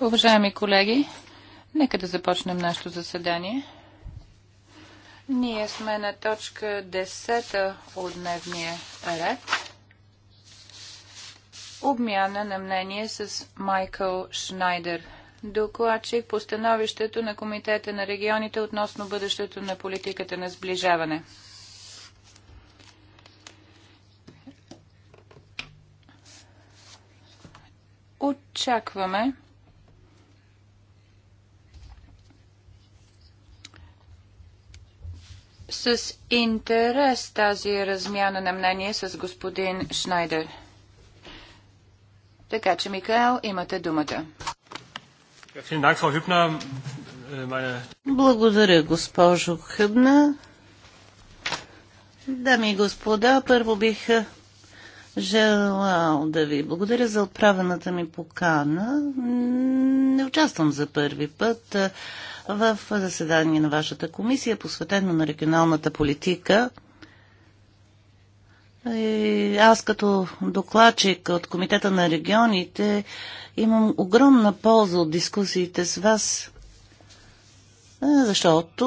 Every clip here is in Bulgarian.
Уважаеми колеги, нека да започнем нашето заседание. Ние сме на точка 10 от дневния ред. Обмяна на мнение с Майкъл Шнайдер, докладчик по становището на Комитета на регионите относно бъдещето на политиката на сближаване. очакваме с интерес тази размяна на мнение с господин Шнайдер. Така че, Микаел, имате думата. Благодаря, госпожо Хъбна. Дами и господа, първо бих желал да ви благодаря за отправената ми покана. Не участвам за първи път в заседание на вашата комисия, посветено на регионалната политика. И аз като докладчик от Комитета на регионите имам огромна полза от дискусиите с вас защото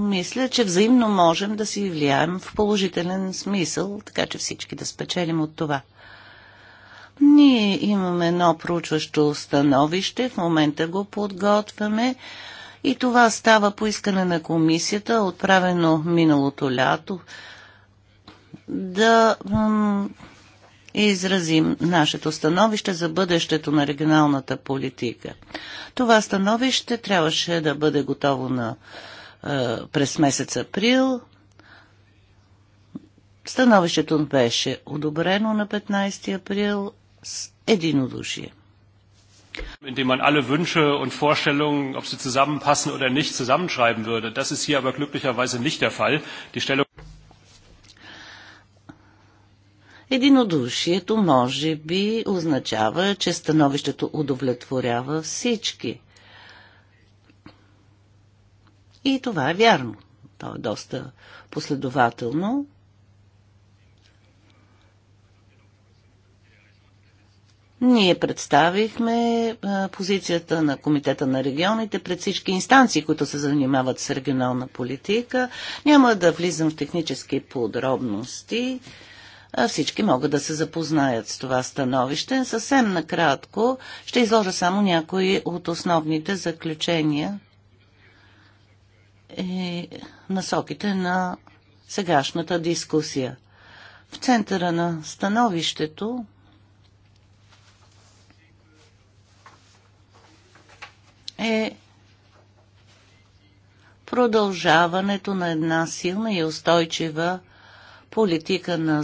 мисля, че взаимно можем да си влияем в положителен смисъл, така че всички да спечелим от това. Ние имаме едно проучващо становище, в момента го подготвяме и това става по искане на комисията, отправено миналото лято, да и изразим нашето становище за бъдещето на регионалната политика. Това становище трябваше да бъде готово на, е, през месец април. Становището беше одобрено на 15 април с единодушие. Indem man alle Wünsche und Vorstellungen, ob sie zusammenpassen oder nicht, zusammenschreiben würde. Das ist hier aber glücklicherweise nicht der Fall. Die Stellung Единодушието може би означава, че становището удовлетворява всички. И това е вярно. То е доста последователно. Ние представихме позицията на Комитета на регионите пред всички инстанции, които се занимават с регионална политика. Няма да влизам в технически подробности. Всички могат да се запознаят с това становище. Съвсем накратко ще изложа само някои от основните заключения и насоките на сегашната дискусия. В центъра на становището е продължаването на една силна и устойчива политика на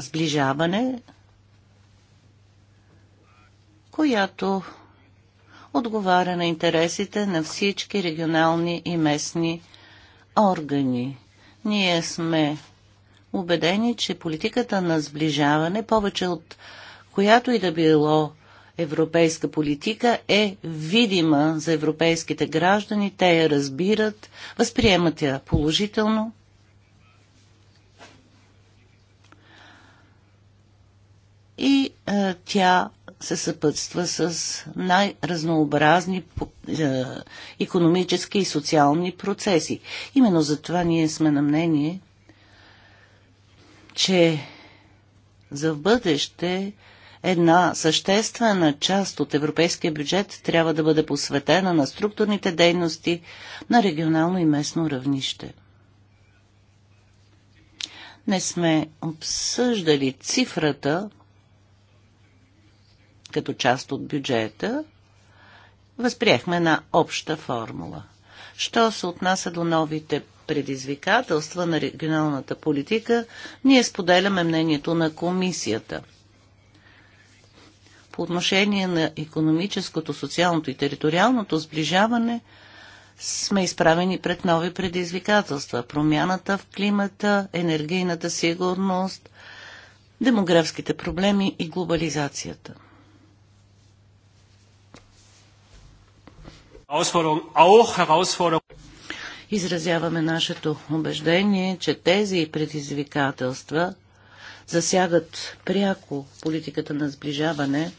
сближаване, която отговаря на интересите на всички регионални и местни органи. Ние сме убедени, че политиката на сближаване, повече от която и да било европейска политика, е видима за европейските граждани. Те я разбират, възприемат я положително и а, е, тя се съпътства с най-разнообразни економически и социални процеси. Именно за това ние сме на мнение, че за в бъдеще една съществена част от европейския бюджет трябва да бъде посветена на структурните дейности на регионално и местно равнище. Не сме обсъждали цифрата, като част от бюджета, възприехме една обща формула. Що се отнася до новите предизвикателства на регионалната политика, ние споделяме мнението на комисията. По отношение на економическото, социалното и териториалното сближаване сме изправени пред нови предизвикателства. Промяната в климата, енергийната сигурност, демографските проблеми и глобализацията. Изразяваме нашето убеждение, че тези предизвикателства засягат пряко политиката на сближаване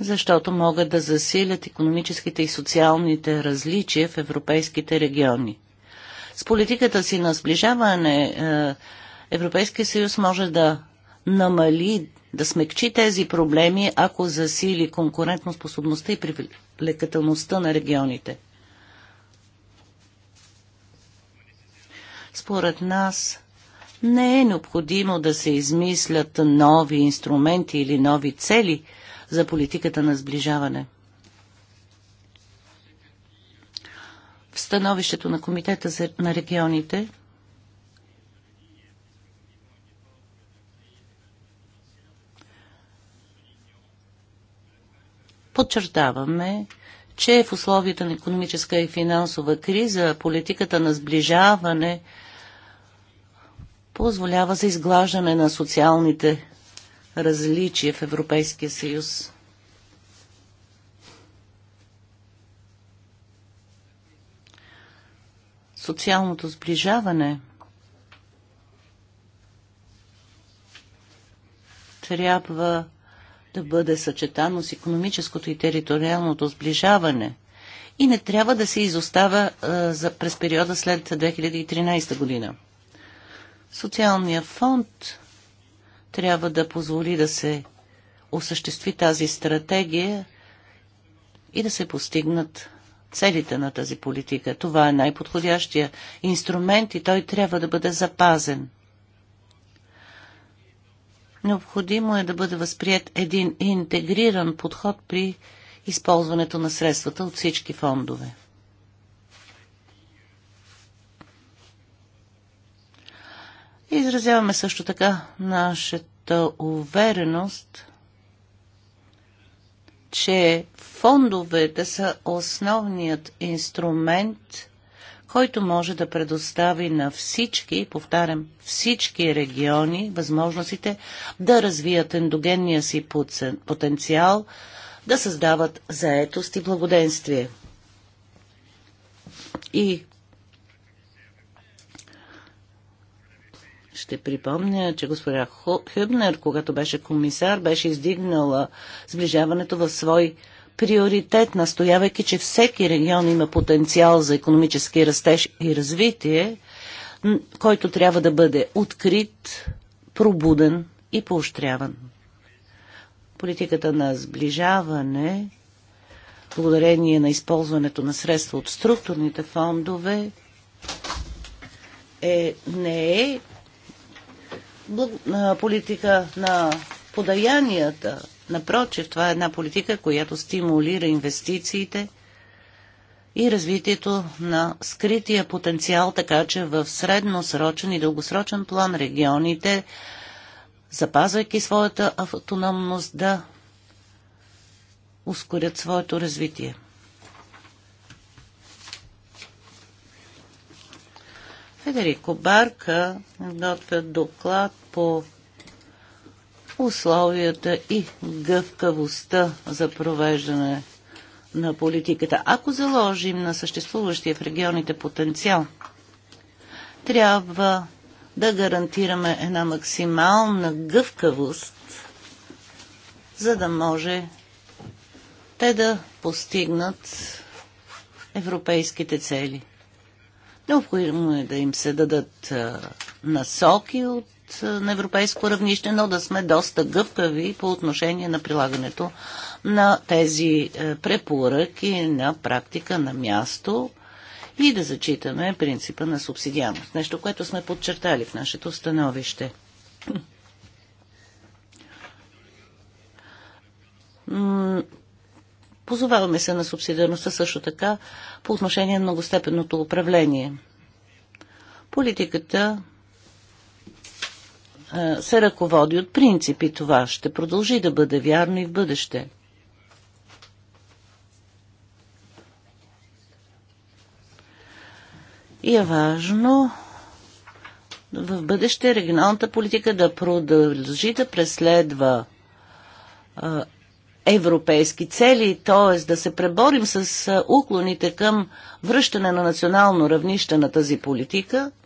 защото могат да засилят економическите и социалните различия в европейските региони. С политиката си на сближаване е, Европейския съюз може да намали, да смекчи тези проблеми, ако засили конкурентоспособността и привлекателността на регионите. Според нас не е необходимо да се измислят нови инструменти или нови цели за политиката на сближаване. В становището на Комитета на регионите – Подчертаваме, че в условията на економическа и финансова криза политиката на сближаване позволява за изглаждане на социалните различия в Европейския съюз. Социалното сближаване трябва да бъде съчетано с економическото и териториалното сближаване и не трябва да се изостава а, за, през периода след 2013 година. Социалният фонд трябва да позволи да се осъществи тази стратегия и да се постигнат целите на тази политика. Това е най-подходящия инструмент и той трябва да бъде запазен. Необходимо е да бъде възприят един интегриран подход при използването на средствата от всички фондове. Изразяваме също така нашата увереност, че фондовете са основният инструмент който може да предостави на всички, повтарям, всички региони възможностите да развият ендогенния си потенциал, да създават заетост и благоденствие. И Ще припомня, че госпожа Хюбнер, когато беше комисар, беше издигнала сближаването в свой приоритет, настоявайки, че всеки регион има потенциал за економически растеж и развитие, който трябва да бъде открит, пробуден и поощряван. Политиката на сближаване, благодарение на използването на средства от структурните фондове, е, не е благ... политика на подаянията, Напротив, това е една политика, която стимулира инвестициите и развитието на скрития потенциал, така че в средносрочен и дългосрочен план регионите, запазвайки своята автономност, да ускорят своето развитие. Федерико Барка готвя доклад по условията и гъвкавостта за провеждане на политиката. Ако заложим на съществуващия в регионите потенциал, трябва да гарантираме една максимална гъвкавост, за да може те да постигнат европейските цели. Необходимо е да им се дадат насоки от на европейско равнище, но да сме доста гъвкави по отношение на прилагането на тези е, препоръки на практика на място и да зачитаме принципа на субсидиарност. Нещо, което сме подчертали в нашето становище. Позоваваме се на субсидиарността също така по отношение на многостепенното управление. Политиката се ръководи от принципи. Това ще продължи да бъде вярно и в бъдеще. И е важно в бъдеще регионалната политика да продължи да преследва европейски цели, т.е. да се преборим с уклоните към връщане на национално равнище на тази политика –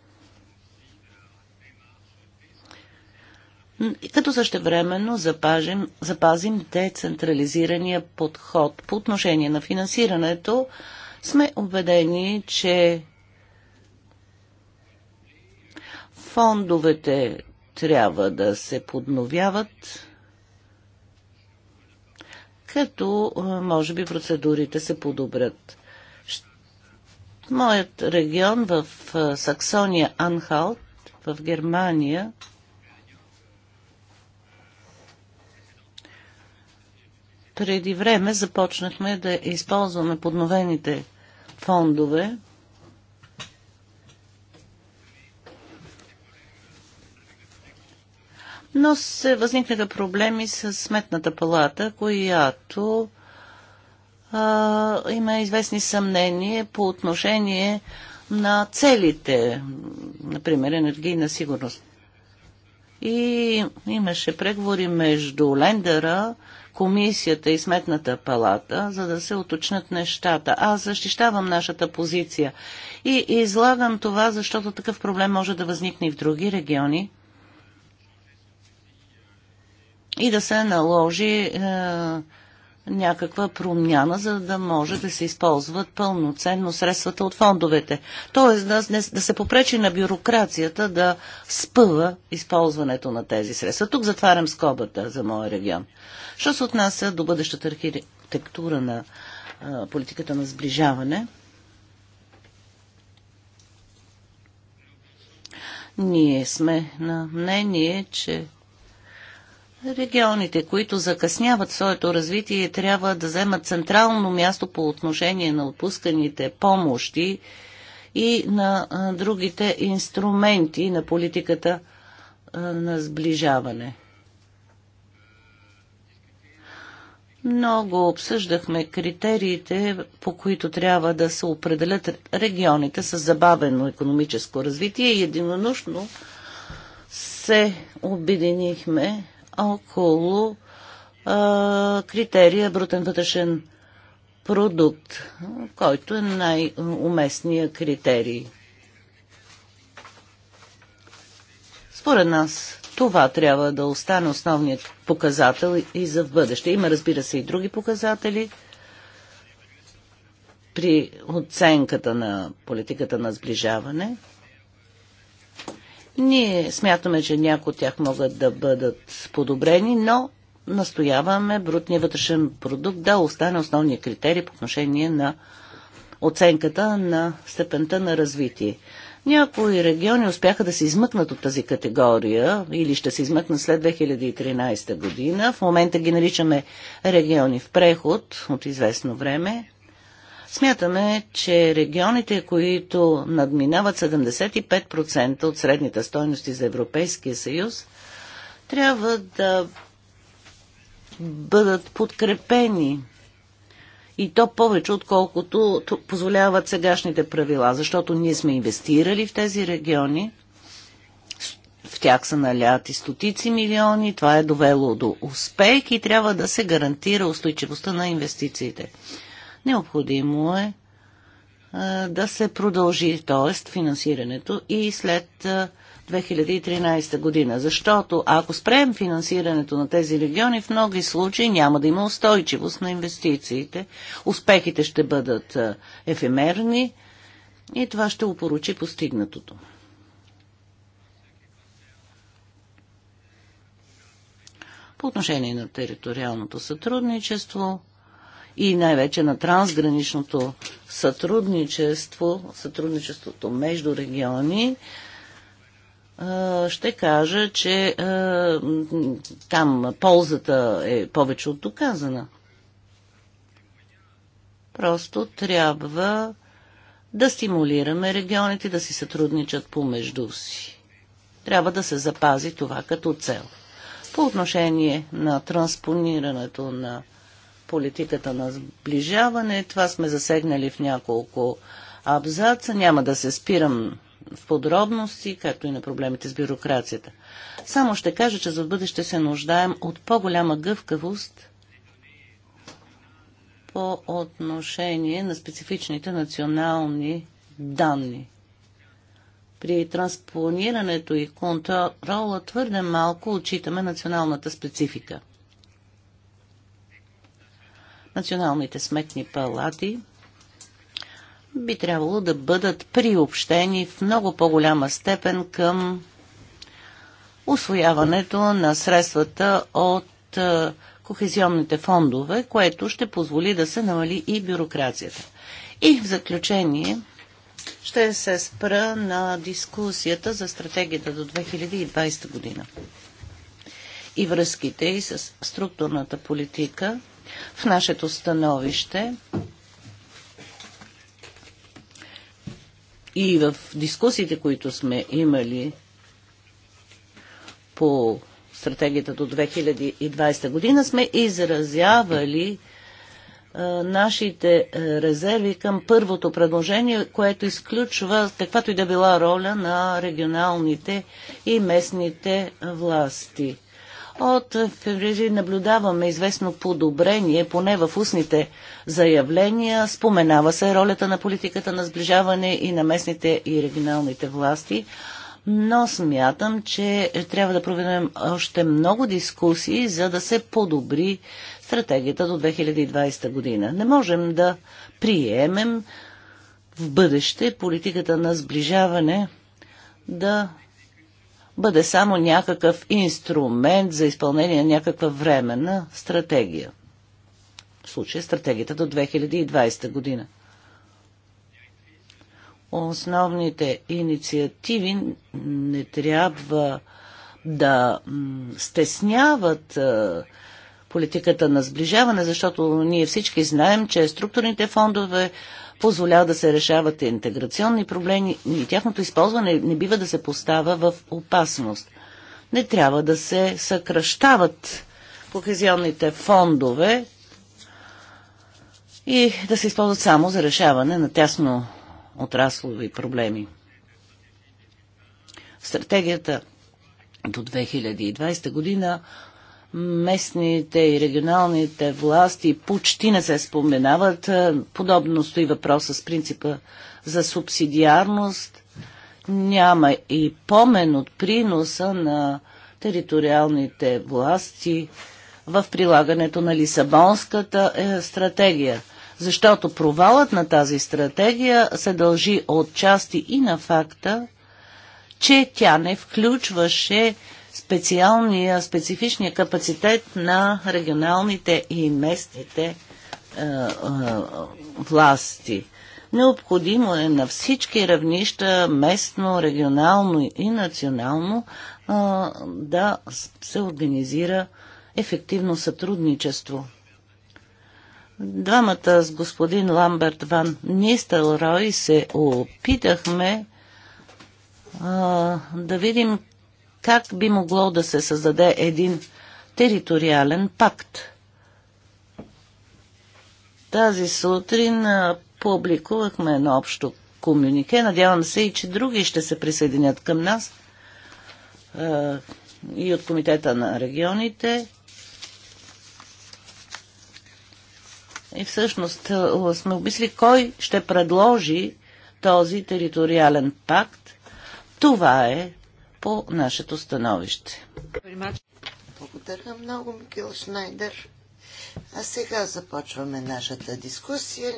като същевременно запазим, запазим децентрализирания подход. По отношение на финансирането сме убедени, че фондовете трябва да се подновяват, като може би процедурите се подобрят. Моят регион в Саксония Анхалт в Германия – Преди време започнахме да използваме подновените фондове. Но се възникнаха проблеми с сметната палата, която а, има известни съмнения по отношение на целите, например, енергийна сигурност. И имаше преговори между лендера комисията и сметната палата, за да се уточнят нещата. Аз защищавам нашата позиция и излагам това, защото такъв проблем може да възникне и в други региони и да се наложи е, някаква промяна, за да може да се използват пълноценно средствата от фондовете. Тоест да, да се попречи на бюрокрацията да спъва използването на тези средства. Тук затварям скобата за моя регион. Що се отнася до бъдещата архитектура на а, политиката на сближаване, ние сме на мнение, че Регионите, които закъсняват своето развитие, трябва да вземат централно място по отношение на отпусканите помощи и на другите инструменти на политиката на сближаване. Много обсъждахме критериите, по които трябва да се определят регионите с забавено економическо развитие и единонощно се обединихме около а, критерия брутен вътрешен продукт, който е най-уместния критерий. Според нас това трябва да остане основният показател и за бъдеще. Има, разбира се, и други показатели при оценката на политиката на сближаване – ние смятаме, че някои от тях могат да бъдат подобрени, но настояваме брутния вътрешен продукт да остане основния критерий по отношение на оценката на степента на развитие. Някои региони успяха да се измъкнат от тази категория или ще се измъкнат след 2013 година. В момента ги наричаме региони в преход от известно време. Смятаме, че регионите, които надминават 75% от средните стойности за Европейския съюз, трябва да бъдат подкрепени и то повече, отколкото позволяват сегашните правила, защото ние сме инвестирали в тези региони, в тях са наляти стотици милиони, това е довело до успех и трябва да се гарантира устойчивостта на инвестициите. Необходимо е да се продължи, т.е. финансирането и след 2013 година. Защото ако спрем финансирането на тези региони, в много случаи няма да има устойчивост на инвестициите. Успехите ще бъдат ефемерни и това ще упоручи постигнатото. По отношение на териториалното сътрудничество, и най-вече на трансграничното сътрудничество, сътрудничеството между региони, ще кажа, че там ползата е повече от доказана. Просто трябва да стимулираме регионите да си сътрудничат помежду си. Трябва да се запази това като цел. По отношение на транспонирането на политиката на сближаване. Това сме засегнали в няколко абзаца. Няма да се спирам в подробности, както и на проблемите с бюрокрацията. Само ще кажа, че за бъдеще се нуждаем от по-голяма гъвкавост по отношение на специфичните национални данни. При транспонирането и контрола твърде малко отчитаме националната специфика националните сметни палати би трябвало да бъдат приобщени в много по-голяма степен към освояването на средствата от е, кохезионните фондове, което ще позволи да се намали и бюрокрацията. И в заключение ще се спра на дискусията за стратегията до 2020 година и връзките и с структурната политика – в нашето становище и в дискусиите, които сме имали по стратегията до 2020 година, сме изразявали нашите резерви към първото предложение, което изключва каквато и да била роля на регионалните и местните власти. От феврили наблюдаваме известно подобрение, поне в устните заявления. Споменава се ролята на политиката на сближаване и на местните и регионалните власти. Но смятам, че трябва да проведем още много дискусии, за да се подобри стратегията до 2020 година. Не можем да приемем в бъдеще политиката на сближаване да бъде само някакъв инструмент за изпълнение на някаква временна стратегия. В случая стратегията до 2020 година. Основните инициативи не трябва да стесняват политиката на сближаване, защото ние всички знаем, че структурните фондове позволява да се решават интеграционни проблеми и тяхното използване не бива да се поставя в опасност. Не трябва да се съкръщават кохезионните фондове и да се използват само за решаване на тясно отраслови проблеми. Стратегията до 2020 година местните и регионалните власти почти не се споменават. Е, подобно стои въпроса с принципа за субсидиарност. Няма и помен от приноса на териториалните власти в прилагането на Лисабонската е, стратегия. Защото провалът на тази стратегия се дължи от части и на факта, че тя не включваше специалния, специфичния капацитет на регионалните и местните е, е, власти. Необходимо е на всички равнища, местно, регионално и национално, е, да се организира ефективно сътрудничество. Двамата с господин Ламберт Ван Нистелрой се опитахме а, е, да видим как би могло да се създаде един териториален пакт. Тази сутрин публикувахме едно общо комюнике. Надявам се и, че други ще се присъединят към нас и от Комитета на регионите. И всъщност сме обмисли кой ще предложи този териториален пакт. Това е по нашето становище. Благодаря много, Микил Шнайдер. А сега започваме нашата дискусия.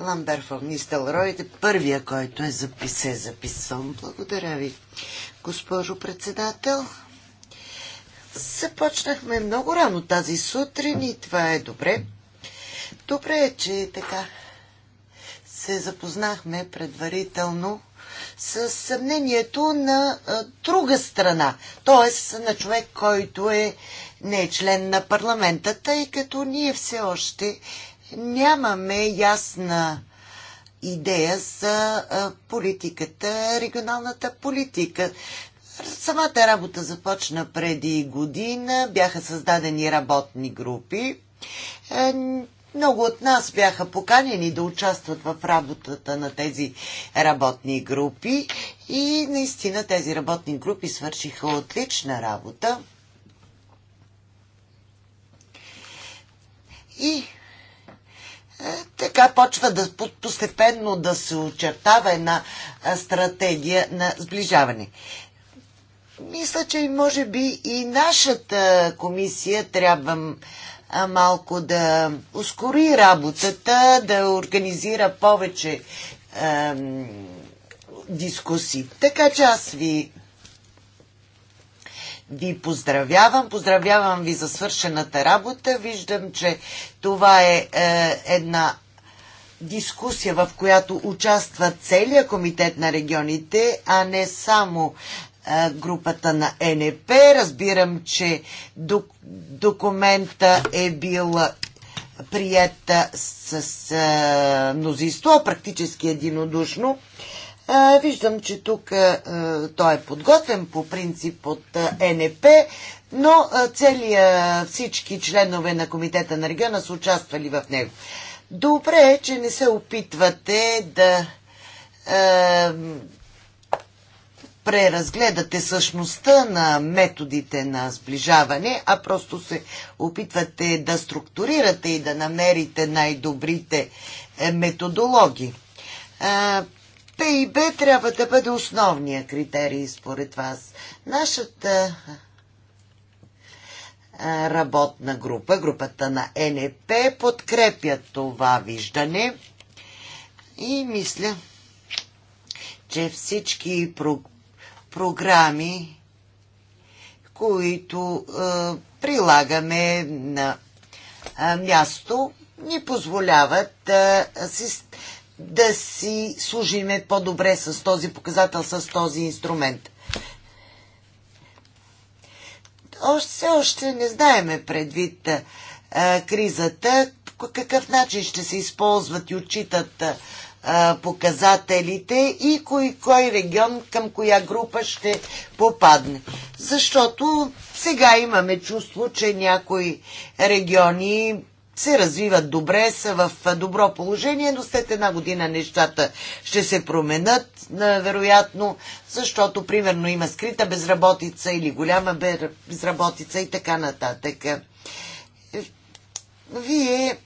Ламбер фон Нистелройд е първия, който е записе, записан. Благодаря ви, госпожо председател. Започнахме много рано тази сутрин и това е добре. Добре е, че така се запознахме предварително с съмнението на друга страна, т.е. на човек, който е, не е член на парламента, тъй като ние все още нямаме ясна идея за политиката, регионалната политика. Самата работа започна преди година, бяха създадени работни групи. Е, много от нас бяха поканени да участват в работата на тези работни групи и наистина тези работни групи свършиха отлична работа. И е, така почва да постепенно да се очертава една е, стратегия на сближаване. Мисля, че може би и нашата комисия трябва малко да ускори работата, да организира повече дискусии. Така че аз ви ви поздравявам, поздравявам ви за свършената работа. Виждам, че това е, е една дискусия, в която участва целият комитет на регионите, а не само групата на НП. Разбирам, че документа е бил прият с, с мнозинство, практически единодушно. Виждам, че тук той е подготвен по принцип от НП, но целият всички членове на Комитета на региона са участвали в него. Добре е, че не се опитвате да преразгледате същността на методите на сближаване, а просто се опитвате да структурирате и да намерите най-добрите е, методологи П и Б трябва да бъде основния критерий според вас. Нашата работна група, групата на НП, е подкрепя това виждане и мисля, че всички програми, които а, прилагаме на а, място, ни позволяват а, си, да си служиме по-добре с този показател, с този инструмент. Още, все още не знаеме предвид а, кризата, по какъв начин ще се използват и отчитат показателите и кой, кой регион към коя група ще попадне. Защото сега имаме чувство, че някои региони се развиват добре, са в добро положение, но след една година нещата ще се променят, вероятно, защото, примерно, има скрита безработица или голяма безработица и така нататък. Вие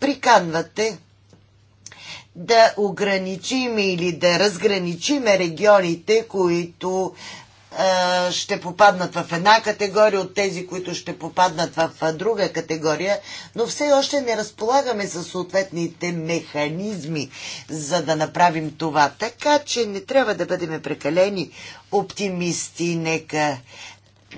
приканвате да ограничим или да разграничим регионите, които а, ще попаднат в една категория от тези, които ще попаднат в друга категория, но все още не разполагаме със съответните механизми, за да направим това. Така че не трябва да бъдем прекалени оптимисти, нека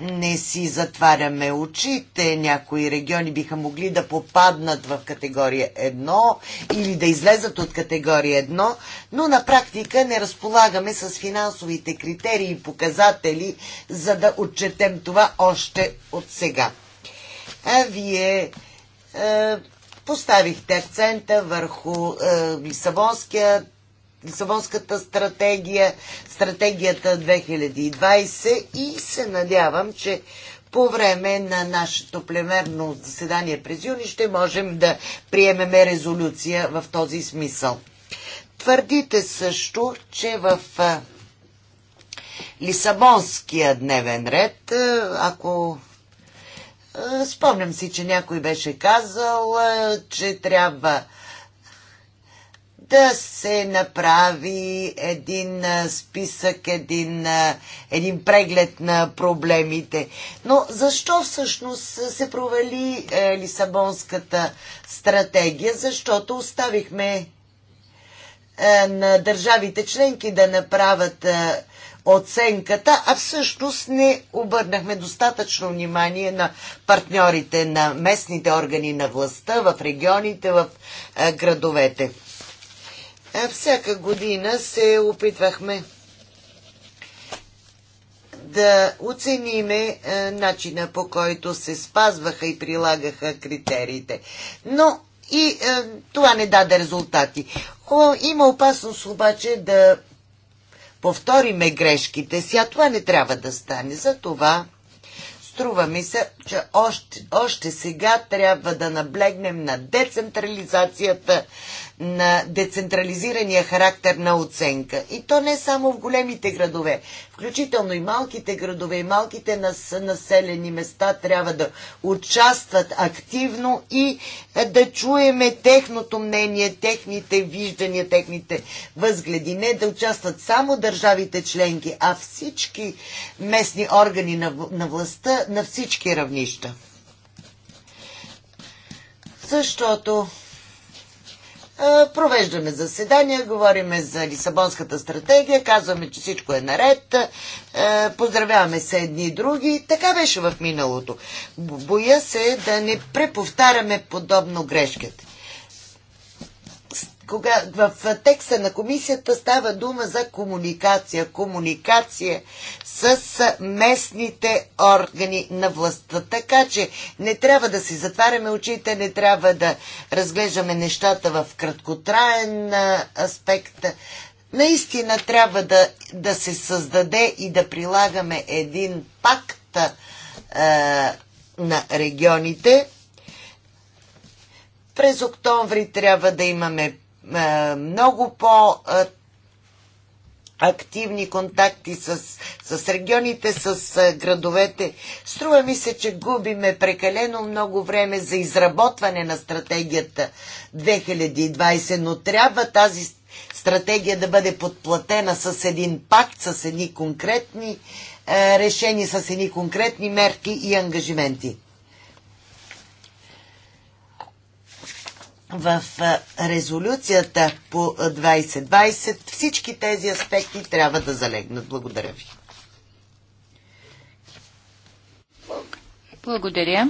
не си затваряме очите. Някои региони биха могли да попаднат в категория 1 или да излезат от категория 1, но на практика не разполагаме с финансовите критерии и показатели, за да отчетем това още от сега. А вие е, поставихте акцента върху е, Лисабонския Лисабонската стратегия, стратегията 2020 и се надявам, че по време на нашето племерно заседание през юни ще можем да приемеме резолюция в този смисъл. Твърдите също, че в Лисабонския дневен ред, ако спомням си, че някой беше казал, че трябва да се направи един списък, един, един преглед на проблемите. Но защо всъщност се провали е, Лисабонската стратегия? Защото оставихме е, на държавите членки да направят е, оценката, а всъщност не обърнахме достатъчно внимание на партньорите, на местните органи на властта, в регионите, в градовете. Всяка година се опитвахме да оцениме е, начина по който се спазваха и прилагаха критериите. Но и е, това не даде резултати. има опасност обаче да повториме грешките си, а това не трябва да стане. Затова струва ми се, че още, още сега трябва да наблегнем на децентрализацията, на децентрализирания характер на оценка. И то не само в големите градове, включително и малките градове, и малките нас, населени места трябва да участват активно и е, да чуеме техното мнение, техните виждания, техните възгледи. Не да участват само държавите членки, а всички местни органи на, на властта на всички равнища. Защото е, провеждаме заседания, говориме за Лисабонската стратегия, казваме, че всичко е наред, е, поздравяваме се едни и други. Така беше в миналото. Боя се да не преповтаряме подобно грешките кога в текста на комисията става дума за комуникация. Комуникация с местните органи на властта. Така че не трябва да си затваряме очите, не трябва да разглеждаме нещата в краткотраен аспект. Наистина трябва да, да се създаде и да прилагаме един пакт а, на регионите. През октомври трябва да имаме е, много по- активни контакти с, с регионите, с е, градовете. Струва ми се, че губиме прекалено много време за изработване на стратегията 2020, но трябва тази стратегия да бъде подплатена с един пакт, с едни конкретни е, решения, с едни конкретни мерки и ангажименти. в резолюцията по 2020 всички тези аспекти трябва да залегнат. Благодаря ви. Благодаря.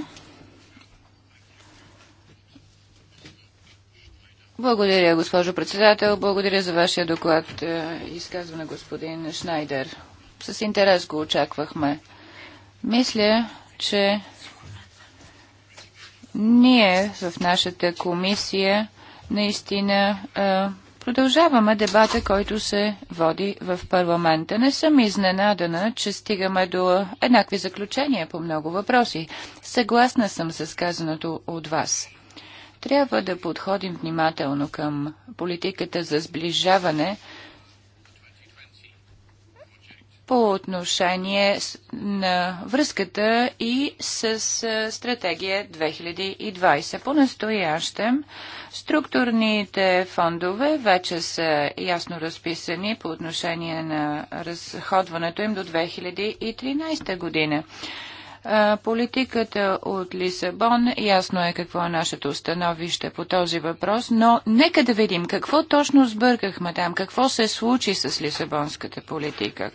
Благодаря, госпожо председател. Благодаря за вашия доклад. Е, изказване господин Шнайдер. С интерес го очаквахме. Мисля, че ние в нашата комисия наистина Продължаваме дебата, който се води в парламента. Не съм изненадана, че стигаме до еднакви заключения по много въпроси. Съгласна съм с казаното от вас. Трябва да подходим внимателно към политиката за сближаване, по отношение на връзката и с стратегия 2020. По-настоящем структурните фондове вече са ясно разписани по отношение на разходването им до 2013 година политиката от Лисабон. Ясно е какво е нашето становище по този въпрос, но нека да видим какво точно сбъркахме там, какво се случи с лисабонската политика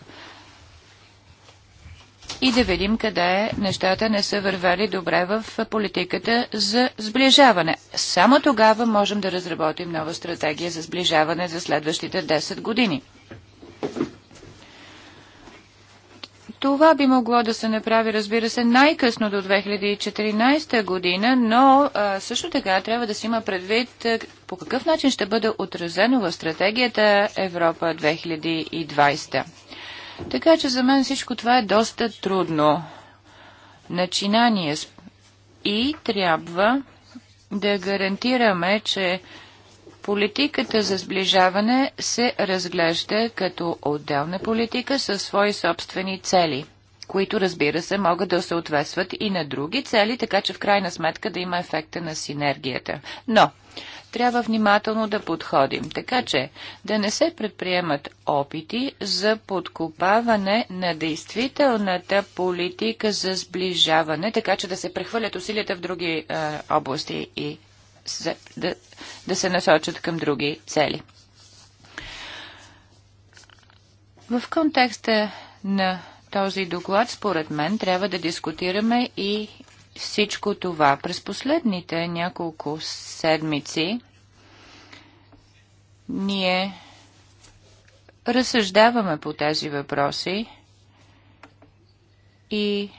и да видим къде нещата не са вървели добре в политиката за сближаване. Само тогава можем да разработим нова стратегия за сближаване за следващите 10 години. Това би могло да се направи, разбира се, най-късно до 2014 година, но а, също така трябва да се има предвид а, по какъв начин ще бъде отразено в стратегията Европа 2020. Така че за мен всичко това е доста трудно начинание и трябва да гарантираме, че политиката за сближаване се разглежда като отделна политика със свои собствени цели които разбира се могат да съответстват и на други цели, така че в крайна сметка да има ефекта на синергията. Но трябва внимателно да подходим, така че да не се предприемат опити за подкопаване на действителната политика за сближаване, така че да се прехвърлят усилията в други е, области и за, да, да се насочат към други цели. В контекста на този доклад, според мен, трябва да дискутираме и всичко това. През последните няколко седмици ние разсъждаваме по тези въпроси и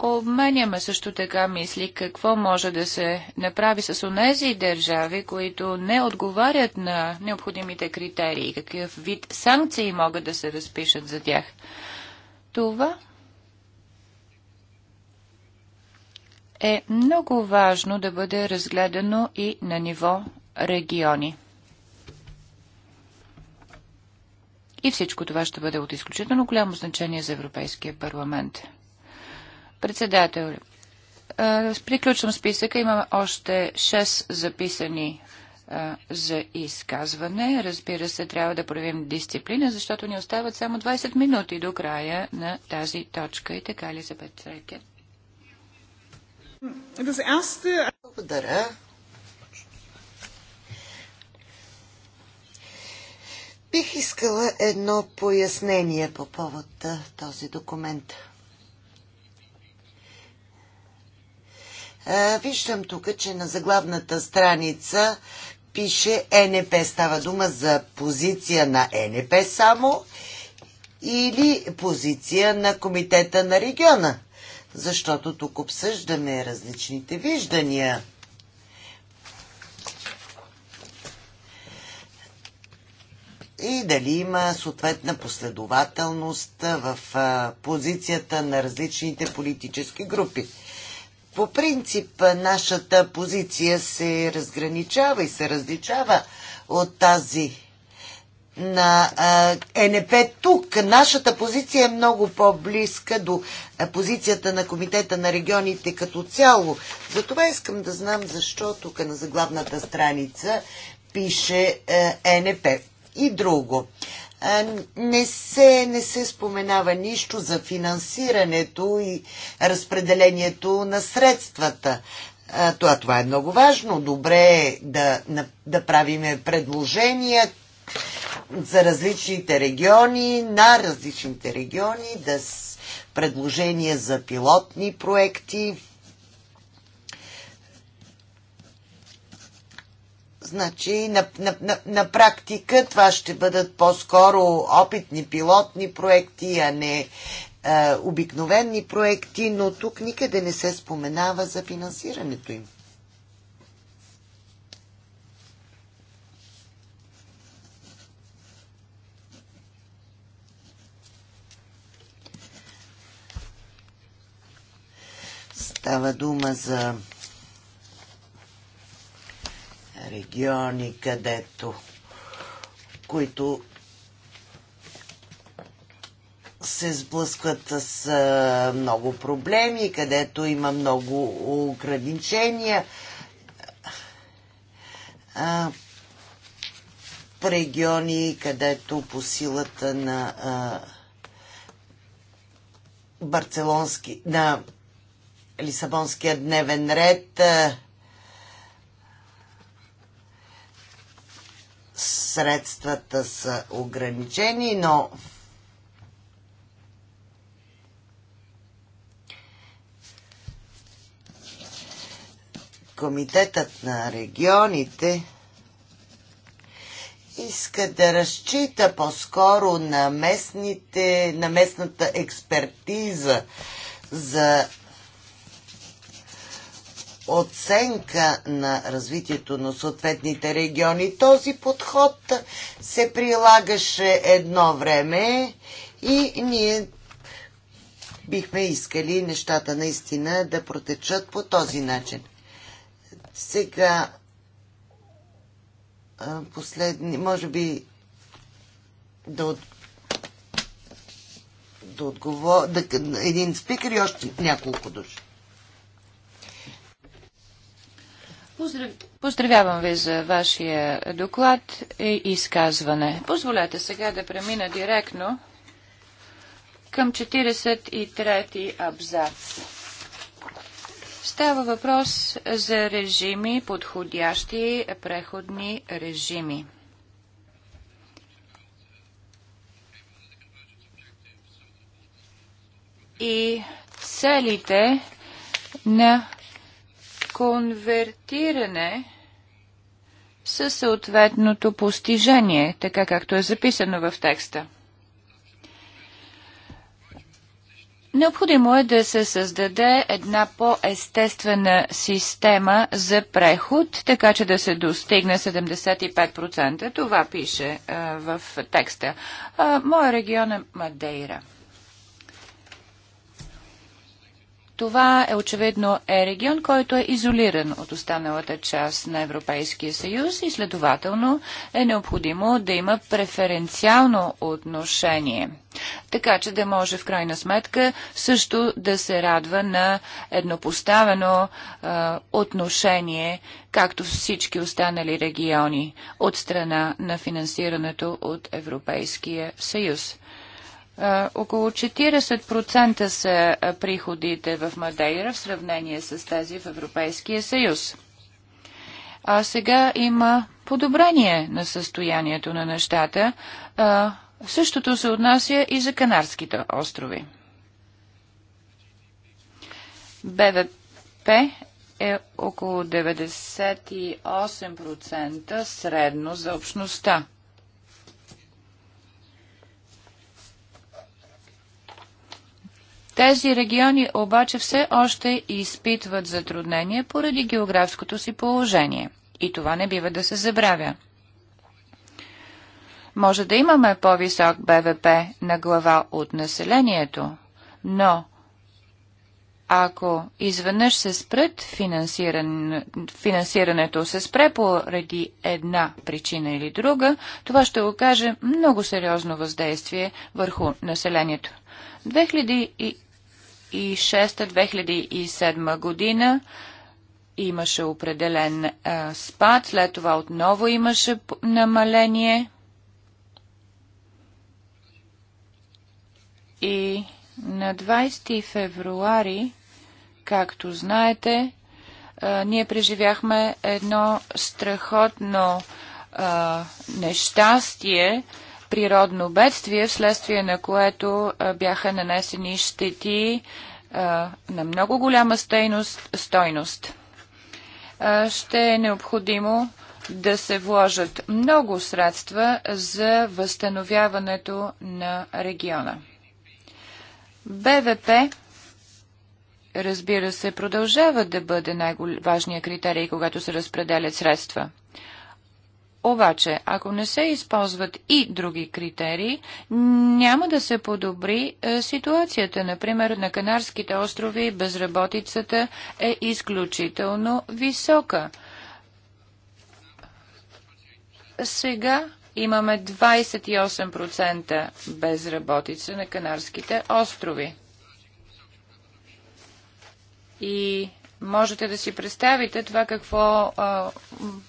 Обменяме също така мисли какво може да се направи с онези държави, които не отговарят на необходимите критерии, какъв вид санкции могат да се разпишат за тях. Това е много важно да бъде разгледано и на ниво региони. И всичко това ще бъде от изключително голямо значение за Европейския парламент. Председател, е, приключвам списъка. Имаме още 6 записани е, за изказване. Разбира се, трябва да проявим дисциплина, защото ни остават само 20 минути до края на тази точка. И така, Елизабет Рекет. Благодаря. Бих искала едно пояснение по повод този документ. Виждам тук, че на заглавната страница пише НП. Става дума за позиция на НП само или позиция на Комитета на региона защото тук обсъждаме различните виждания. И дали има съответна последователност в позицията на различните политически групи. По принцип, нашата позиция се разграничава и се различава от тази на ЕНП тук. Нашата позиция е много по-близка до позицията на Комитета на регионите като цяло. Затова искам да знам защо тук на заглавната страница пише ЕНП. И друго. Не се, не се споменава нищо за финансирането и разпределението на средствата. Това, това е много важно. Добре е да, да правиме предложения за различните региони, на различните региони, да с предложения за пилотни проекти. Значи, на, на, на, на практика това ще бъдат по-скоро опитни пилотни проекти, а не е, обикновенни проекти, но тук никъде не се споменава за финансирането им. Става дума за региони, където които се сблъскват с много проблеми, където има много ограничения. А, региони, където по силата на а, барцелонски, на Лисабонския дневен ред средствата са ограничени, но Комитетът на регионите иска да разчита по-скоро на, местните, на местната експертиза за оценка на развитието на съответните региони. Този подход се прилагаше едно време и ние бихме искали нещата наистина да протечат по този начин. Сега последни, може би да, от, да отговоря да, един спикер и още няколко души. Поздравявам ви за вашия доклад и изказване. Позволете сега да премина директно към 43-ти абзац. Става въпрос за режими, подходящи преходни режими. И целите на конвертиране със съответното постижение, така както е записано в текста. Необходимо е да се създаде една по-естествена система за преход, така че да се достигне 75%. Това пише а, в текста. А, моя регион е Мадейра. Това е очевидно е регион, който е изолиран от останалата част на Европейския съюз и следователно е необходимо да има преференциално отношение. Така че да може в крайна сметка също да се радва на еднопоставено е, отношение, както всички останали региони, от страна на финансирането от Европейския съюз. Е, около 40% са е, приходите в Мадейра в сравнение с тези в Европейския съюз. А сега има подобрение на състоянието на нещата. А, е, същото се отнася и за Канарските острови. БВП е около 98% средно за общността. Тези региони обаче все още изпитват затруднения поради географското си положение. И това не бива да се забравя. Може да имаме по-висок БВП на глава от населението, но ако изведнъж се спрат финансиране, финансирането, се спре поради една причина или друга, това ще окаже много сериозно въздействие върху населението. 2006-2007 година имаше определен а, е, спад, след това отново имаше намаление и на 20 февруари, както знаете, а, е, ние преживяхме едно страхотно а, е, нещастие, природно бедствие, вследствие на което бяха нанесени щети на много голяма стойност. стойност. Ще е необходимо да се вложат много средства за възстановяването на региона. БВП, разбира се, продължава да бъде най-важният критерий, когато се разпределят средства – обаче, ако не се използват и други критерии, няма да се подобри е, ситуацията. Например, на Канарските острови безработицата е изключително висока. Сега имаме 28% безработица на Канарските острови. И можете да си представите това какво а,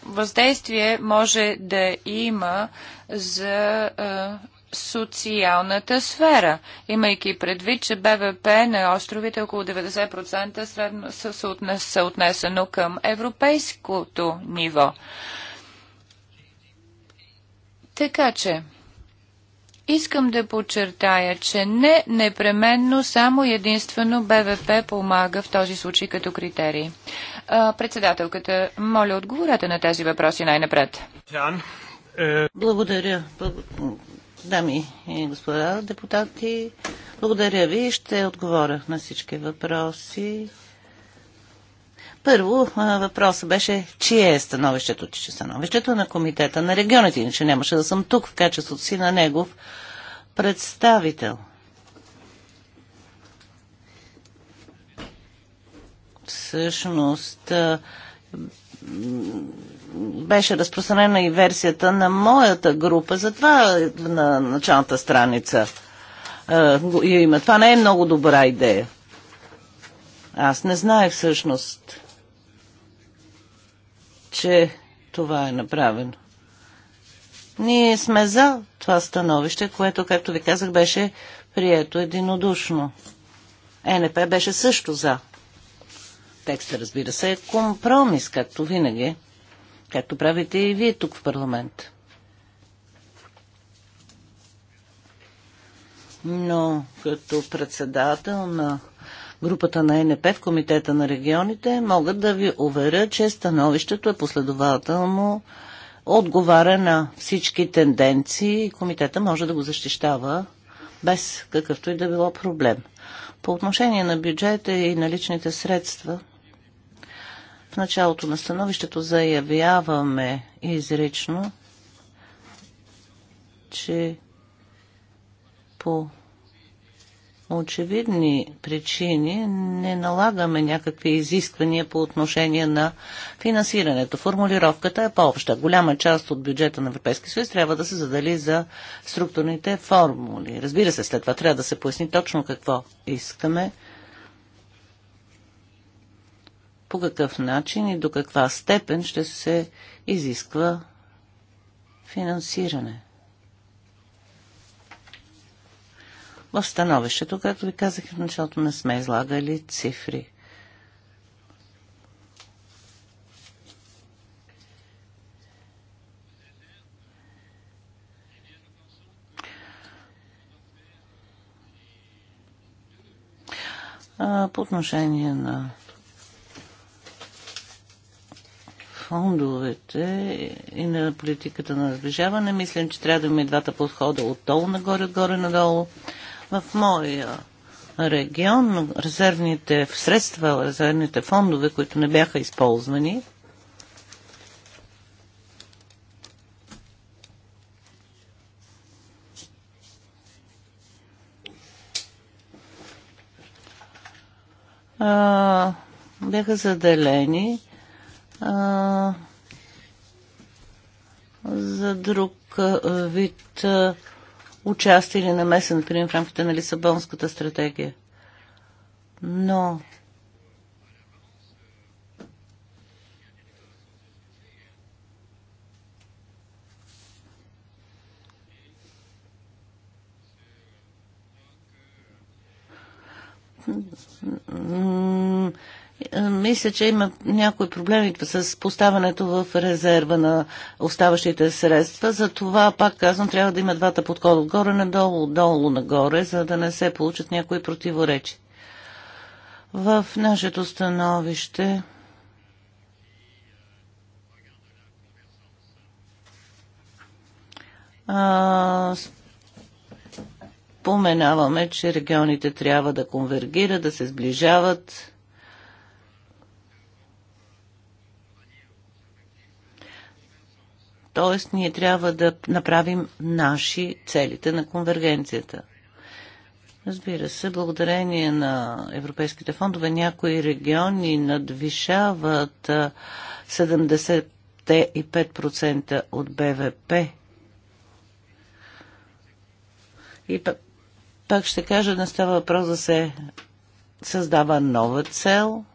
въздействие може да има за а, социалната сфера, имайки предвид, че БВП на островите около 90% средно са отнесено към европейското ниво. Така че, Искам да подчертая, че не непременно само единствено БВП помага в този случай като критерий. Председателката, моля отговорете на тези въпроси най-напред. Е, благодаря. Дами и господа депутати, благодаря ви. Ще отговоря на всички въпроси. Първо, въпросът беше, чие е становището, че становището на комитета на регионите, иначе нямаше да съм тук в качеството си на негов представител. Всъщност, беше разпространена и версията на моята група, затова на началната страница я има. Това не е много добра идея. Аз не знаех всъщност че това е направено. Ние сме за това становище, което, както ви казах, беше прието единодушно. Е НП беше също за. Текста, разбира се, е компромис, както винаги, както правите и вие тук в парламент. Но като председател на групата на НП в Комитета на регионите, могат да ви уверя, че становището е последователно отговаря на всички тенденции и комитета може да го защищава без какъвто и да било проблем. По отношение на бюджета и наличните средства, в началото на становището заявяваме изрично, че по очевидни причини не налагаме някакви изисквания по отношение на финансирането. Формулировката е по-обща. Голяма част от бюджета на Европейския съюз трябва да се задали за структурните формули. Разбира се, след това трябва да се поясни точно какво искаме, по какъв начин и до каква степен ще се изисква финансиране. В становището, както ви казах в началото, не сме излагали цифри. по отношение на фондовете и на политиката на сближаване, мислям, че трябва да има и двата подхода отдолу нагоре, отгоре надолу. В моя регион резервните средства, резервните фондове, които не бяха използвани, бяха заделени за друг вид а, участие или намеса, например, в рамките на Лисабонската стратегия. Но е, мисля, че има някои проблеми с поставането в резерва на оставащите средства. За това, пак казвам, трябва да има двата подхода. Отгоре надолу, долу нагоре, за да не се получат някои противоречи. В нашето становище споменаваме, че регионите трябва да конвергират, да се сближават Тоест, ние трябва да направим наши целите на конвергенцията. Разбира се, благодарение на европейските фондове някои региони надвишават 75% от БВП. И пак ще кажа, не става въпрос да се създава нова цел –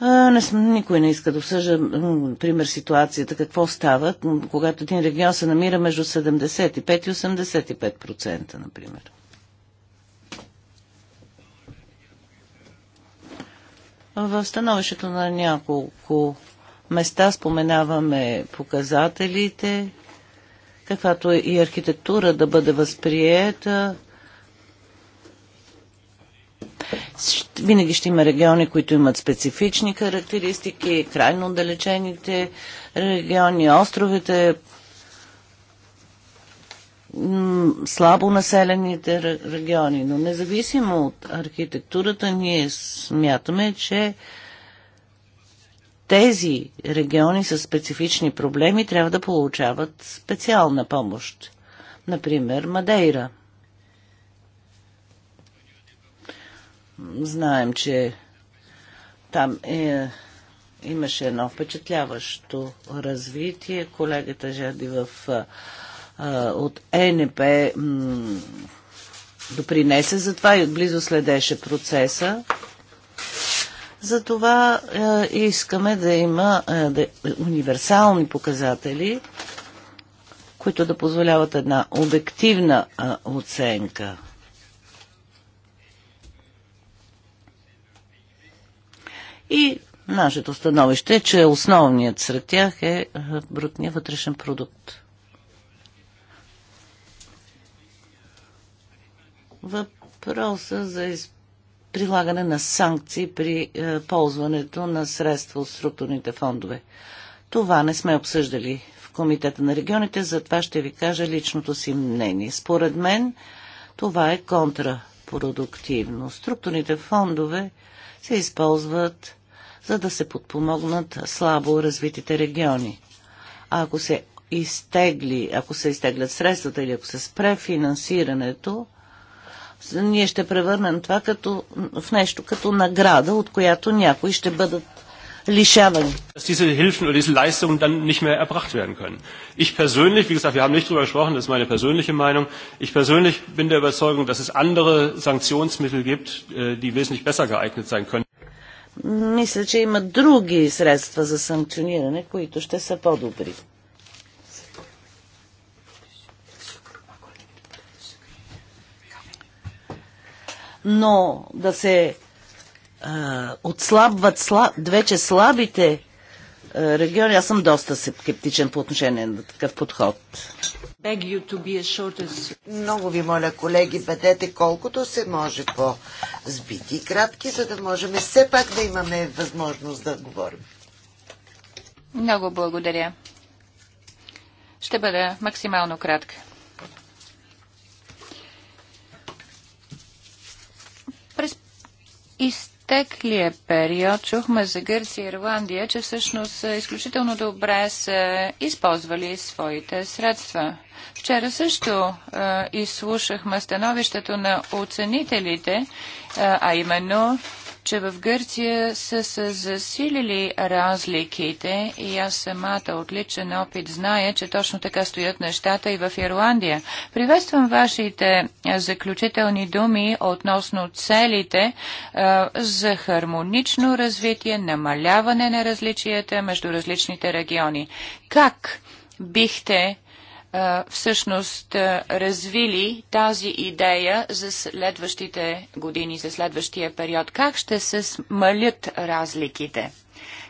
А, не, никой не иска да обсъжда, например, ситуацията, какво става, когато един регион се намира между 75 и 85%, например. В становището на няколко места споменаваме показателите, каквато е и архитектура да бъде възприета, винаги ще има региони, които имат специфични характеристики, крайно отдалечените региони, островите, слабо населените региони. Но независимо от архитектурата, ние смятаме, че тези региони с специфични проблеми трябва да получават специална помощ. Например, Мадейра – Знаем, че там е, имаше едно впечатляващо развитие. Колегата Жади в, а, от ЕНП м, допринесе за това и отблизо следеше процеса. Затова е, искаме да има е, да, универсални показатели, които да позволяват една обективна е, оценка. И нашето становище е, че основният сред тях е, е брутният вътрешен продукт. Въпроса за прилагане на санкции при е, ползването на средства от структурните фондове. Това не сме обсъждали в Комитета на регионите, затова ще ви кажа личното си мнение. Според мен това е контрапродуктивно. Структурните фондове се използват за да се подпомогнат слабо развитите региони. А ако се изтегли, ако се изтеглят средствата или ако се спре финансирането, ние ще превърнем това като, в нещо като награда, от която някои ще бъдат лишавани. Dass diese Hilfen oder diese Leistungen dann nicht mehr erbracht werden können. Ich persönlich, wie gesagt, wir haben nicht darüber gesprochen, das ist meine persönliche Meinung. Ich persönlich bin der Überzeugung, dass es andere Sanktionsmittel gibt, die wesentlich besser geeignet sein können мисля, че има други средства за санкциониране, които ще са по-добри. Но да се а, отслабват слаб, вече слабите а, региони, аз съм доста скептичен по отношение на такъв подход. Много ви моля, колеги, бъдете колкото се може по-збити и кратки, за да можем все пак да имаме възможност да говорим. Много благодаря. Ще бъда максимално кратка. През из изтеклия период чухме за Гърция и Ирландия, че всъщност изключително добре са използвали своите средства. Вчера също е, изслушахме становището на оценителите, е, а именно че в Гърция са се засилили разликите и аз самата отличен опит зная, че точно така стоят нещата и в Ирландия. Приветствам вашите заключителни думи относно целите а, за хармонично развитие, намаляване на различията между различните региони. Как бихте всъщност развили тази идея за следващите години, за следващия период? Как ще се смалят разликите?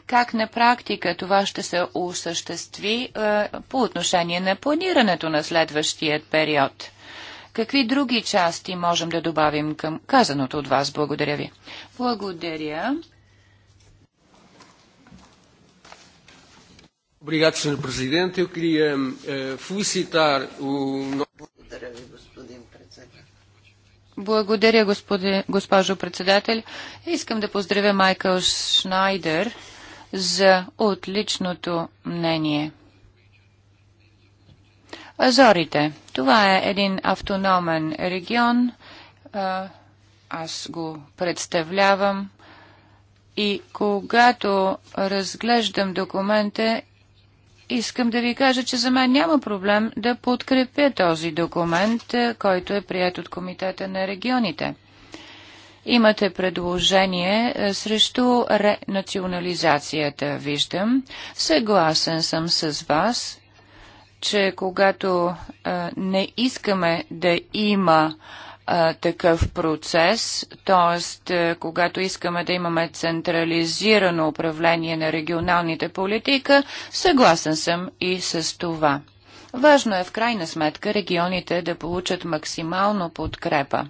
Как на практика това ще се осъществи по отношение на планирането на следващия период? Какви други части можем да добавим към казаното от вас? Благодаря ви. Благодаря. Obrigado, Sr. Presidente. Eu queria eh, felicitar o. Благодаря ви, господин председател. Благодаря, госпожо председател. Искам да поздравя Майкъл Шнайдер за отличното мнение. Азорите. Това е един автономен регион. Аз го представлявам. И когато разглеждам документа, Искам да ви кажа, че за мен няма проблем да подкрепя този документ, е, който е прият от Комитета на регионите. Имате предложение е, срещу ренационализацията, виждам. Съгласен съм с вас, че когато е, не искаме да има а, такъв процес, т.е. Е, когато искаме да имаме централизирано управление на регионалните политика, съгласен съм и с това. Важно е в крайна сметка регионите да получат максимално подкрепа.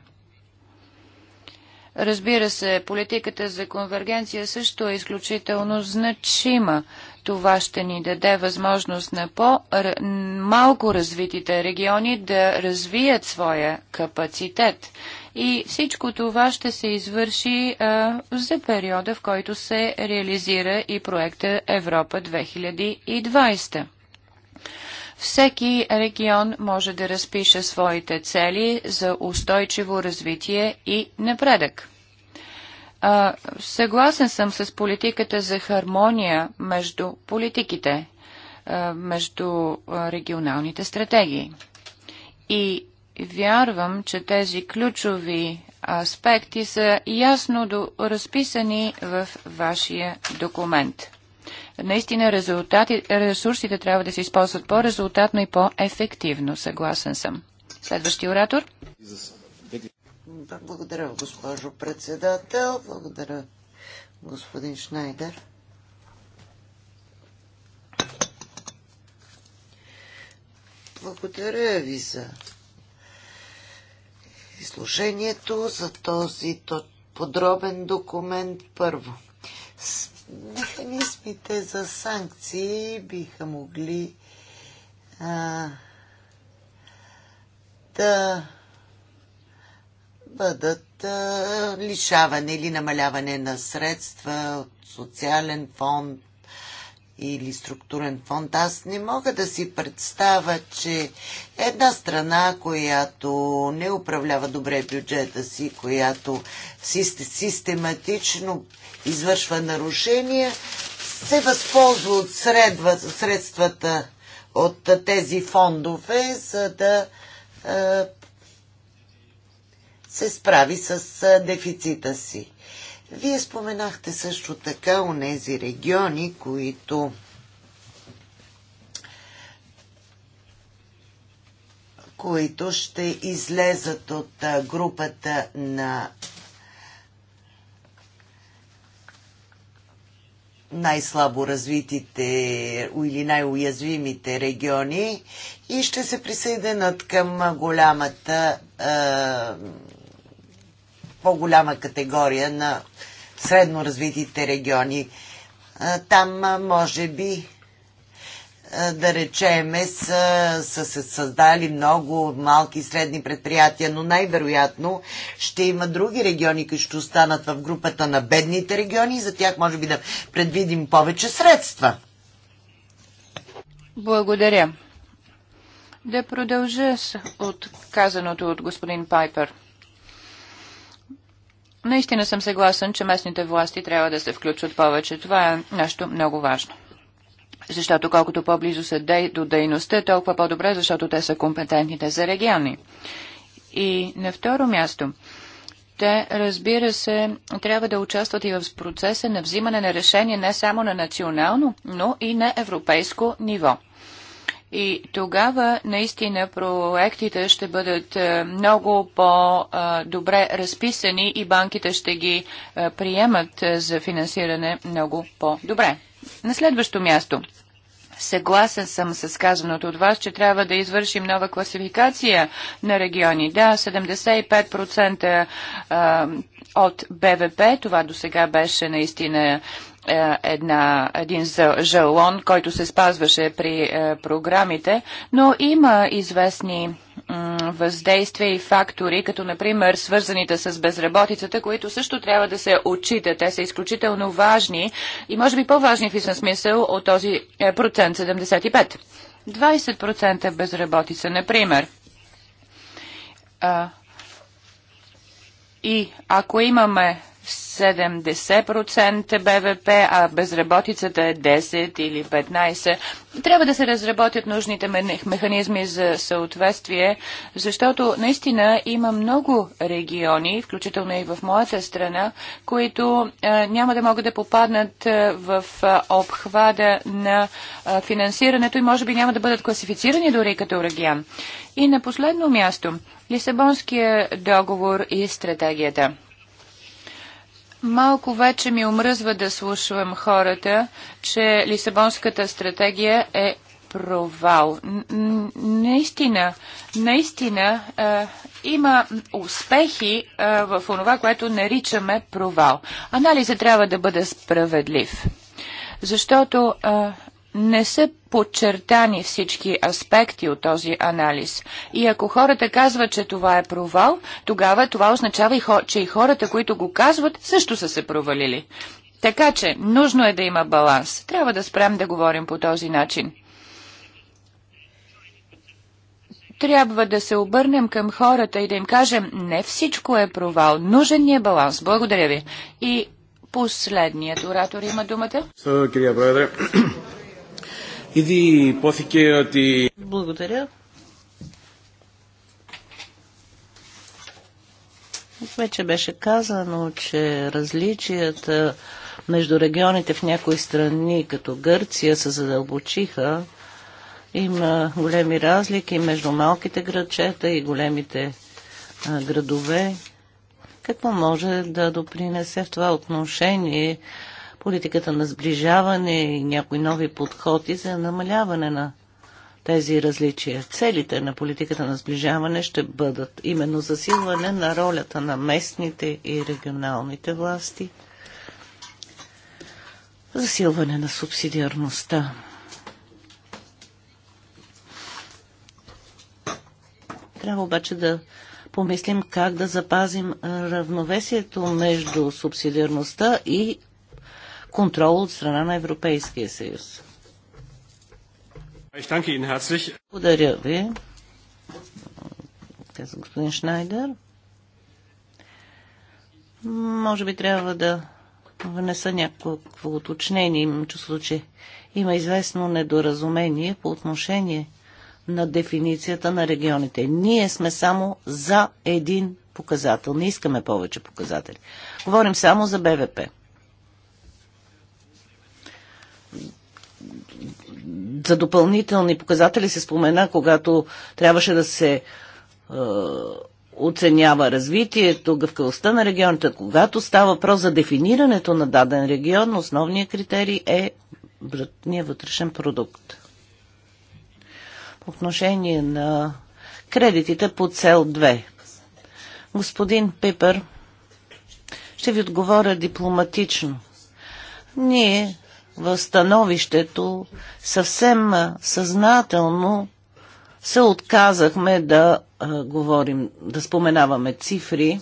Разбира се, политиката за конвергенция също е изключително значима. Това ще ни даде възможност на по-малко развитите региони да развият своя капацитет. И всичко това ще се извърши а, за периода, в който се реализира и проекта Европа 2020. Всеки регион може да разпише своите цели за устойчиво развитие и напредък. А, съгласен съм с политиката за хармония между политиките, а, между регионалните стратегии. И вярвам, че тези ключови аспекти са ясно разписани в вашия документ. Наистина ресурсите трябва да се използват по-резултатно и по-ефективно. Съгласен съм. Следващия оратор. Благодаря, госпожо председател. Благодаря, господин Шнайдер. Благодаря ви за изложението, за този подробен документ първо. Механизмите за санкции биха могли а, да бъдат а, лишаване или намаляване на средства от социален фонд или структурен фонд. Аз не мога да си представя, че една страна, която не управлява добре бюджета си, която систематично извършва нарушения, се възползва от средва, средствата от тези фондове, за да се справи с дефицита си. Вие споменахте също така у нези региони, които които ще излезат от групата на най-слабо развитите или най-уязвимите региони и ще се присъединят към голямата по-голяма категория на средно развитите региони. Там може би да речеме, са, са се създали много малки и средни предприятия, но най-вероятно ще има други региони, които ще останат в групата на бедните региони и за тях може би да предвидим повече средства. Благодаря. Да продължа с от казаното от господин Пайпер – Наистина съм съгласен, че местните власти трябва да се включват повече. Това е нещо много важно. Защото колкото по-близо са дей, до дейността, толкова по-добре, защото те са компетентните за региони. И на второ място, те, разбира се, трябва да участват и в процеса на взимане на решения не само на национално, но и на европейско ниво. И тогава наистина проектите ще бъдат е, много по-добре разписани и банките ще ги е, приемат е, за финансиране много по-добре. На следващо място. Съгласен съм с казаното от вас, че трябва да извършим нова класификация на региони. Да, 75% от БВП, това до сега беше наистина е, една, един жалон, който се спазваше при е, програмите, но има известни въздействия и фактори, като например свързаните с безработицата, които също трябва да се отчитат. Те са изключително важни и може би по-важни в истин смисъл от този е, процент 75. 20% безработица, например. и ако имаме 70% БВП, а безработицата е 10 или 15. Трябва да се разработят нужните механизми за съответствие, защото наистина има много региони, включително и в моята страна, които няма да могат да попаднат в обхвата обхвада на финансирането и може би няма да бъдат класифицирани дори като регион. И на последно място, Лисабонския договор и стратегията. Малко вече ми омръзва да слушам хората, че Лисабонската стратегия е провал. Наистина, наистина а, има успехи а, в това, което наричаме провал. Анализът трябва да бъде справедлив, защото а, не са подчертани всички аспекти от този анализ. И ако хората казват, че това е провал, тогава това означава, и че и хората, които го казват, също са се провалили. Така че, нужно е да има баланс. Трябва да спрем да говорим по този начин. Трябва да се обърнем към хората и да им кажем, не всичко е провал, нужен ни е баланс. Благодаря ви. И последният оратор има думата. Ήδη υπόθηκε ότι... Благодаря. Вече беше казано, че различията между регионите в някои страни, като Гърция, се задълбочиха. Има големи разлики между малките градчета и големите а, градове. Какво може да допринесе в това отношение политиката на сближаване и някои нови подходи за намаляване на тези различия. Целите на политиката на сближаване ще бъдат именно засилване на ролята на местните и регионалните власти, засилване на субсидиарността. Трябва обаче да помислим как да запазим равновесието между субсидиарността и контрол от страна на Европейския съюз. Благодаря ви. Каза господин Шнайдер. Може би трябва да внеса някакво уточнение. Имам чувство, че има известно недоразумение по отношение на дефиницията на регионите. Ние сме само за един показател. Не искаме повече показатели. Говорим само за БВП. за допълнителни показатели се спомена, когато трябваше да се е, оценява развитието, гъвкавостта на регионите. Когато става въпрос за дефинирането на даден регион, основният критерий е брутния вътрешен продукт. По отношение на кредитите по цел 2. Господин Пипер, ще ви отговоря дипломатично. Ние в становището съвсем съзнателно се отказахме да а, говорим, да споменаваме цифри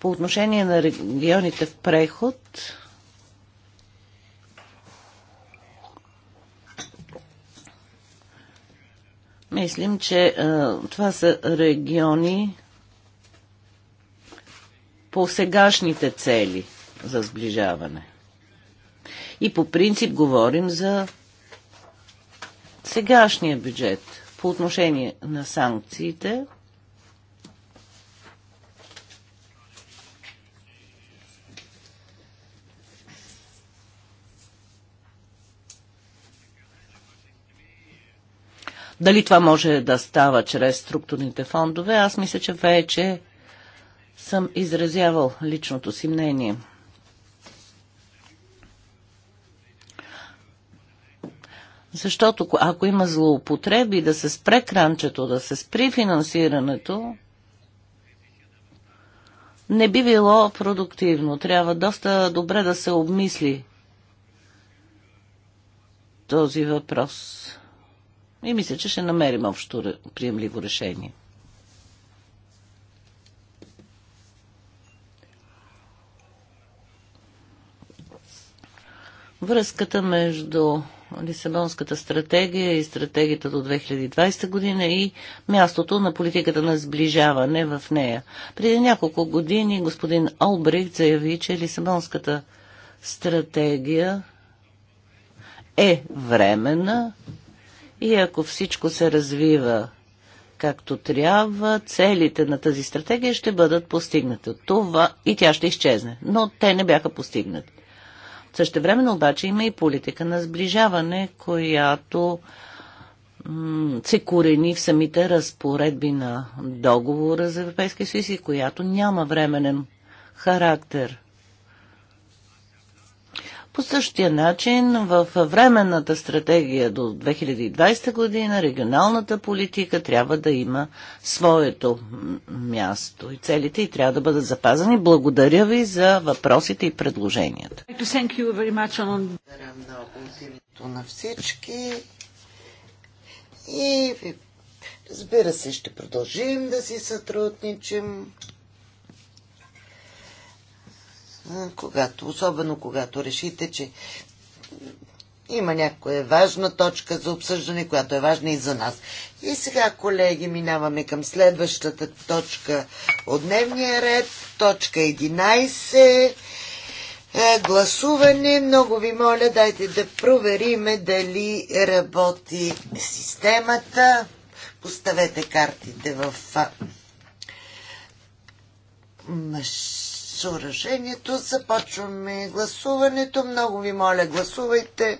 по отношение на регионите в преход. Мислим, че а, това са региони по сегашните цели – за сближаване. И по принцип говорим за сегашния бюджет по отношение на санкциите. Дали това може да става чрез структурните фондове, аз мисля, че вече съм изразявал личното си мнение. Защото ако има злоупотреби да се спре кранчето, да се спри финансирането, не би било продуктивно. Трябва доста добре да се обмисли този въпрос. И мисля, че ще намерим общо приемливо решение. Връзката между Лисабонската стратегия и стратегията до 2020 година и мястото на политиката на сближаване в нея. Преди няколко години господин Олбрих заяви, че Лисабонската стратегия е времена и ако всичко се развива както трябва, целите на тази стратегия ще бъдат постигнати. Това и тя ще изчезне. Но те не бяха постигнати. Същевременно обаче има и политика на сближаване, която се корени в самите разпоредби на договора за Европейския съюз и която няма временен характер. По същия начин в временната стратегия до 2020 година регионалната политика трябва да има своето място и целите и трябва да бъдат запазени. Благодаря ви за въпросите и предложенията. Благодаря много от името на всички и разбира се ще продължим да си сътрудничим когато, особено когато решите, че има някоя важна точка за обсъждане, която е важна и за нас. И сега, колеги, минаваме към следващата точка от дневния ред. Точка 11. Е, гласуване. Много ви моля, дайте да провериме дали работи системата. Поставете картите в маш съоръжението. Започваме гласуването. Много ви моля, гласувайте.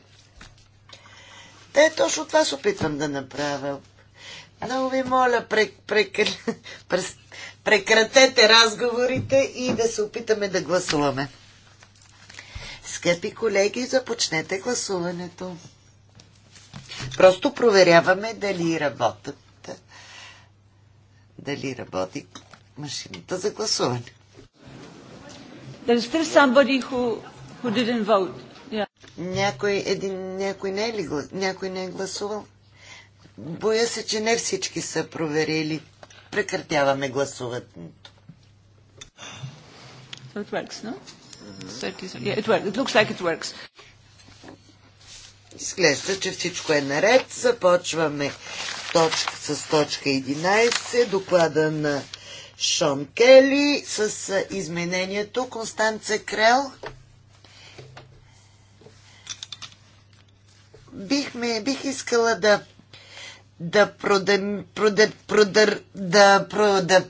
Те точно това се опитвам да направя. Много ви моля, прекратете разговорите и да се опитаме да гласуваме. Скъпи колеги, започнете гласуването. Просто проверяваме дали работят. Дали работи машината за гласуване. There's still somebody who, who didn't vote. Yeah. Някой, един, някой, не е ли, някой не е гласувал? Боя се, че не всички са проверили. Прекратяваме гласуването. So it works, no? Yeah, it works. It looks like it works. Изглежда, че всичко е наред. Започваме точка, с точка 11, доклада на Шон Кели с изменението Констанце Крел. Бихме, бих искала да да продам, продам, продър, да, продам,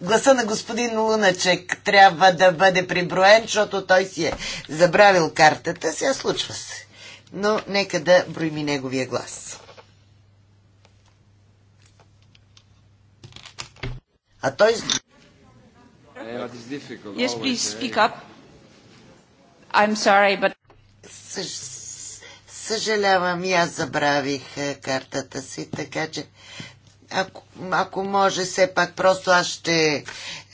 гласа на господин Луначек трябва да бъде приброен, защото той си е забравил картата. Сега случва се. Но нека да броим неговия глас. А той... Yes, please speak up. I'm sorry, but... Съжалявам, и аз забравих е, картата си, така че ако, ако може, все пак просто аз ще,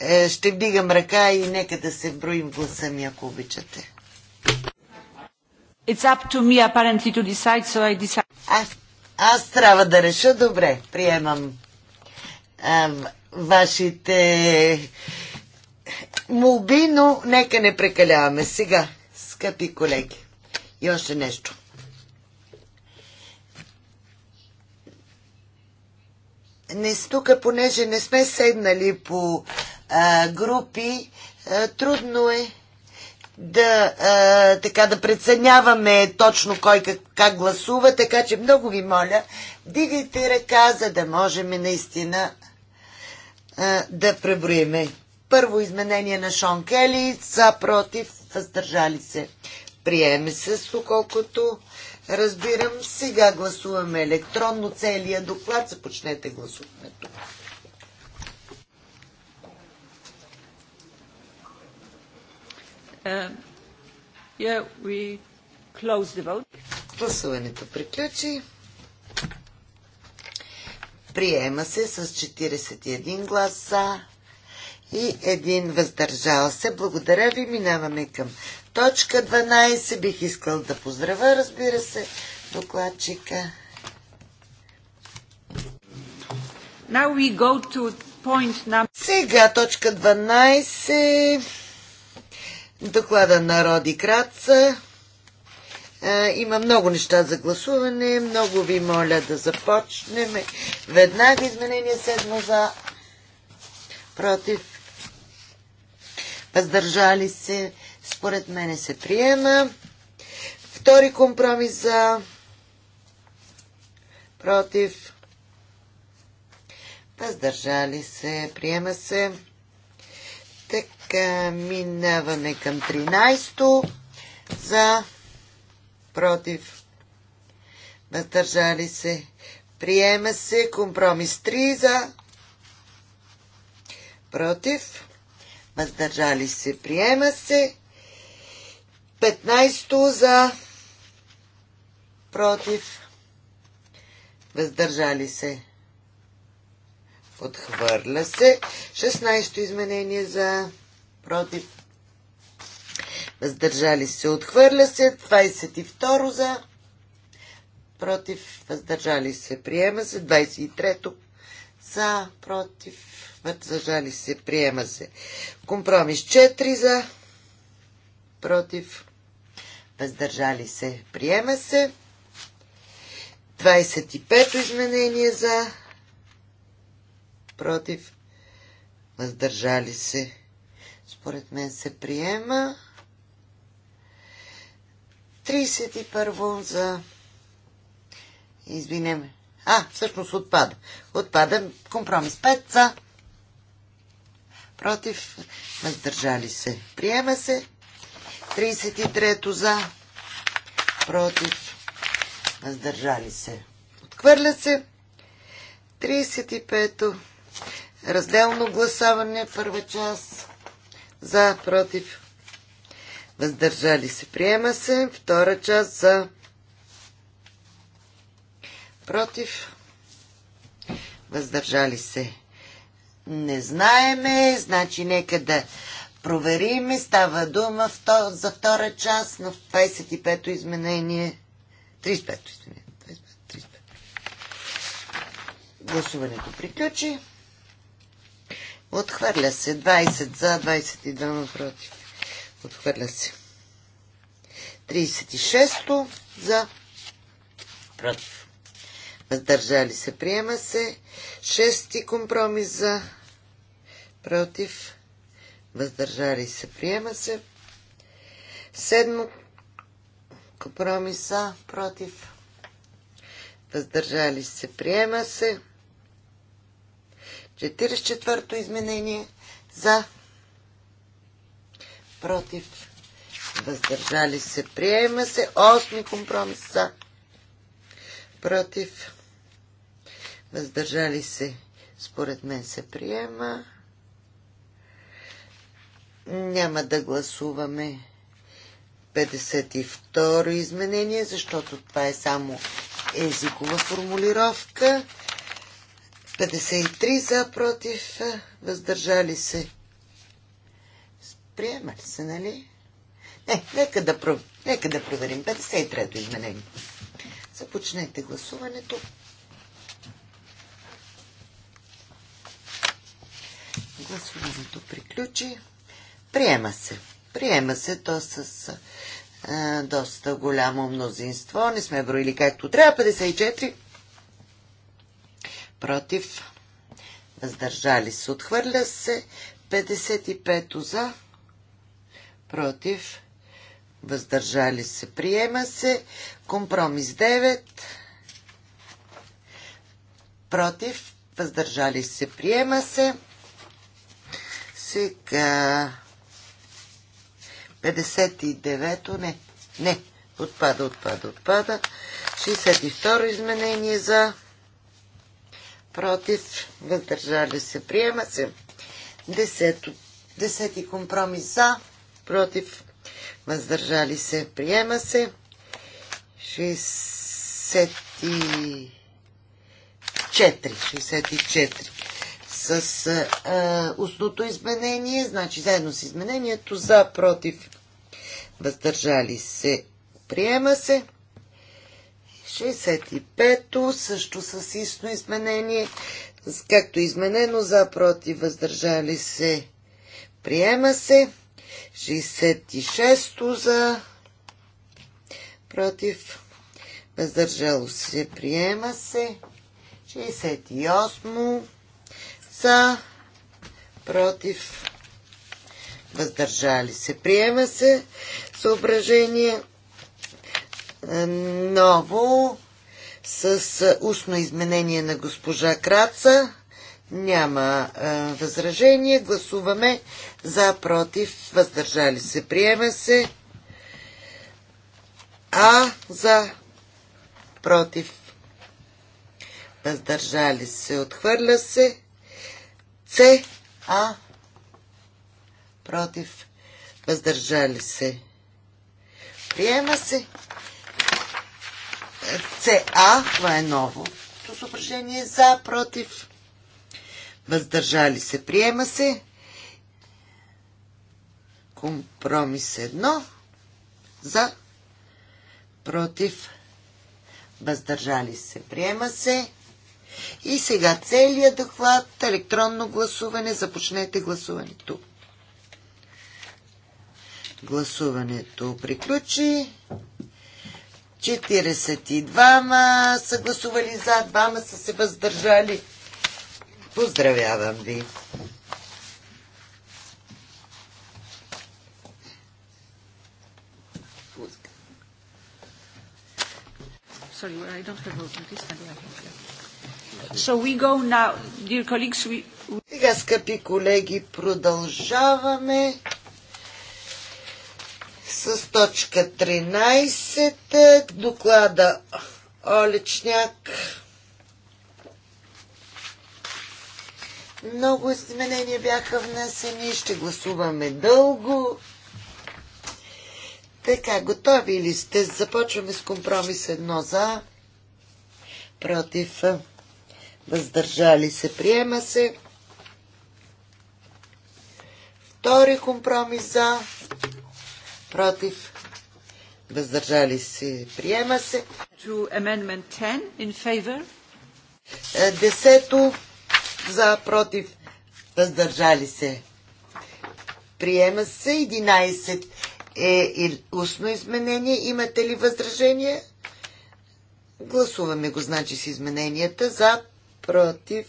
е, ще вдигам ръка и нека да се броим гласа ми, ако обичате. It's up to me apparently to decide, so I decide. Аз, аз трябва да реша, добре, приемам. Ам, вашите молби, но нека не прекаляваме. Сега, скъпи колеги, и още нещо. Не тук, понеже не сме седнали по а, групи, а, трудно е да, а, така, да преценяваме точно кой как, как гласува, така че много ви моля, дигайте ръка, за да можем наистина да преброиме. Първо изменение на Шон Кели, за, против, въздържали се. Приеме се, колкото разбирам. Сега гласуваме електронно целия доклад. Започнете гласуването. Uh, yeah, Гласуването приключи. Приема се с 41 гласа и един въздържал се. Благодаря ви. Минаваме към точка 12. Бих искал да поздравя, разбира се, докладчика. Now we go to point number... Сега точка 12. Доклада на Роди Краца. Има много неща за гласуване. Много ви моля да започнем. Веднага изменение седмо за против. Въздържали се. Според мене се приема. Втори компромис за против. Въздържали се. Приема се. Така, минаваме към 13-то за против, въздържали се. Приема се компромис 3 за, против, въздържали се. Приема се 15 за, против, въздържали се. Отхвърля се. 16 изменение за против въздържали се, отхвърля се. 22 за, против, въздържали се, приема се. 23 за, против, въздържали се, приема се. Компромис 4 за, против, въздържали се, приема се. 25 изменение за, против, въздържали се. Според мен се приема. 31 за... Извинеме. А, всъщност отпада. Отпада компромис 5 за... Против. Въздържали се. Приема се. 33 за... Против. Въздържали се. Отхвърля се. 35 то Разделно гласаване. Първа част. За, против въздържали се, приема се. Втора част за против, въздържали се. Не знаеме, значи нека да проверим. Става дума за втора част на 25-то изменение. 35-то изменение. 35, 35. Гласуването приключи. Отхвърля се 20 за, 22 против. Отхвърля се. 36-то за против. Въздържали се. Приема се. Шести компромис за против. Въздържали се. Приема се. Седмо компромиса против. Въздържали се. Приема се. 44-то изменение за против, въздържали се, приема се. Осми компромис за, против, въздържали се, според мен се приема. Няма да гласуваме 52 изменение, защото това е само езикова формулировка. 53 за, против, въздържали се, Приема ли се, нали? Не, нека да, пров... нека да проверим. 53-то изменение. Започнете гласуването. Гласуването приключи. Приема се. Приема се то с а, доста голямо мнозинство. Не сме броили както трябва. 54. Против. Въздържали се. Отхвърля се. 55 за против, въздържали се, приема се. Компромис 9, против, въздържали се, приема се. Сега 59-то, не, не, отпада, отпада, отпада. 62-ро изменение за против, въздържали се, приема се. 10 ти компромис за, против, въздържали се, приема се. 64, 64 с а, устното изменение, значи заедно с изменението за, против, въздържали се, приема се. 65-то, също с истно изменение, както изменено за, против, въздържали се, приема се. 66-то за против. Въздържало се. Приема се. 68 за против. Въздържали се. Приема се. Съображение е, ново с устно изменение на госпожа Краца. Няма е, възражение. Гласуваме за, против, въздържали се, приема се. А за, против, въздържали се, отхвърля се. С, А, против, въздържали се. Приема се. А, това е ново. Съображение за, против, въздържали се. Приема се. Компромис 1 за против въздържали се. Приема се. И сега целият доклад, електронно гласуване, започнете гласуването. Гласуването приключи. 42-ма са гласували за, двама са се въздържали. Поздравявам ви! sorry, I don't have voting list. So we go now, dear colleagues, we... Сега, скъпи колеги, продължаваме с точка 13, доклада Олечняк. Много изменения бяха внесени, ще гласуваме дълго. Така, готови ли сте? Започваме с компромис едно за, против, въздържали се, приема се. Втори компромис за, против, въздържали се, приема се. To amendment 10 in favor. Е, десето за, против, въздържали се, приема се. 11 е и устно изменение. Имате ли възражение? Гласуваме го, значи, с измененията. За, против,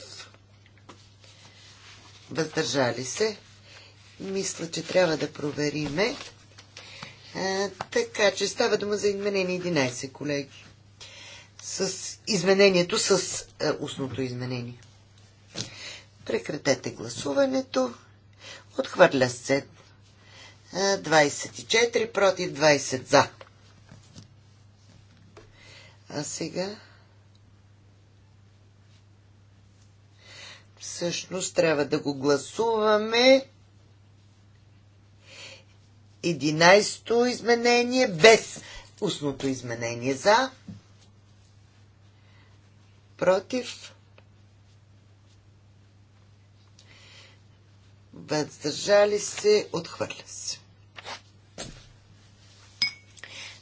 въздържали се. Мисля, че трябва да провериме. така че става дума за изменение 11, колеги. С изменението, с устното изменение. Прекратете гласуването. Отхвърля се 24 против 20 за. А сега... Всъщност трябва да го гласуваме. 11-то изменение без устното изменение за. Против. Въздържали се, отхвърля се.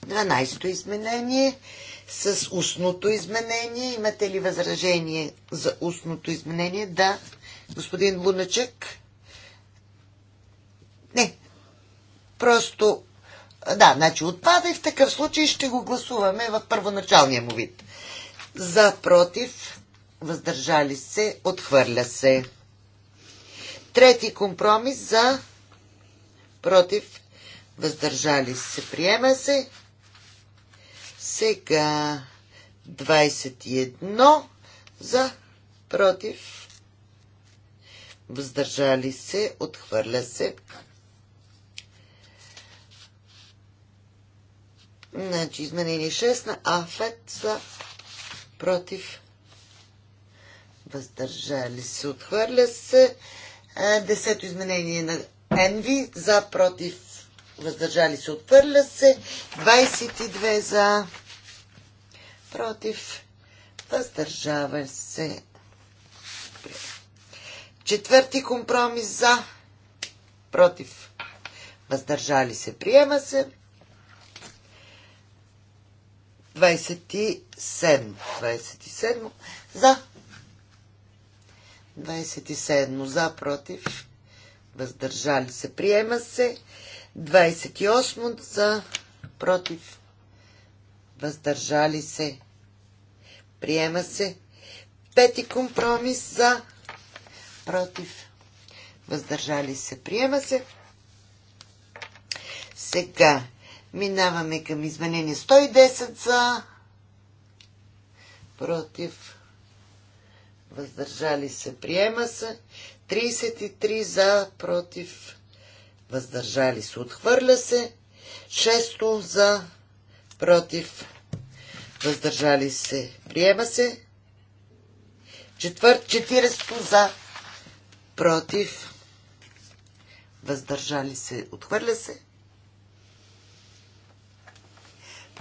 12-то изменение с устното изменение. Имате ли възражение за устното изменение? Да, господин Луначек. Не. Просто. Да, значи отпада и в такъв случай ще го гласуваме в първоначалния му вид. За, против, въздържали се, отхвърля се. Трети компромис за, против, въздържали се, приема се. Сега 21 за против. Въздържали се, отхвърля се. Значи изменение 6 на Афет за против. Въздържали се, отхвърля се. Десето изменение на Енви за против. Въздържали се, отхвърля се. 22 за против, въздържава се. Четвърти компромис за, против, въздържали се, приема се. 27. 27 за. 27 за против. Въздържали се. Приема се. 28 за против въздържали се, приема се. Пети компромис за, против, въздържали се, приема се. Сега минаваме към изменение 110 за, против, въздържали се, приема се. 33 за, против, въздържали се, отхвърля се. 6 за, против, въздържали се, приема се. Четвърт, 40 за, против, въздържали се, отхвърля се.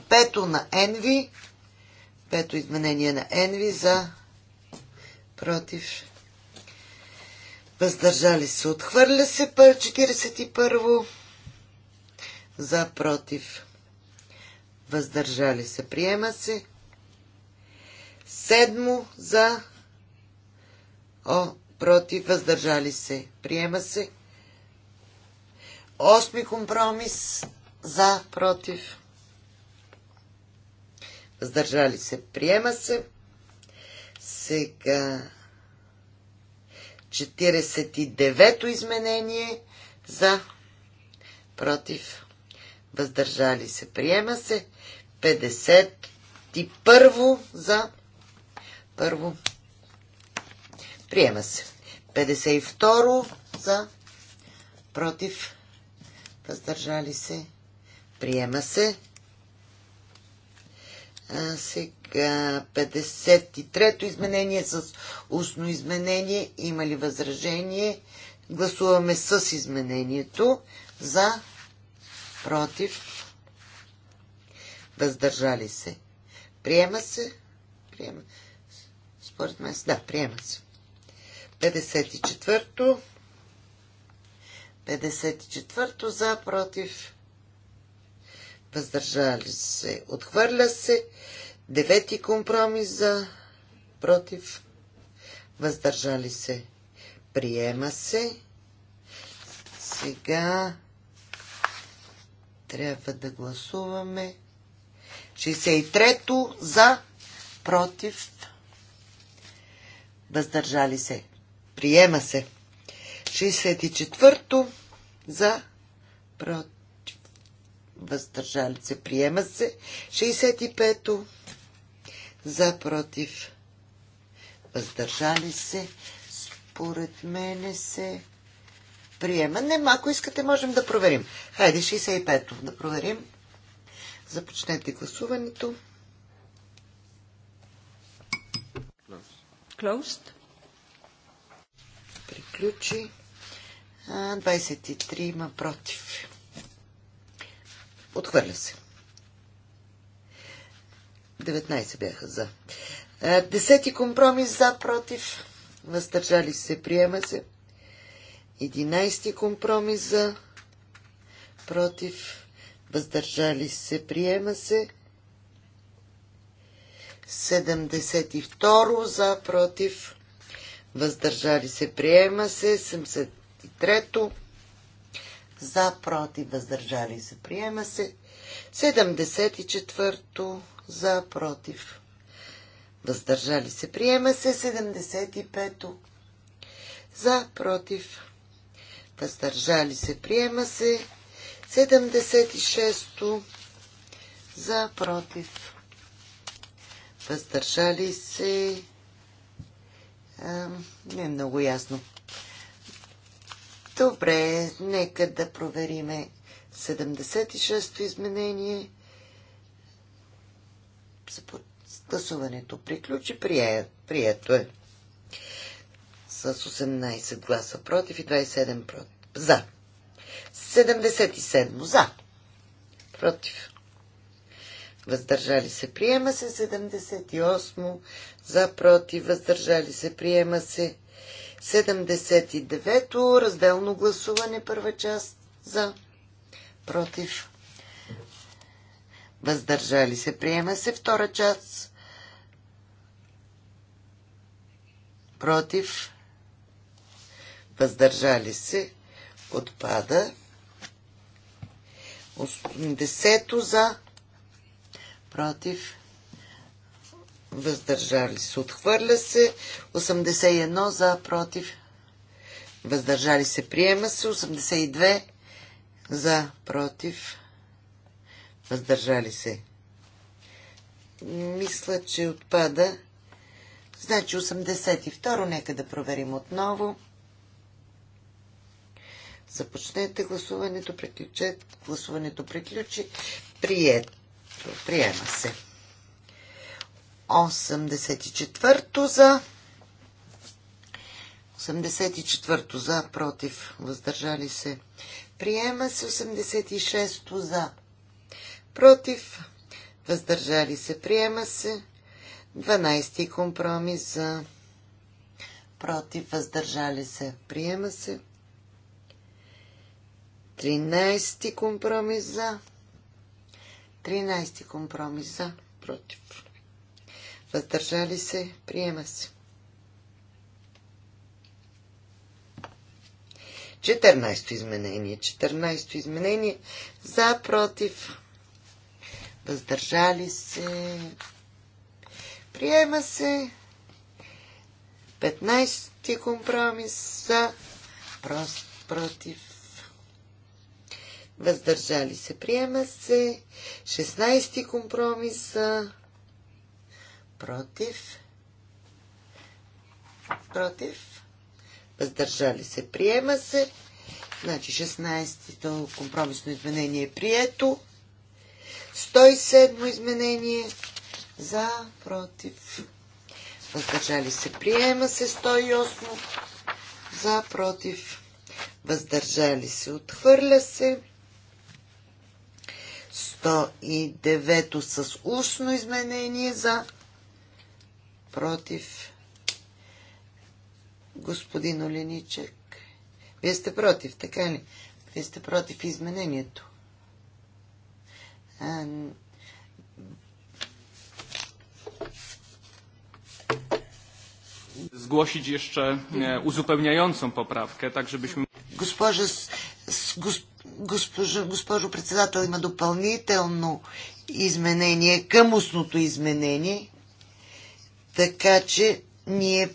Пето на Енви, пето изменение на Енви за, против, въздържали се, отхвърля се, 41 за, против, въздържали се, приема се. Седмо за, о, против, въздържали се, приема се. Осми компромис за, против, въздържали се, приема се. Сега 49-то изменение за, против, въздържали се, приема се. 51 за първо. Приема се. 52 за против. Въздържали се. Приема се. А сега 53-то изменение с устно изменение. Има ли възражение? Гласуваме с изменението. За, против, въздържали се. Приема се. Приема. Според мен, да, приема се. 54-то. 54-то за, против. Въздържали се. Отхвърля се. Девети компромис за, против. Въздържали се. Приема се. Сега трябва да гласуваме 63-то за, против, въздържали се. Приема се. 64-то за, против, въздържали се. Приема се. 65-то за, против, въздържали се. Според мене се приема. Не, ако искате, можем да проверим. Хайде, 65-то да проверим. Започнете гласуването. Closed. Приключи. 23 има против. Отхвърля се. 19 бяха за. Десети компромис за против. Въздържали се, приема се. Единайсти компромис за против въздържали се, приема се. 72 за, против, въздържали се, приема се. 73 за, против, въздържали се, приема се. 74 за, против, въздържали се, приема се. 75 за, против, въздържали се, приема се. 76-то за против. Въздържали се. А, не е много ясно. Добре, нека да провериме 76-то изменение. Гласуването приключи. Прие, прието е. С 18 гласа против и 27 против. За. 77 за. Против. Въздържали се. Приема се 78 за. Против. Въздържали се. Приема се 79-то. Разделно гласуване. Първа част за. Против. Въздържали се. Приема се втора част. Против. Въздържали се. Отпада. 80 за, против, въздържали се. Отхвърля се. 81 за, против, въздържали се. Приема се. 82 за, против, въздържали се. Мисля, че отпада. Значи 82, нека да проверим отново. Започнете гласуването, приключете. Гласуването приключи. Прието. Приема се. 84-то за 84-то за, против, въздържали се. Приема се 86-то за, против, въздържали се. Приема се 12-ти компромис за, против, въздържали се. Приема се 13 компромис за. 13 компромис за. Против. Въздържали се. Приема се. 14 изменение. 14 изменение. За. Против. Въздържали се. Приема се. 15 компромис за. Прост. Против въздържали се. Приема се 16 компромиса против против въздържали се. Приема се значи 16-то компромисно изменение е прието 107 изменение за против въздържали се. Приема се 108 за против въздържали се. Отхвърля се 109 с устно изменение за против господин Оленичек. Вие сте против, така ли? Вие сте против изменението. zgłosić jeszcze e, uzupełniającą poprawkę, tak żebyśmy... Госпожа, госпожо, госпожо председател, има допълнително изменение към устното изменение, така че ние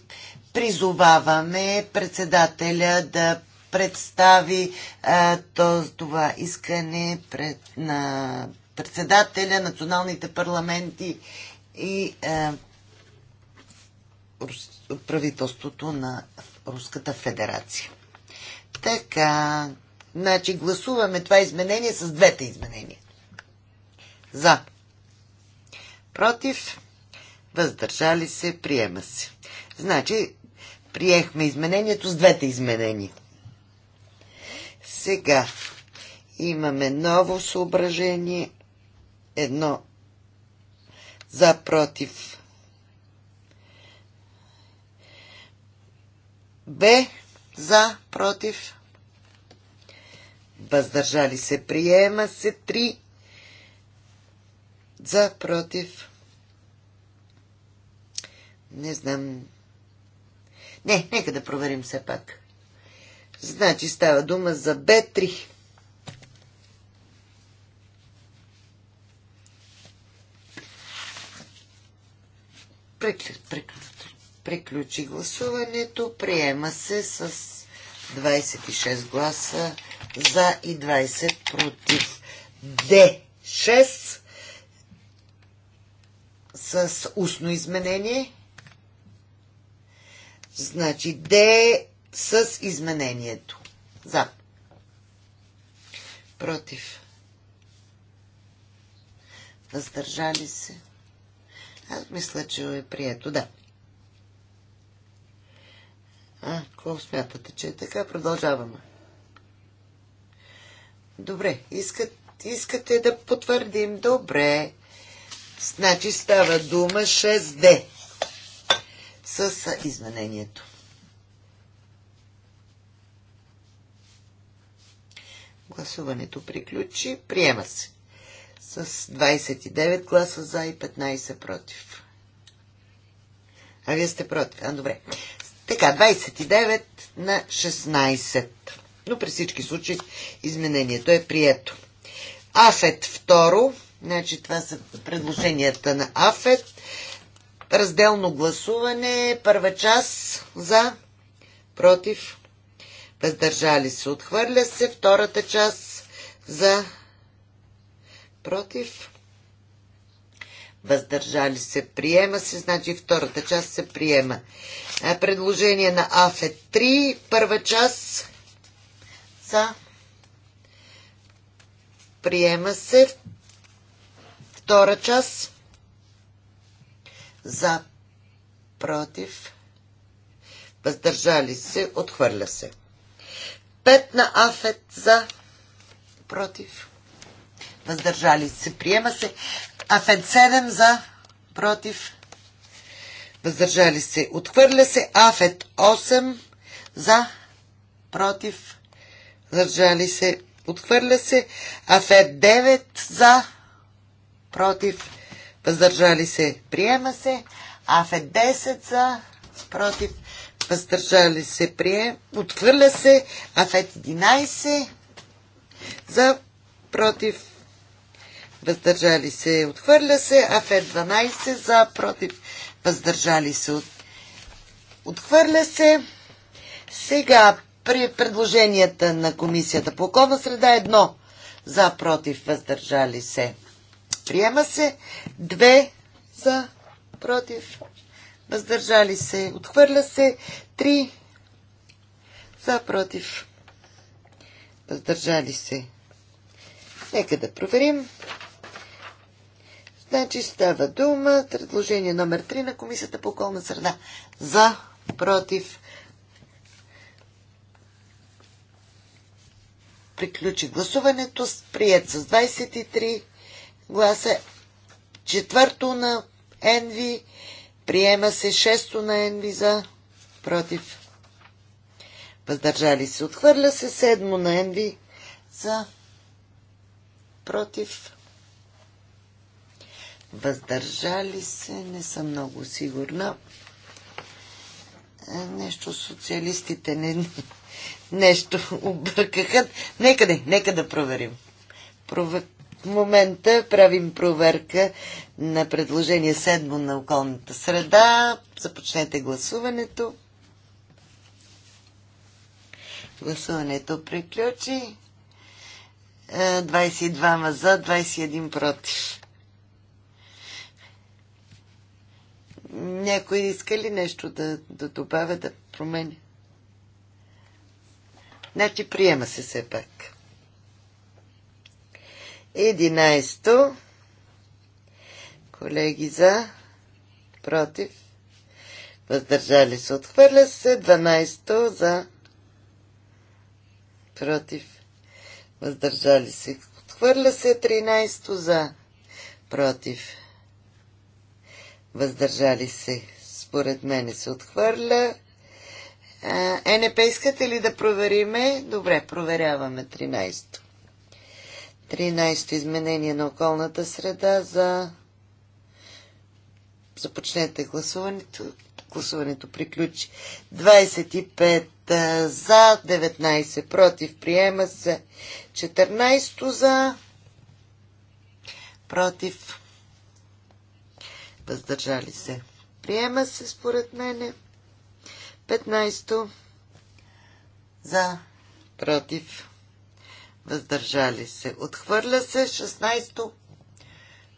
призоваваме председателя да представи а, то, това искане пред, на председателя, националните парламенти и а, рус, правителството на Руската федерация. Така, Значи гласуваме това изменение с двете изменения. За. Против. Въздържали се. Приема се. Значи приехме изменението с двете изменения. Сега имаме ново съображение. Едно за против. Б за против въздържали се, приема се 3 за, против. Не знам. Не, нека да проверим все пак. Значи става дума за Б3. Приключи гласуването. Приема се с 26 гласа за и 20 против. Д6 с устно изменение. Значи D с изменението. За. Против. Въздържали се. Аз мисля, че е прието. Да. А, какво смятате, че е така, продължаваме. Добре, искат, искате да потвърдим. Добре. Значи става дума 6D с изменението. Гласуването приключи. Приема се. С 29 гласа за и 15 против. А вие сте против. А, добре. Така, 29 на 16. Но при всички случаи изменението е прието. Афет второ, значи това са предложенията на Афет. Разделно гласуване, първа част за, против, въздържали се, отхвърля се, втората част за, против, въздържали се, приема се, значи втората част се приема. Предложение на АФЕ 3, първа част за, приема се, втора част, за, против, въздържали се, отхвърля се. Пет на Афет за, против, въздържали се, приема се. Афет 7 за, против, въздържали се, отхвърля се. Афет 8 за, против, въздържали се, отхвърля се. Афет 9 за, против, въздържали се, приема се. Афет 10 за, против, въздържали се, приема, отхвърля се. Афет 11 за, против, въздържали се, отхвърля се. Афет 12 за, против, въздържали се, от... отхвърля се. Сега предложенията на комисията по околна среда едно за против въздържали се. Приема се две за против въздържали се. Отхвърля се три за против въздържали се. Нека да проверим. Значи става дума предложение номер 3 на Комисията по околна среда за против приключи гласуването. Прият с 23 гласа. Четвърто на Енви. Приема се шесто на Енви за против. Въздържали се. Отхвърля се седмо на Енви за против. Въздържали се. Не съм много сигурна. Е, нещо социалистите не, нещо объркаха. Нека не, нека да проверим. В момента правим проверка на предложение седмо на околната среда. Започнете гласуването. Гласуването приключи. 22 е, за, 21 против. Някой иска ли нещо да, да добавя, да променя? Значи приема се все пак. 11. Колеги за, против, въздържали се, отхвърля се. 12 за, против, въздържали се, отхвърля се. 13 за, против, въздържали се. Според мене се отхвърля. Е, е НП искате ли да провериме? Добре, проверяваме 13-то. 13-то изменение на околната среда за... Започнете гласуването. Гласуването приключи. 25 е, за, 19 против. Приема се 14 за, против. Въздържали се. Приема се според мене. 15 за, против, въздържали се. Отхвърля се 16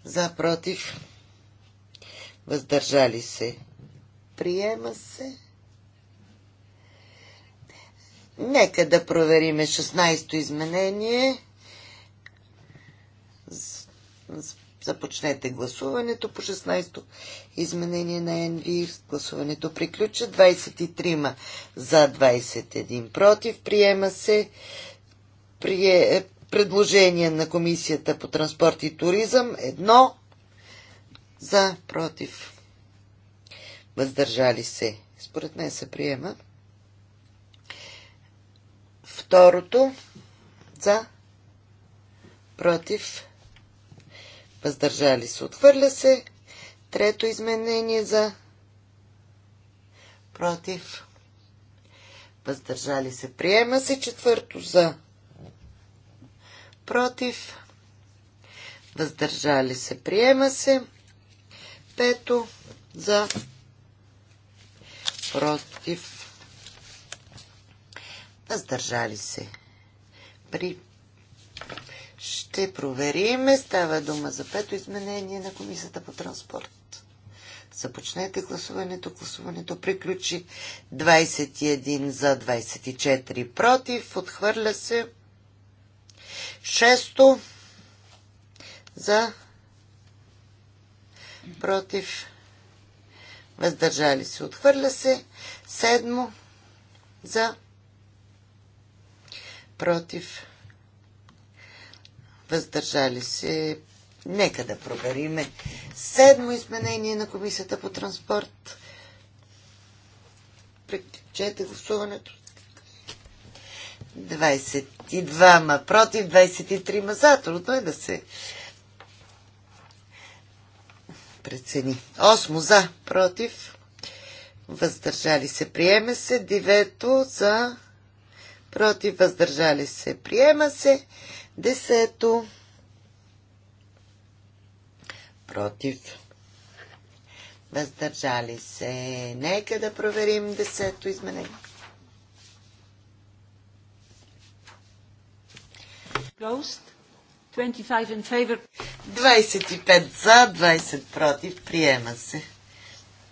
за, против, въздържали се. Приема се. Нека да провериме 16-то изменение. Започнете гласуването по 16-то изменение на НВ. Гласуването приключи. 23 за 21 против. Приема се прие... предложение на Комисията по транспорт и туризъм. Едно за против. Въздържали се. Според мен се приема. Второто за против въздържали се, отхвърля се. Трето изменение за против, въздържали се, приема се. Четвърто за против, въздържали се, приема се. Пето за против, въздържали се. При ще проверим. Става дума за пето изменение на Комисията по транспорт. Започнете гласуването. Гласуването приключи 21 за 24 против. Отхвърля се. Шесто за против. Въздържали се. Отхвърля се. Седмо за против въздържали се. Нека да провериме. Седмо изменение на Комисията по транспорт. Приключете гласуването. 22 ма против, 23 ма за. Трудно е да се прецени. Осмо за, против. Въздържали се, приема се. 9 за, против, въздържали се, приема се. Десето. Против. Въздържали се. Нека да проверим десето изменение. Closed. 25 in favor. 25 за, 20 против. Приема се.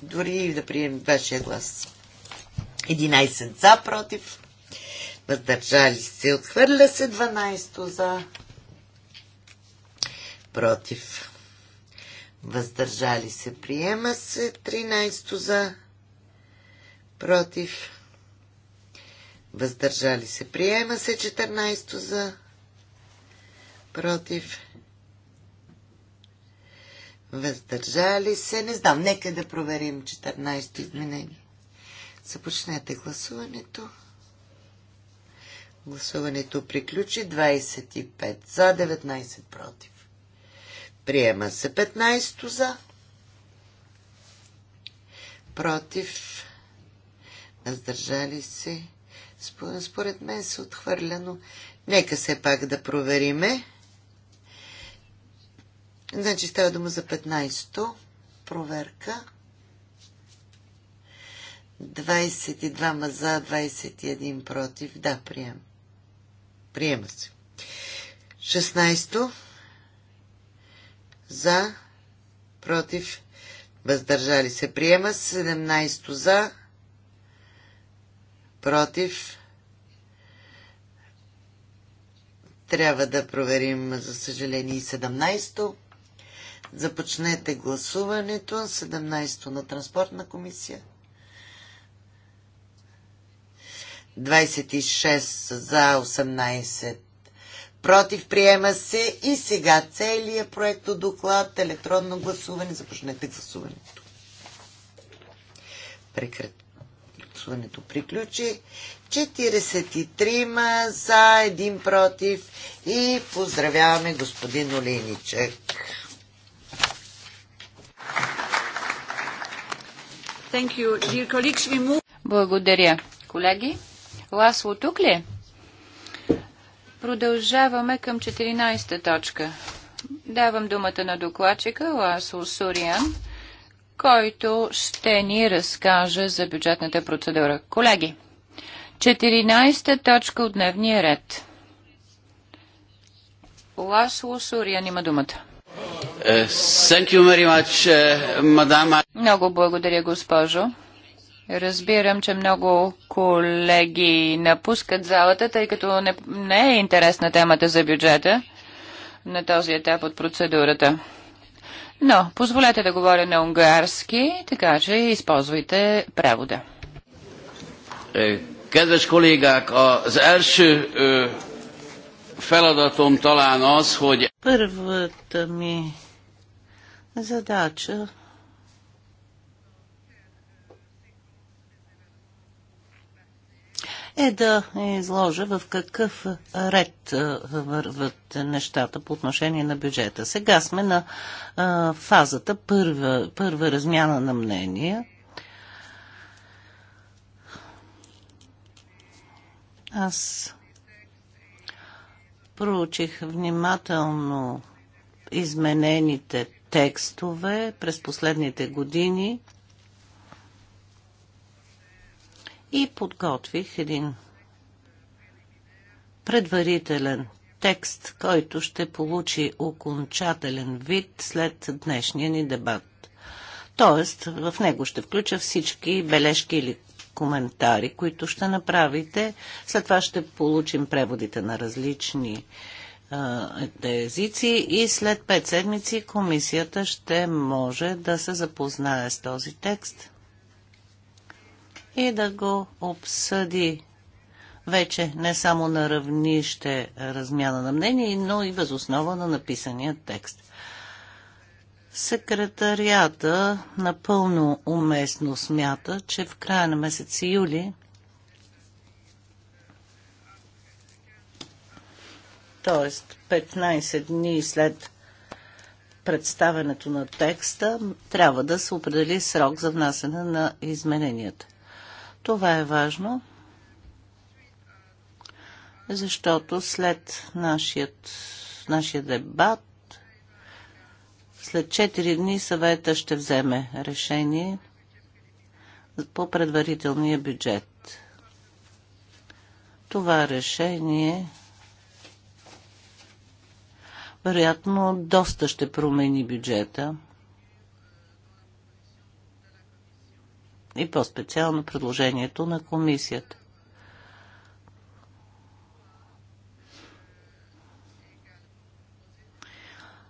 Дори и да приемем вашия глас. 11 за, против въздържали се, отхвърля се 12 за, против, въздържали се, приема се 13 за, против, въздържали се, приема се 14 за, против, въздържали се, не знам, нека да проверим 14 изменение. Започнете гласуването. Гласуването приключи 25 за, 19 против. Приема се 15 за. Против. Въздържали се. Според мен се отхвърляно. нека се пак да провериме. Значи става дума за 15-то. Проверка. 22 за, 21 против. Да, приема. Приема се. 16 за, против, въздържали се. Приема 17 за, против. Трябва да проверим, за съжаление, и 17-то. Започнете гласуването. 17-то на транспортна комисия. 26 за 18 против приема се и сега целият проект от доклад, електронно гласуване, започнете гласуването. Прекрат. Гласуването приключи. 43 за, 1 против и поздравяваме господин Олейничек. Благодаря, колеги. Ласло тук ли е? Продължаваме към 14-та точка. Давам думата на докладчика Ласло Суриан, който ще ни разкаже за бюджетната процедура. Колеги, 14-та точка от дневния ред. Ласло Суриан има думата. Е, much, е, Много благодаря, госпожо. Разбирам, че много колеги напускат залата, тъй като не, не е интересна темата за бюджета на този етап от процедурата. Но позволете да говоря на унгарски, така че използвайте превода. Кедвеш колега, az ерши feladatom талан аз, Първата ми задача е да изложа в какъв ред върват нещата по отношение на бюджета. Сега сме на фазата първа, първа размяна на мнения. Аз проучих внимателно изменените текстове през последните години – и подготвих един предварителен текст, който ще получи окончателен вид след днешния ни дебат. Тоест, в него ще включа всички бележки или коментари, които ще направите. След това ще получим преводите на различни е, езици и след 5 седмици комисията ще може да се запознае с този текст и да го обсъди вече не само на равнище размяна на мнение, но и възоснова на написания текст. Секретарията напълно уместно смята, че в края на месец юли т.е. 15 дни след представенето на текста, трябва да се определи срок за внасяне на измененията. Това е важно, защото след нашият, нашия дебат, след 4 дни съвета ще вземе решение по предварителния бюджет. Това решение вероятно доста ще промени бюджета – и по-специално предложението на комисията.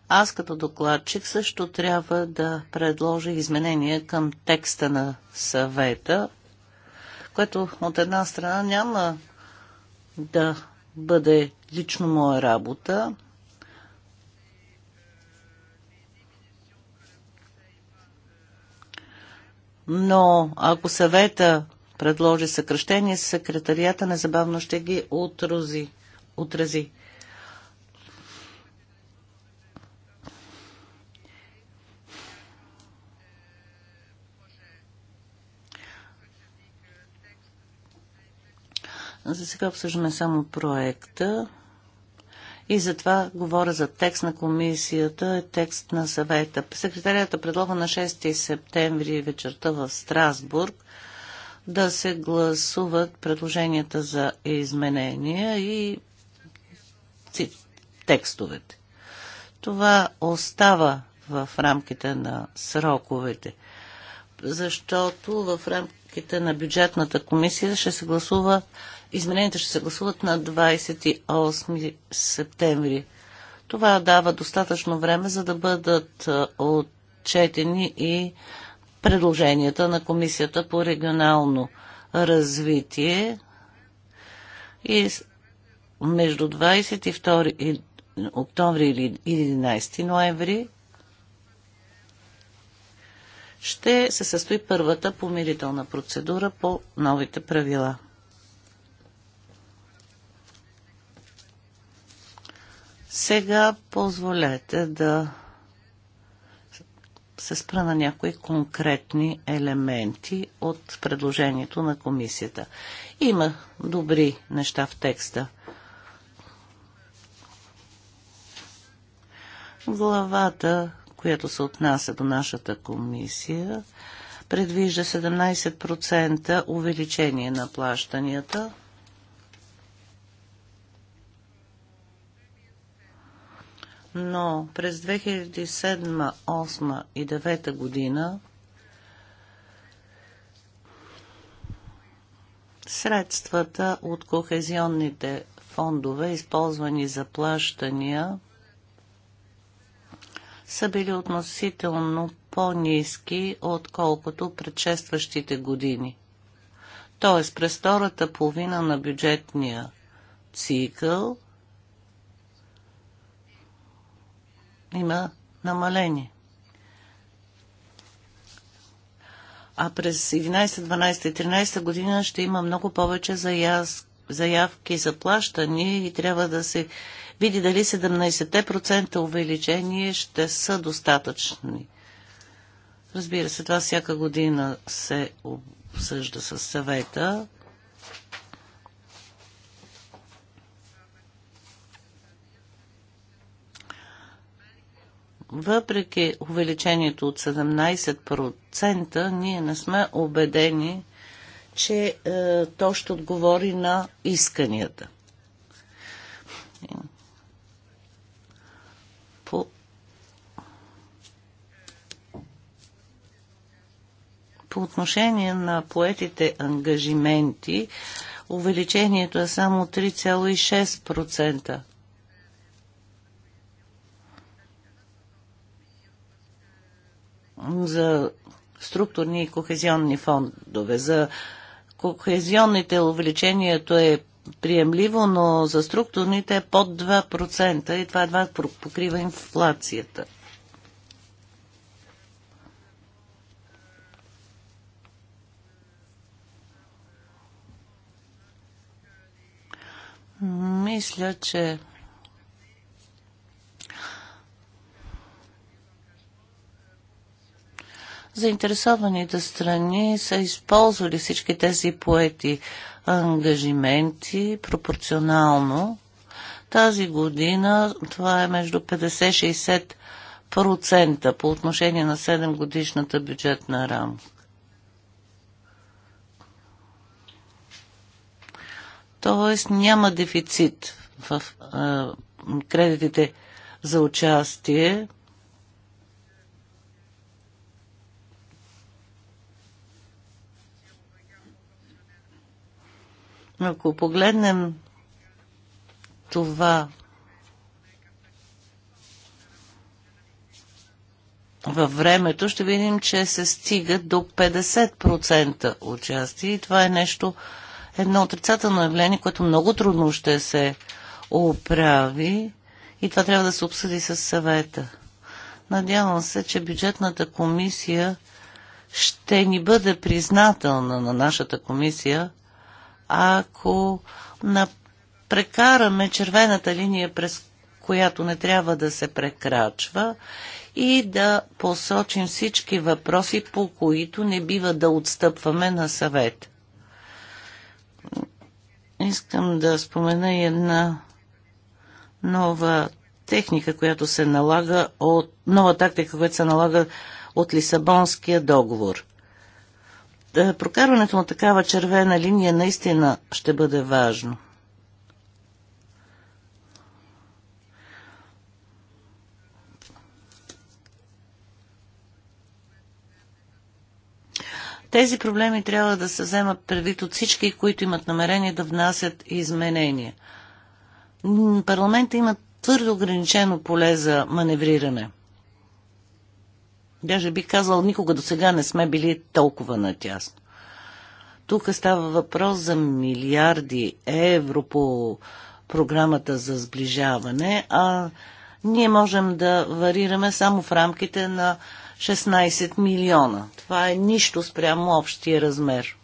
Аз като докладчик също трябва да предложа изменения към текста на съвета, което от една страна няма да бъде лично моя работа, но ако съвета предложи съкръщение, секретарията незабавно ще ги отрази. отрази. За сега обсъждаме само проекта. И затова говоря за текст на комисията, текст на съвета. Секретарията предлага на 6 септември вечерта в Страсбург да се гласуват предложенията за изменения и текстовете. Това остава в рамките на сроковете, защото в рамките на бюджетната комисия ще се гласува Измененията ще се гласуват на 28 септември. Това дава достатъчно време, за да бъдат отчетени и предложенията на Комисията по регионално развитие и между 22 октомври или 11 ноември ще се състои първата помирителна процедура по новите правила. Сега позволете да се спра на някои конкретни елементи от предложението на комисията. Има добри неща в текста. Главата, която се отнася до нашата комисия, предвижда 17% увеличение на плащанията – но през 2007, 2008 и 2009 година средствата от кохезионните фондове, използвани за плащания, са били относително по-низки, отколкото предшестващите години. Тоест, през втората половина на бюджетния цикъл има намаление. А през 11, 12 и 13 година ще има много повече заявки за плащани и трябва да се види дали 17% увеличение ще са достатъчни. Разбира се, това всяка година се обсъжда с съвета. въпреки увеличението от 17%, ние не сме убедени, че е, то ще отговори на исканията. По... По отношение на поетите ангажименти, увеличението е само 3,6%. за структурни и кохезионни фондове. За кохезионните увеличението е приемливо, но за структурните е под 2% и това едва покрива инфлацията. Мисля, че заинтересованите страни са използвали всички тези поети ангажименти пропорционално. Тази година това е между 50-60% по отношение на 7 годишната бюджетна рамка. Тоест няма дефицит в е, кредитите за участие Ако погледнем това във времето, ще видим, че се стига до 50% участие и това е нещо, едно отрицателно явление, което много трудно ще се оправи и това трябва да се обсъди с съвета. Надявам се, че бюджетната комисия ще ни бъде признателна на нашата комисия, ако прекараме червената линия, през която не трябва да се прекрачва, и да посочим всички въпроси, по които не бива да отстъпваме на съвет. Искам да спомена една нова техника, която се налага от нова тактика, която се налага от Лисабонския договор – е, прокарването на такава червена линия наистина ще бъде важно. Тези проблеми трябва да се вземат предвид от всички, които имат намерение да внасят изменения. Парламента има твърдо ограничено поле за маневриране. Даже бих казал, никога до сега не сме били толкова натясно. Тук става въпрос за милиарди евро по програмата за сближаване, а ние можем да варираме само в рамките на 16 милиона. Това е нищо спрямо общия размер.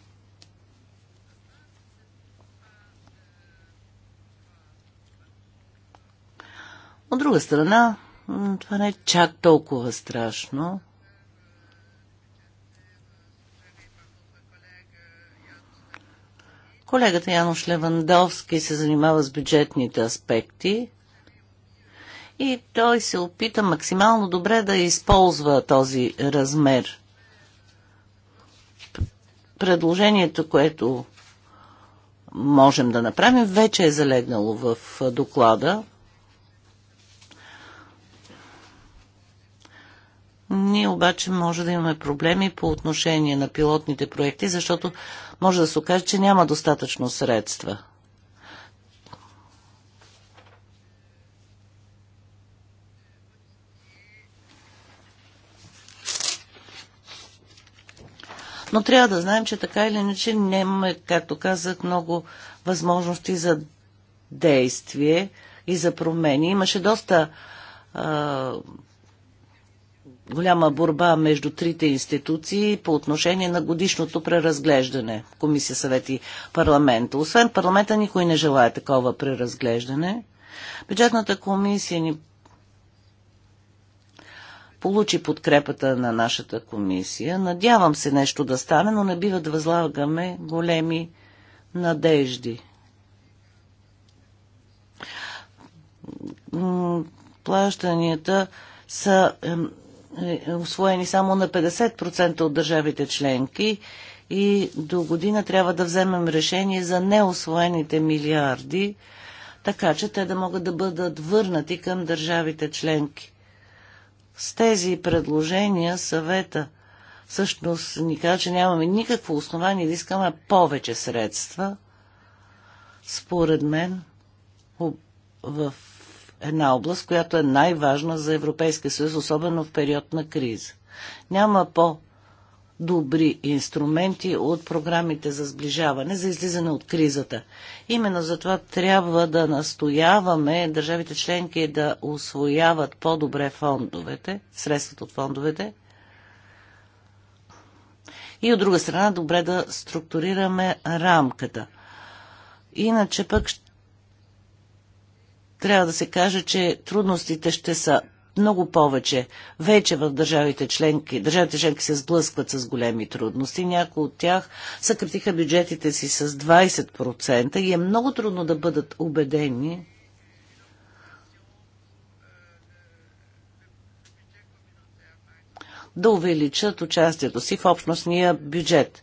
От друга страна, това не е чак толкова страшно. Колегата Янош Левандовски се занимава с бюджетните аспекти и той се опита максимално добре да използва този размер. Предложението, което можем да направим, вече е залегнало в доклада. Ние обаче може да имаме проблеми по отношение на пилотните проекти, защото може да се окаже, че няма достатъчно средства. Но трябва да знаем, че така или иначе нямаме, както казах, много възможности за действие и за промени. Имаше доста а, голяма борба между трите институции по отношение на годишното преразглеждане, Комисия, съвет и парламента. Освен парламента, никой не желая такова преразглеждане. Бюджетната комисия ни получи подкрепата на нашата комисия. Надявам се нещо да стане, но не бива да възлагаме големи надежди. Плащанията са е, освоени само на 50% от държавите членки и до година трябва да вземем решение за неосвоените милиарди, така че те да могат да бъдат върнати към държавите членки. С тези предложения съвета всъщност ни казва, че нямаме никакво основание да искаме повече средства. Според мен в една област, която е най-важна за Европейския съюз, особено в период на криза. Няма по- добри инструменти от програмите за сближаване, за излизане от кризата. Именно затова трябва да настояваме държавите членки да освояват по-добре фондовете, средствата от фондовете. И от друга страна, добре да структурираме рамката. Иначе пък трябва да се каже, че трудностите ще са много повече. Вече в държавите членки, държавите членки се сблъскват с големи трудности. Някои от тях съкратиха бюджетите си с 20% и е много трудно да бъдат убедени, да увеличат участието си в общностния бюджет.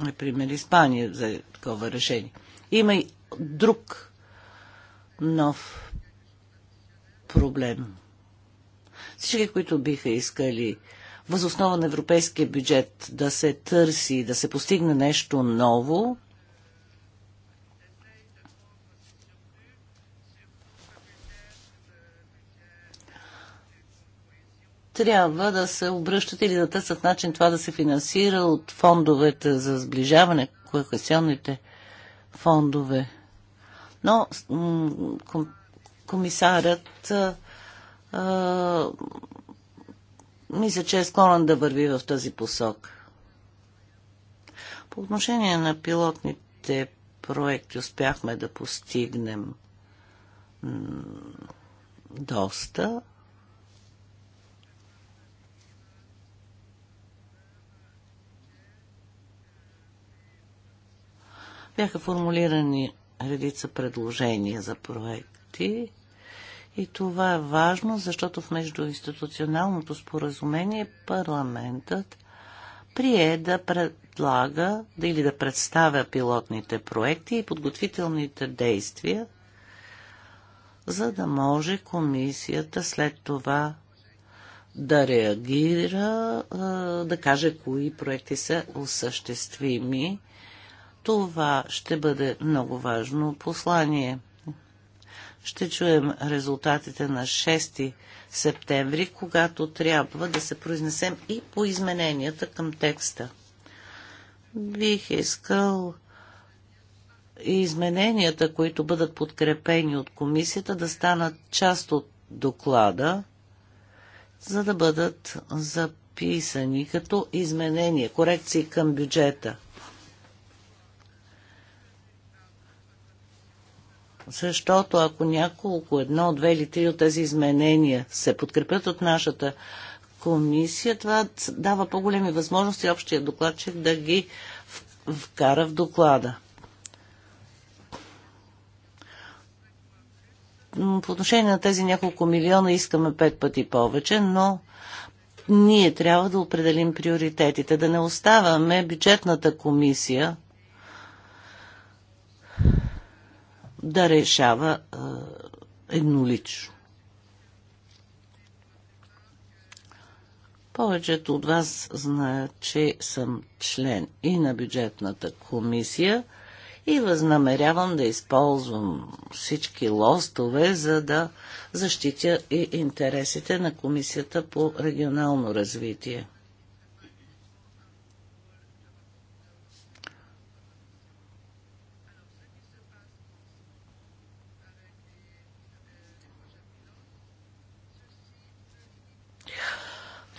например, Испания за такова решение. Има и друг нов проблем. Всички, които биха искали възоснова на европейския бюджет да се търси, да се постигне нещо ново, трябва да се обръщат или да търсят начин това да се финансира от фондовете за сближаване, кохесионните фондове. Но ком, комисарят а, а, мисля, че е склонен да върви в тази посок. По отношение на пилотните проекти успяхме да постигнем доста. Бяха формулирани редица предложения за проекти и това е важно, защото в междуинституционалното споразумение парламентът прие да предлага да или да представя пилотните проекти и подготвителните действия, за да може комисията след това да реагира, да каже кои проекти са осъществими това ще бъде много важно послание. Ще чуем резултатите на 6 септември, когато трябва да се произнесем и по измененията към текста. Бих искал и измененията, които бъдат подкрепени от комисията, да станат част от доклада, за да бъдат записани като изменения, корекции към бюджета – Защото ако няколко, едно, две или три от тези изменения се подкрепят от нашата комисия, това дава по-големи възможности общия докладчик да ги вкара в доклада. По отношение на тези няколко милиона искаме пет пъти повече, но ние трябва да определим приоритетите, да не оставаме бюджетната комисия да решава еднолично. Повечето от вас знаят, че съм член и на бюджетната комисия и възнамерявам да използвам всички лостове, за да защитя и интересите на комисията по регионално развитие.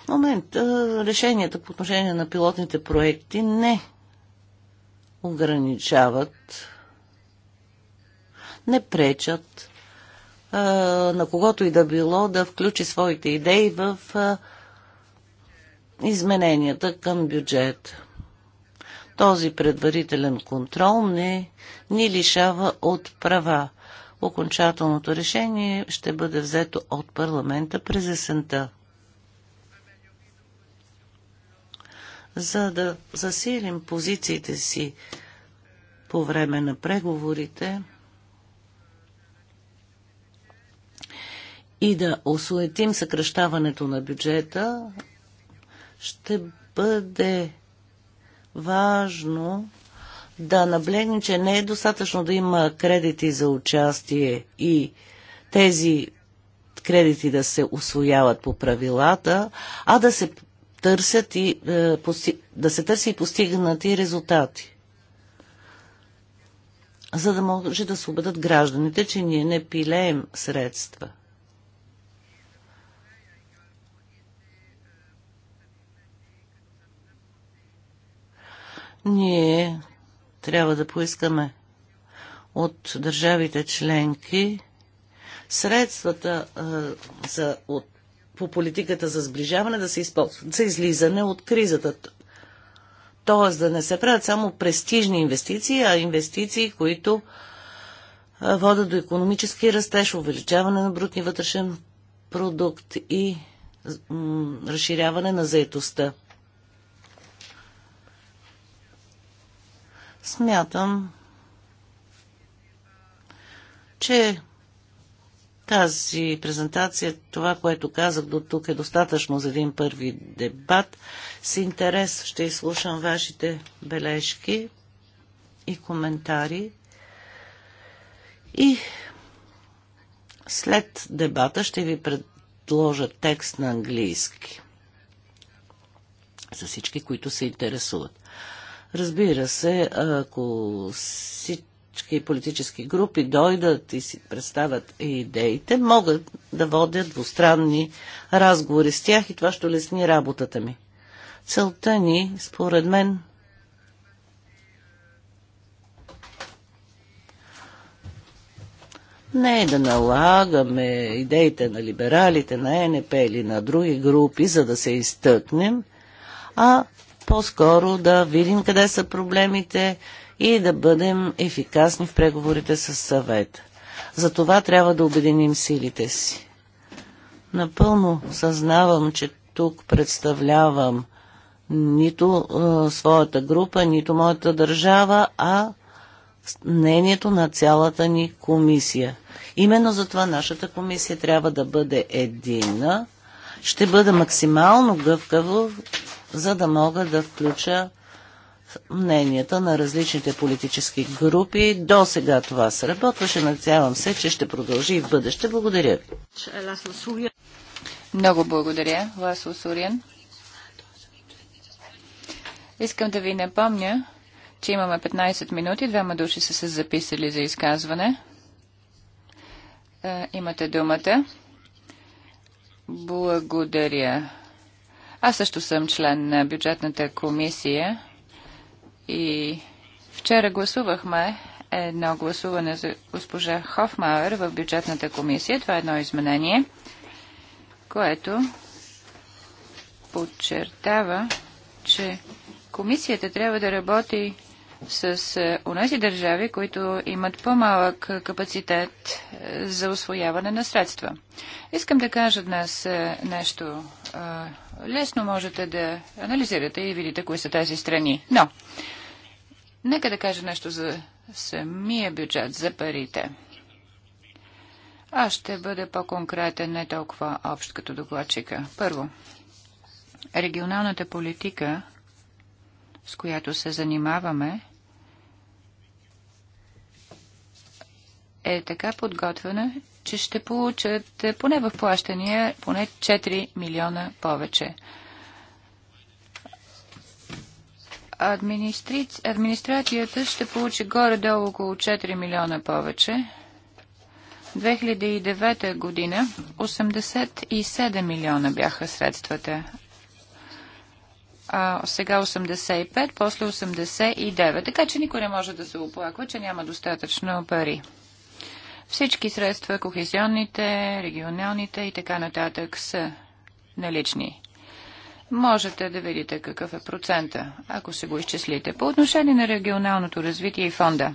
момент, решенията по отношение на пилотните проекти не ограничават, не пречат на когото и да било да включи своите идеи в измененията към бюджет. Този предварителен контрол не ни лишава от права. Окончателното решение ще бъде взето от парламента през есента. за да засилим позициите си по време на преговорите и да осуетим съкръщаването на бюджета, ще бъде важно да наблегне, че не е достатъчно да има кредити за участие и тези кредити да се освояват по правилата, а да се търсят и е, да се търси и постигнати резултати. За да може да се убедат гражданите, че ние не пилеем средства. Ние трябва да поискаме от държавите членки средствата е, за от по политиката за сближаване да се използват за излизане от кризата. Тоест да не се правят само престижни инвестиции, а инвестиции, които водят до економически растеж, увеличаване на брутния вътрешен продукт и разширяване на заетостта. Смятам, че тази презентация, това, което казах до тук е достатъчно за един първи дебат. С интерес ще изслушам вашите бележки и коментари. И след дебата ще ви предложа текст на английски за всички, които се интересуват. Разбира се, ако си всички политически групи дойдат и си представят идеите, могат да водят двустранни разговори с тях и това ще лесни работата ми. Целта ни, според мен, не е да налагаме идеите на либералите, на ЕНП или на други групи, за да се изтъкнем, а по-скоро да видим къде са проблемите, и да бъдем ефикасни в преговорите с съвета. За това трябва да обединим силите си. Напълно съзнавам, че тук представлявам нито е, своята група, нито моята държава, а мнението на цялата ни комисия. Именно затова нашата комисия трябва да бъде едина. Ще бъда максимално гъвкаво, за да мога да включа мненията на различните политически групи. До сега това се работваше. Надявам се, че ще продължи и в бъдеще. Благодаря ви. Много благодаря, Ласло Сурян. Искам да ви напомня, че имаме 15 минути. Двама души са се записали за изказване. Е, имате думата. Благодаря. Аз също съм член на бюджетната комисия и вчера гласувахме едно гласуване за госпожа Хофмауер в бюджетната комисия. Това е едно изменение, което подчертава, че комисията трябва да работи с е, онези държави, които имат по-малък капацитет е, за освояване на средства. Искам да кажа днес е, нещо. Лесно можете да анализирате и видите кои са тези страни. Но Нека да кажа нещо за самия бюджет, за парите. Аз ще бъда по-конкретен, не толкова общ като докладчика. Първо, регионалната политика, с която се занимаваме, е така подготвена, че ще получат поне в плащания поне 4 милиона повече. администри... администрацията ще получи горе-долу около 4 милиона повече. 2009 година 87 милиона бяха средствата. А сега 85, после 89. Така че никой не може да се оплаква, че няма достатъчно пари. Всички средства, кохезионните, регионалните и така нататък са налични можете да видите какъв е процента, ако се го изчислите. По отношение на регионалното развитие и фонда.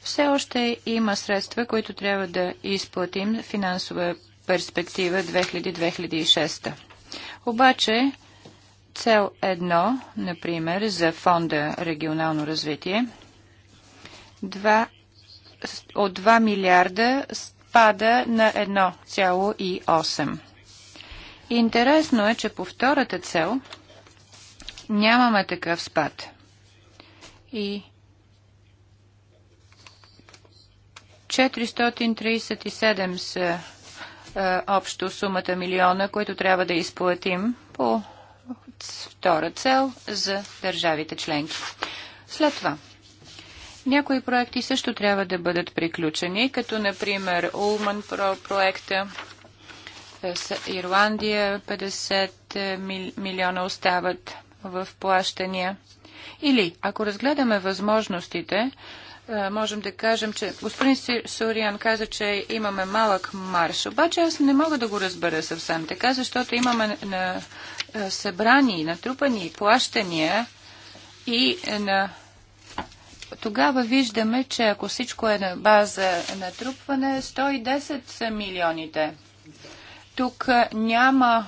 Все още има средства, които трябва да изплатим финансова перспектива 2000-2006. Обаче, цел 1, например, за фонда регионално развитие, 2, от 2 милиарда спада на 1,8 интересно е, че по втората цел нямаме такъв спад. И 437 са е, общо сумата милиона, които трябва да изплатим по втора цел за държавите членки. След това, някои проекти също трябва да бъдат приключени, като например Улман проекта, Ирландия 50 е, милиона остават в плащания. Или, ако разгледаме възможностите, е, можем да кажем, че господин Сориан каза, че имаме малък марш. Обаче аз не мога да го разбера съвсем така, защото имаме на е, събрани, натрупани плащания и на тогава виждаме, че ако всичко е на база натрупване, 110 са милионите. Тук няма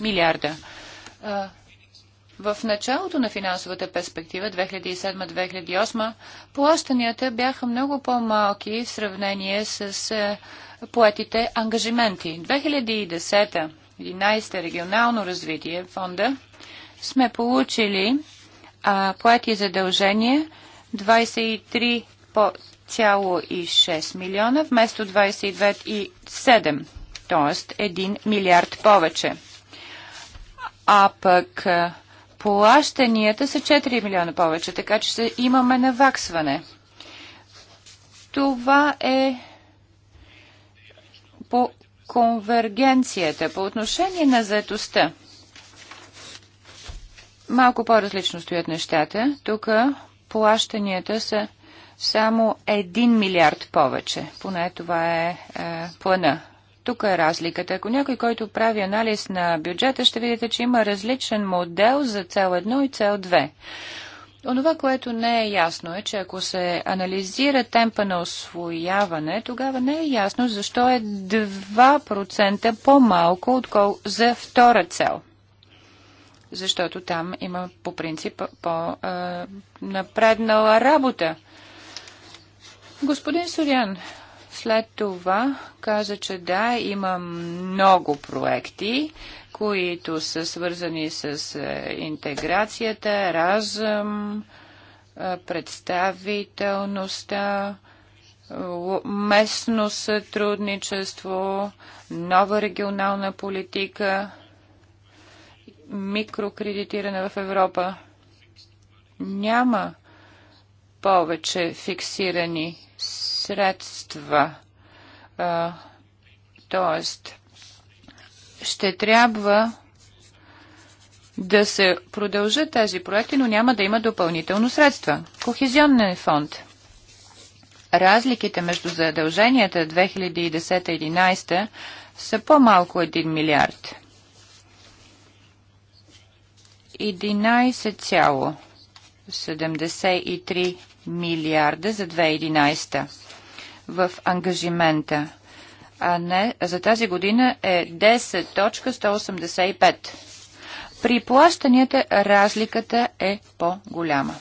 милиарда. В началото на финансовата перспектива 2007-2008 плащанията бяха много по-малки в сравнение с поетите ангажименти. 2010-2011 регионално развитие фонда сме получили по плати и 6 милиона вместо 22,7 т.е. 1 милиард повече. А пък плащанията са 4 милиона повече, така че ще имаме наваксване. Това е по конвергенцията, по отношение на заетостта. Малко по-различно стоят нещата. Тук плащанията са само 1 милиард повече. Поне това е, е плана тук е разликата. Ако някой, който прави анализ на бюджета, ще видите, че има различен модел за цел 1 и цел 2. Онова, което не е ясно е, че ако се анализира темпа на освояване, тогава не е ясно защо е 2% по-малко откол за втора цел. Защото там има по принцип по-напреднала работа. Господин Сурян, след това каза, че да, има много проекти, които са свързани с е, интеграцията, разъм, е, представителността, местно сътрудничество, нова регионална политика, микрокредитиране в Европа. Няма повече фиксирани средства. А, тоест, ще трябва да се продължат тези проекти, но няма да има допълнително средства. Кохезионен фонд. Разликите между задълженията 2010-2011 са по-малко 1 милиард. 11,73 милиарда за 2011 в ангажимента, а не за тази година е 10.185. При плащанията разликата е по-голяма.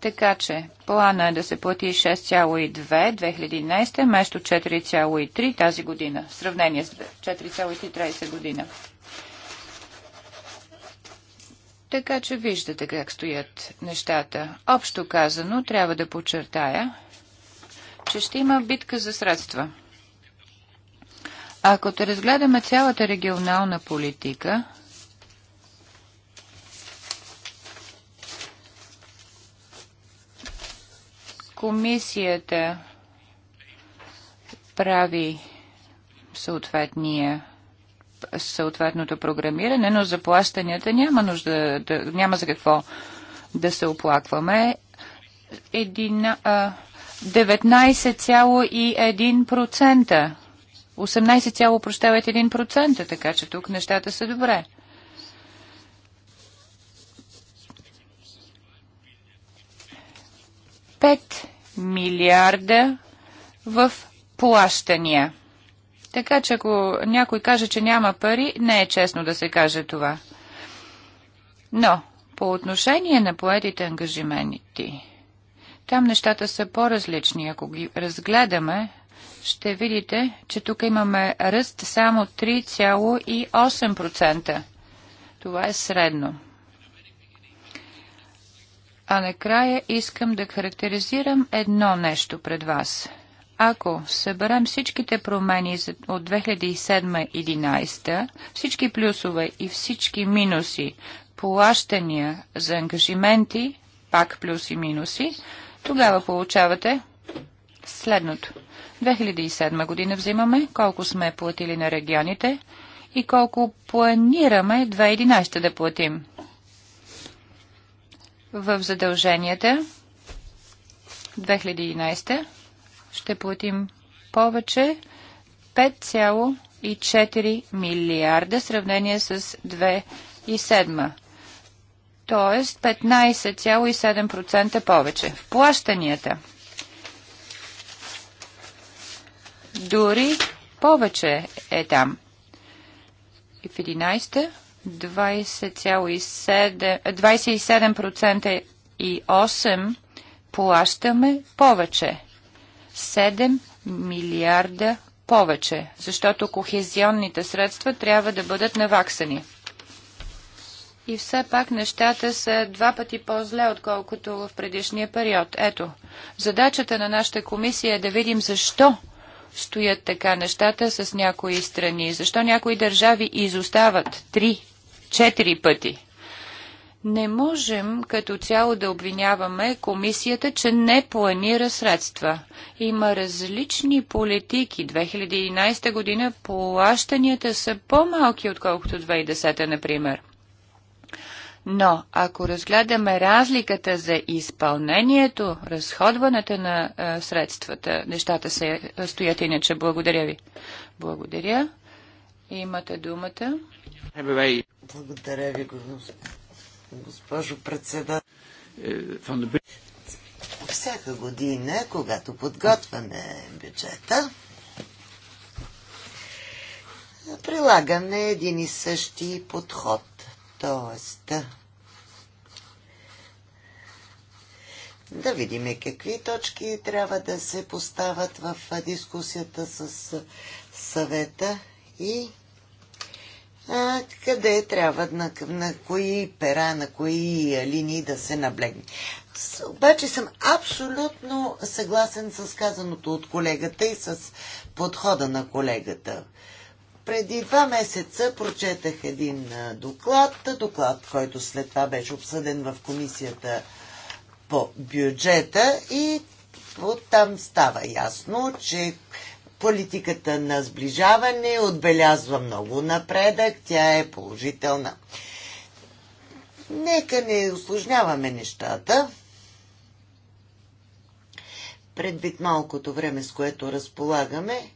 Така че плана е да се плати 6,2 2011 вместо 4,3 тази година. В сравнение с 4,30 година. Така че виждате как стоят нещата. Общо казано, трябва да подчертая, че ще има битка за средства. Ако те разгледаме цялата регионална политика, комисията прави съответния съответното програмиране, но за плащанията няма нужда, да, няма за какво да се оплакваме. Едина, а, 19,1%. 18, 1%, така че тук нещата са добре. Пет милиарда в плащания. Така че ако някой каже, че няма пари, не е честно да се каже това. Но по отношение на поетите ангажименти, там нещата са по-различни. Ако ги разгледаме, ще видите, че тук имаме ръст само 3,8%. Това е средно. А накрая искам да характеризирам едно нещо пред вас. Ако съберем всичките промени от 2007-2011, всички плюсове и всички минуси, плащания за ангажименти, пак плюс и минуси, тогава получавате следното. 2007 година взимаме колко сме платили на регионите и колко планираме 2011 да платим. В задълженията 2011 ще платим повече 5,4 милиарда в сравнение с 2007 т.е. 15,7% повече. В плащанията дори повече е там. И в 11 27% и 8 плащаме повече. 7 милиарда повече, защото кохезионните средства трябва да бъдат наваксани и все пак нещата са два пъти по-зле, отколкото в предишния период. Ето, задачата на нашата комисия е да видим защо стоят така нещата с някои страни, защо някои държави изостават три, четири пъти. Не можем като цяло да обвиняваме комисията, че не планира средства. Има различни политики. 2011 година плащанията са по-малки, отколкото 2010, например. Но ако разгледаме разликата за изпълнението, разходването на а, средствата, нещата се стоят иначе. Благодаря ви. Благодаря. Имате думата. Благодаря ви, госпожо председател. Всяка година, когато подготвяме бюджета, прилагаме един и същи подход Тоест, да видим какви точки трябва да се поставят в дискусията с съвета и а, къде трябва, на, на кои пера, на кои линии да се наблегне. Обаче съм абсолютно съгласен с казаното от колегата и с подхода на колегата. Преди два месеца прочетах един доклад, доклад, който след това беше обсъден в комисията по бюджета и оттам става ясно, че политиката на сближаване отбелязва много напредък, тя е положителна. Нека не осложняваме нещата. Предвид малкото време, с което разполагаме,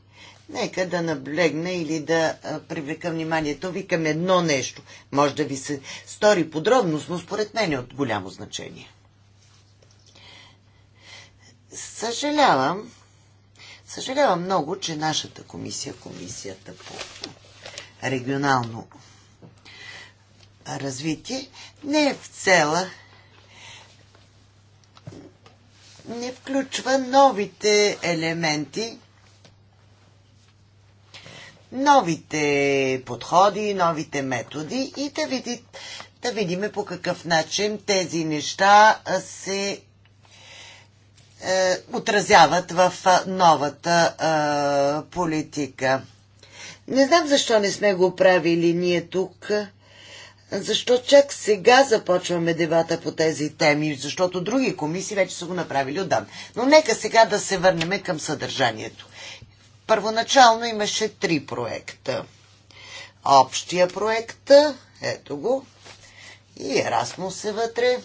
нека да наблегна или да привлека вниманието ви към едно нещо. Може да ви се стори подробност, но според мен е от голямо значение. Съжалявам, съжалявам много, че нашата комисия, комисията по регионално развитие, не е в цела не включва новите елементи новите подходи, новите методи и да, види, да видим по какъв начин тези неща се е, отразяват в новата е, политика. Не знам защо не сме го правили ние тук. Защо чак сега започваме дебата по тези теми? Защото други комисии вече са го направили отдавна. Но нека сега да се върнем към съдържанието. Първоначално имаше три проекта. Общия проект, ето го, и Ерасмус е вътре.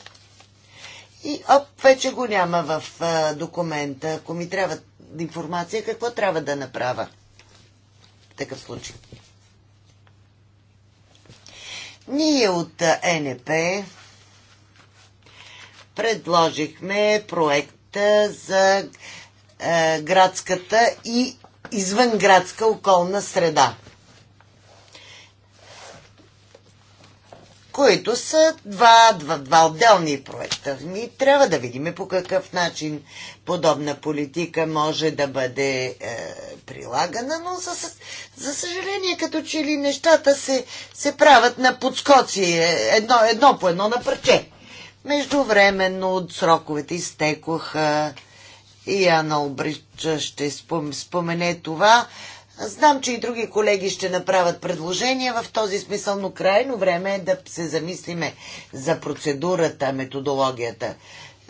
И оп, вече го няма в а, документа. Ако ми трябва информация, какво трябва да направя? В такъв случай. Ние от НП предложихме проекта за градската и извънградска околна среда. които са два, два, два отделни проекта. Ми трябва да видим по какъв начин подобна политика може да бъде е, прилагана, но за, за съжаление, като че ли нещата се, се правят на подскоци, е, едно, едно по едно на парче. Междувременно сроковете изтекоха, и Анна обрича ще спом, спомене това. Знам, че и други колеги ще направят предложения в този смисъл, но крайно време е да се замислиме за процедурата, методологията.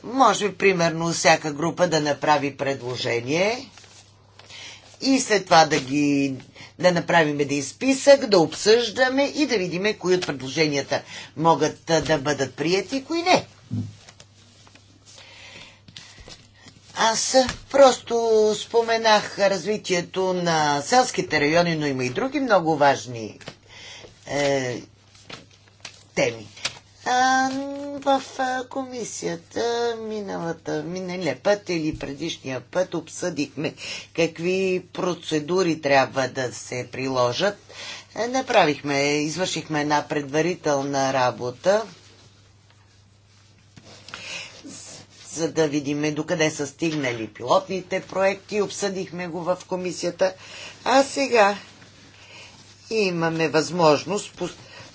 Може, примерно, всяка група да направи предложение и след това да ги да направим един списък, да обсъждаме и да видим кои от предложенията могат да бъдат прияти и кои не. Аз просто споменах развитието на селските райони, но има и други много важни е, теми. А, в комисията миналата, миналия път или предишния път обсъдихме какви процедури трябва да се приложат. Е, направихме, извършихме една предварителна работа за да видим докъде са стигнали пилотните проекти. Обсъдихме го в комисията. А сега имаме възможност по,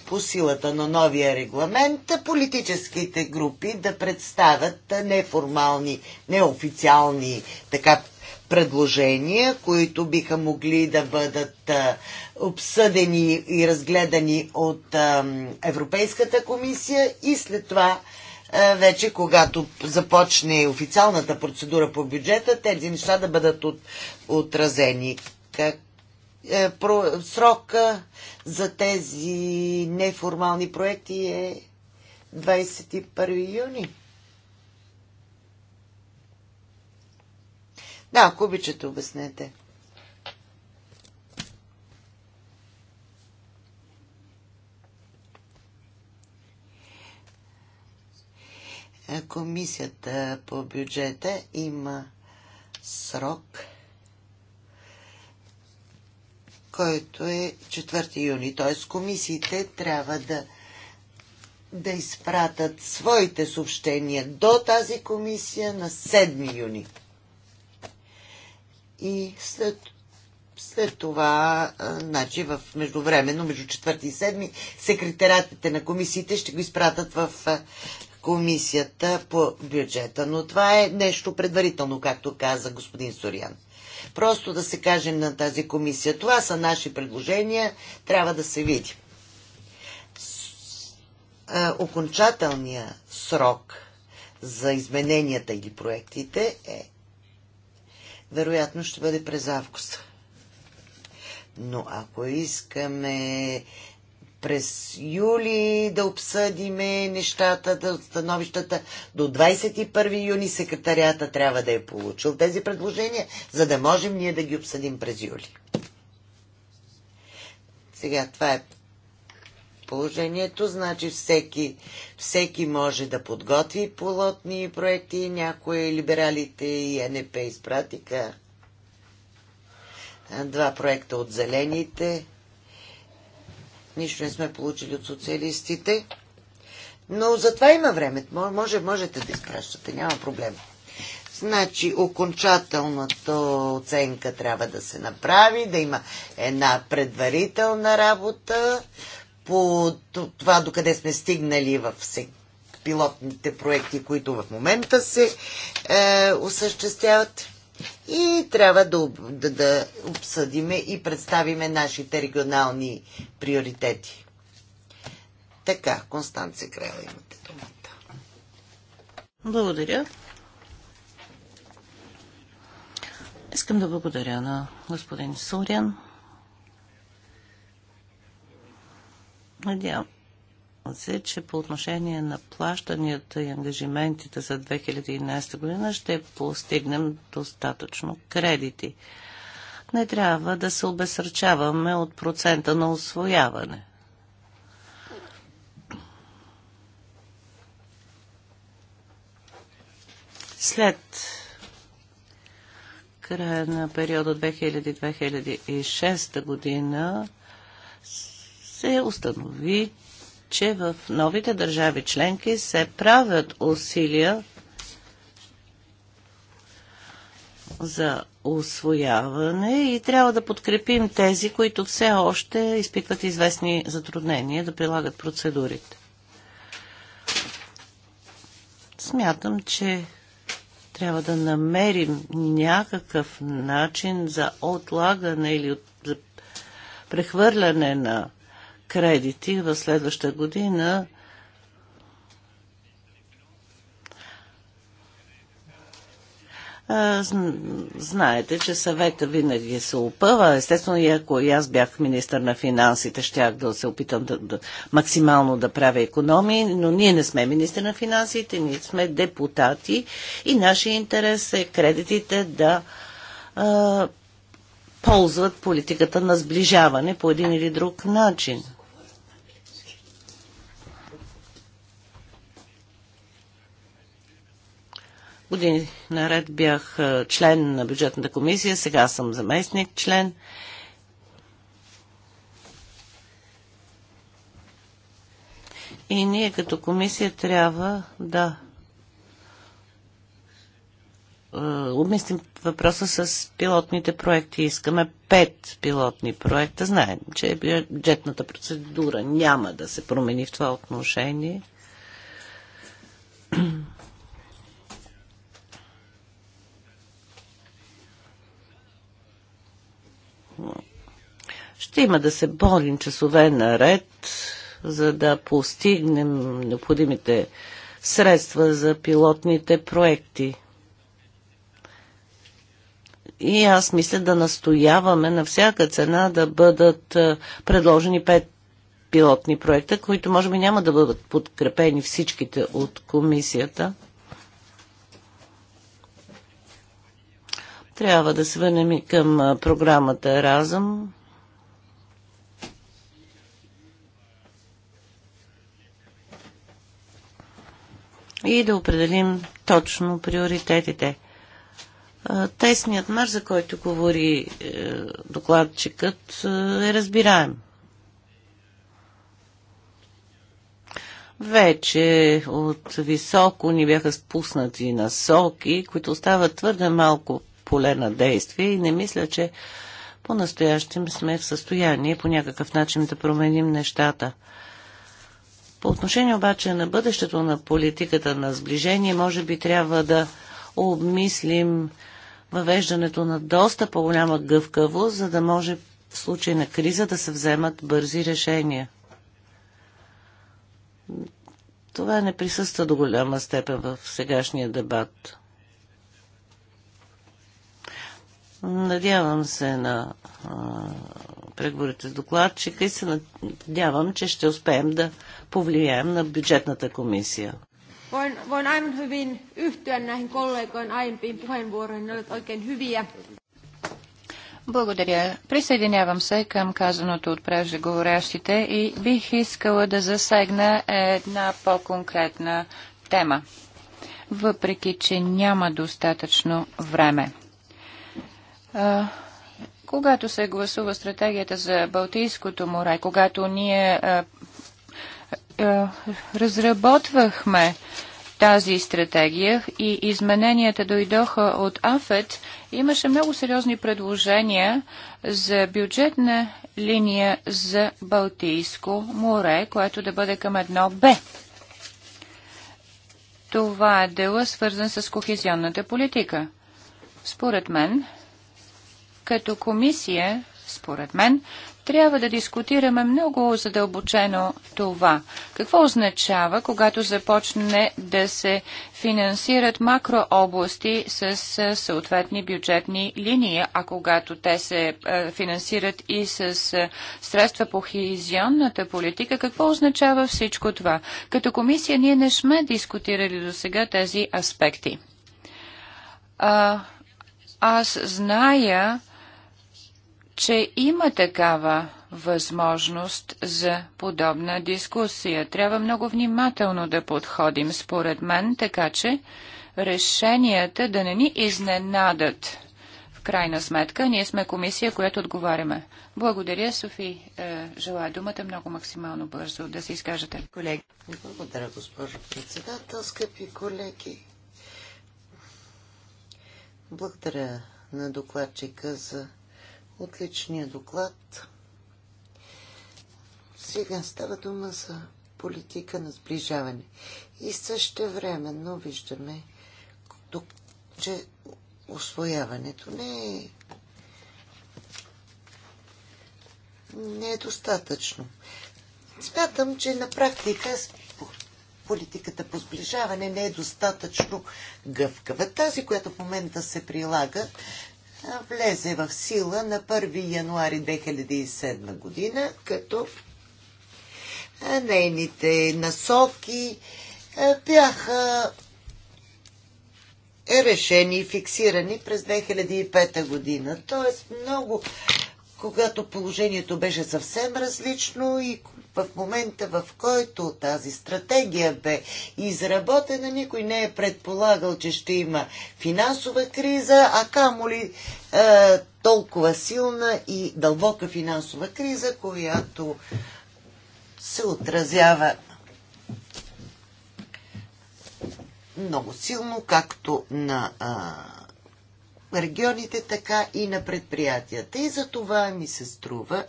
по силата на новия регламент политическите групи да представят неформални, неофициални така предложения, които биха могли да бъдат а, обсъдени и разгледани от а, Европейската комисия и след това е, вече когато започне официалната процедура по бюджета, тези неща да бъдат от, отразени. Как, е, про, срока за тези неформални проекти е 21 юни. Да, ако обичате, обяснете. Комисията по бюджета има срок, който е 4 юни. Т.е. комисиите трябва да, да изпратят своите съобщения до тази комисия на 7 юни. И след след това, значи, в междувременно, между 4 и 7, секретаратите на комисиите ще го изпратят в комисията по бюджета. Но това е нещо предварително, както каза господин Сориан. Просто да се кажем на тази комисия, това са наши предложения, трябва да се види. Окончателният срок за измененията или проектите е вероятно ще бъде през август. Но ако искаме през юли да обсъдиме нещата, да становищата. До 21 юни секретарията трябва да е получил тези предложения, за да можем ние да ги обсъдим през юли. Сега това е положението, значи всеки, всеки може да подготви полотни проекти, някои либералите и НП изпратиха два проекта от зелените – Нищо не сме получили от социалистите. Но затова има време. Може, можете да изпращате, няма проблем. Значи окончателната оценка трябва да се направи, да има една предварителна работа по това докъде сме стигнали в пилотните проекти, които в момента се е, осъществяват и трябва да, да, да обсъдиме и представиме нашите регионални приоритети. Така, Констанция Крайла, имате думата. Благодаря. Искам да благодаря на господин Сурян. Надявам се, че по отношение на плащанията и ангажиментите за 2011 година ще постигнем достатъчно кредити. Не трябва да се обесърчаваме от процента на освояване. След края на периода 2000-2006 година се установи, че в новите държави членки се правят усилия за освояване и трябва да подкрепим тези, които все още изпитват известни затруднения да прилагат процедурите. Смятам, че трябва да намерим някакъв начин за отлагане или за прехвърляне на кредити в следваща година знаете, че съвета винаги се опъва. Естествено, и ако и аз бях министър на финансите, щях да се опитам да, да, максимално да правя економии, но ние не сме министър на финансите, ние сме депутати и нашия интерес е кредитите да а, ползват политиката на сближаване по един или друг начин. Години наред бях член на бюджетната комисия, сега съм заместник член. И ние като комисия трябва да обмислим въпроса с пилотните проекти. Искаме пет пилотни проекта. Знаем, че бюджетната процедура няма да се промени в това отношение. Ще има да се борим часове наред, за да постигнем необходимите средства за пилотните проекти. И аз мисля да настояваме на всяка цена да бъдат е, предложени пет пилотни проекта, които може би няма да бъдат подкрепени всичките от комисията – Трябва да се върнем и към програмата Разъм. И да определим точно приоритетите. Тесният марш, за който говори е, докладчикът, е, е разбираем. Вече от високо ни бяха спуснати насоки, които остават твърде малко поле на действие и не мисля, че по-настоящем сме в състояние по някакъв начин да променим нещата. По отношение обаче на бъдещето на политиката на сближение, може би трябва да обмислим въвеждането на доста по-голяма гъвкавост, за да може в случай на криза да се вземат бързи решения. Това не присъства до голяма степен в сегашния дебат. Надявам се на а, преговорите с докладчика и се надявам, че ще успеем да повлияем на бюджетната комисия. Voin, voin aivan hyvin yhtyä näihin kollegojen aiempiin puheenvuoroihin. Ne olivat oikein hyviä. Благодаря. Присъединявам се към казаното от преждеговорящите и бих искала да засегна една по-конкретна тема, въпреки че няма достатъчно време. Когато се гласува стратегията за Балтийското море, когато ние разработвахме тази стратегия и измененията дойдоха от АФЕТ, имаше много сериозни предложения за бюджетна линия за Балтийско море, което да бъде към едно Б. Това е дела свързан с кохезионната политика. Според мен, като комисия, според мен, трябва да дискутираме много задълбочено това. Какво означава, когато започне да се финансират макрообласти с съответни бюджетни линии, а когато те се финансират и с средства по хизионната политика, какво означава всичко това? Като комисия ние не сме дискутирали до сега тези аспекти. А, аз зная, че има такава възможност за подобна дискусия. Трябва много внимателно да подходим, според мен, така че решенията да не ни изненадат. В крайна сметка, ние сме комисия, която отговаряме. Благодаря, Софи. Е, желая думата много максимално бързо да се изкажете. Колеги. Благодаря, госпожо председател, скъпи колеги. Благодаря на докладчика за отличния доклад. Сега става дума за политика на сближаване. И също времено виждаме, че освояването не е не е достатъчно. Смятам, че на практика политиката по сближаване не е достатъчно гъвкава. Тази, която в момента се прилага, влезе в сила на 1 януари 2007 година, като нейните насоки бяха е решени и фиксирани през 2005 година. Тоест много, когато положението беше съвсем различно и в момента, в който тази стратегия бе изработена, никой не е предполагал, че ще има финансова криза, а камо ли е, толкова силна и дълбока финансова криза, която се отразява много силно, както на. Е, регионите, така и на предприятията. И за това ми се струва,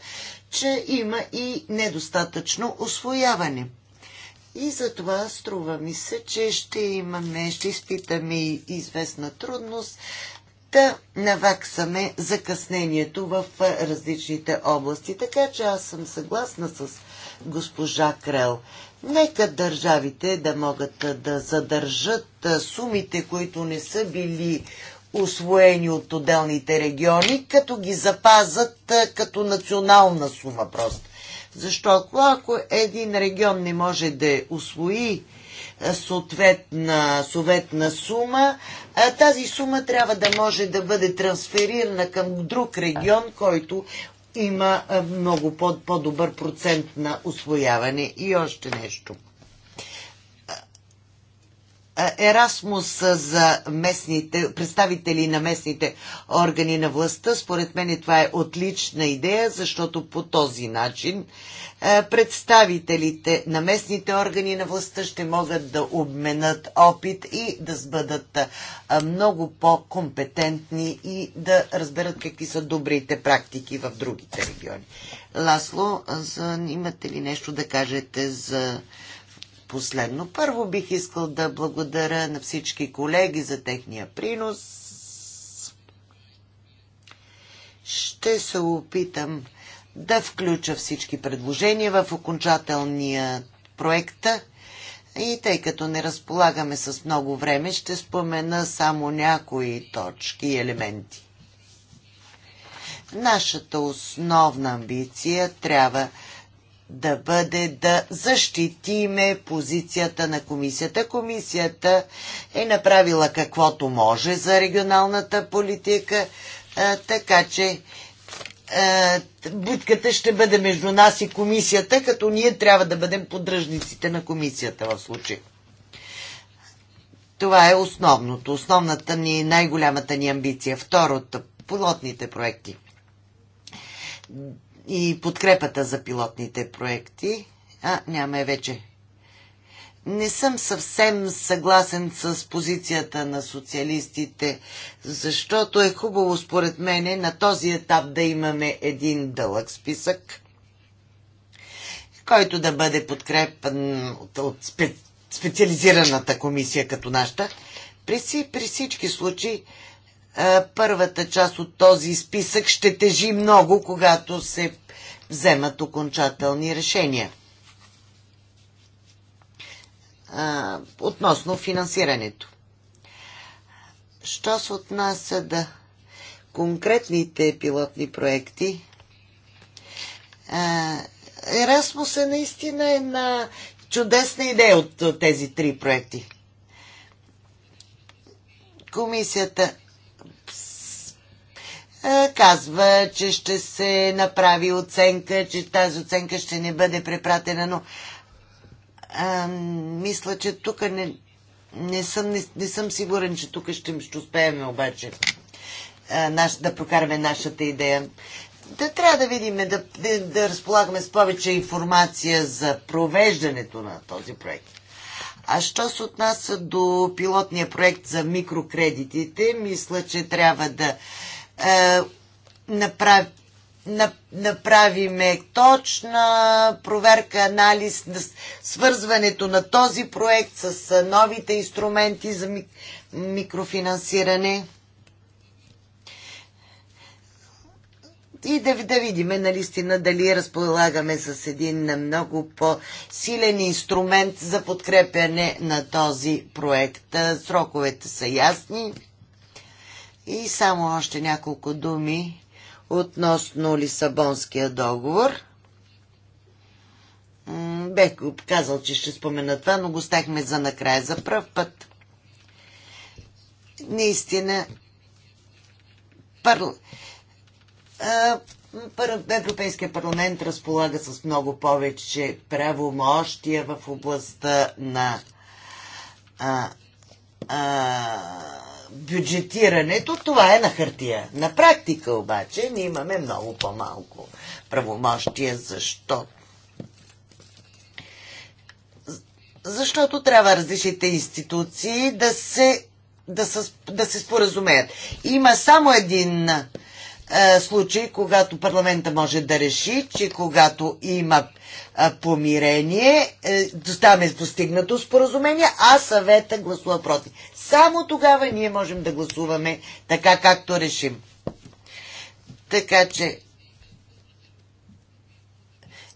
че има и недостатъчно освояване. И за това струва ми се, че ще имаме, ще изпитаме и известна трудност да наваксаме закъснението в различните области. Така че аз съм съгласна с госпожа Крел. Нека държавите да могат да задържат сумите, които не са били освоени от отделните региони, като ги запазат като национална сума просто. Защото ако един регион не може да освои съответна, съответна сума, тази сума трябва да може да бъде трансферирана към друг регион, който има много по-добър процент на освояване. И още нещо – Ерасмус за местните, представители на местните органи на властта. Според мен това е отлична идея, защото по този начин представителите на местните органи на властта ще могат да обменят опит и да бъдат много по-компетентни и да разберат какви са добрите практики в другите региони. Ласло, имате ли нещо да кажете за последно. Първо бих искал да благодаря на всички колеги за техния принос. Ще се опитам да включа всички предложения в окончателния проекта. И тъй като не разполагаме с много време, ще спомена само някои точки и елементи. Нашата основна амбиция трябва да бъде да защитиме позицията на комисията. Комисията е направила каквото може за регионалната политика, така че битката ще бъде между нас и комисията, като ние трябва да бъдем поддръжниците на комисията в случай. Това е основното, основната ни, най-голямата ни амбиция. Второто, пилотните проекти и подкрепата за пилотните проекти. А, няма е вече. Не съм съвсем съгласен с позицията на социалистите, защото е хубаво според мене на този етап да имаме един дълъг списък, който да бъде подкрепен от, от специализираната комисия като нашата. При, при всички случаи е, първата част от този списък ще тежи много, когато се вземат окончателни решения. Е, относно финансирането. Що се отнася да конкретните пилотни проекти, Ерасмус е наистина една чудесна идея от тези три проекти. Комисията е, казва, че ще се направи оценка, че тази оценка ще не бъде препратена, но а, мисля, че тук не, не, съм, не, не съм сигурен, че тук ще, ще успеем обаче а, наш, да прокараме нашата идея. Да трябва да видим, да, да, да разполагаме с повече информация за провеждането на този проект. А що се отнася до пилотния проект за микрокредитите, мисля, че трябва да е, направи направиме точна проверка, анализ на свързването на този проект с е, новите инструменти за микрофинансиране. И да, да видим наистина дали разполагаме с един много по-силен инструмент за подкрепяне на този проект. Е, сроковете са ясни. И само още няколко думи относно Лисабонския договор. Бех казал, че ще спомена това, но го стахме за накрая за пръв път. Наистина, парл... Европейския парламент разполага с много повече правомощия в областта на а, а, бюджетирането, това е на хартия. На практика обаче ние имаме много по-малко правомощия, защото защото трябва различните институции да се, да се, да се споразумеят. Има само един е, случай, когато парламента може да реши, че когато има е, помирение, е, постигнато е споразумение, а съвета гласува против. Само тогава ние можем да гласуваме така, както решим. Така че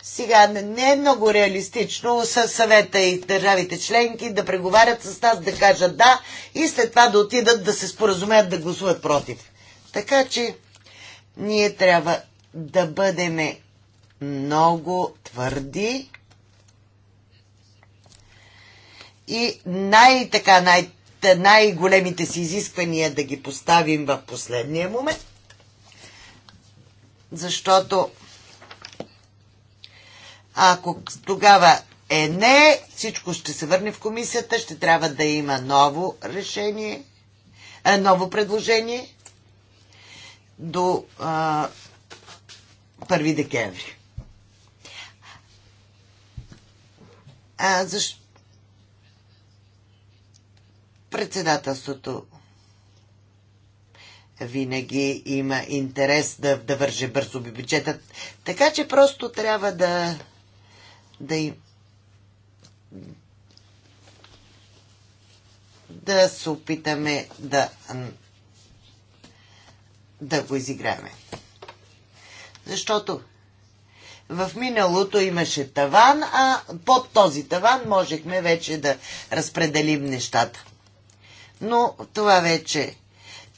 сега не е много реалистично със съвета и държавите членки да преговарят с нас, да кажат да и след това да отидат да се споразумеят да гласуват против. Така че ние трябва да бъдеме много твърди и най-така, най- най-големите си изисквания да ги поставим в последния момент, защото ако тогава е не, всичко ще се върне в комисията, ще трябва да има ново решение, е, ново предложение до а, 1 декември. А, защо? Председателството винаги има интерес да, да върже бързо бюджетът. Така че просто трябва да, да им да се опитаме да, да го изиграме. Защото в миналото имаше таван, а под този таван можехме вече да разпределим нещата но това вече,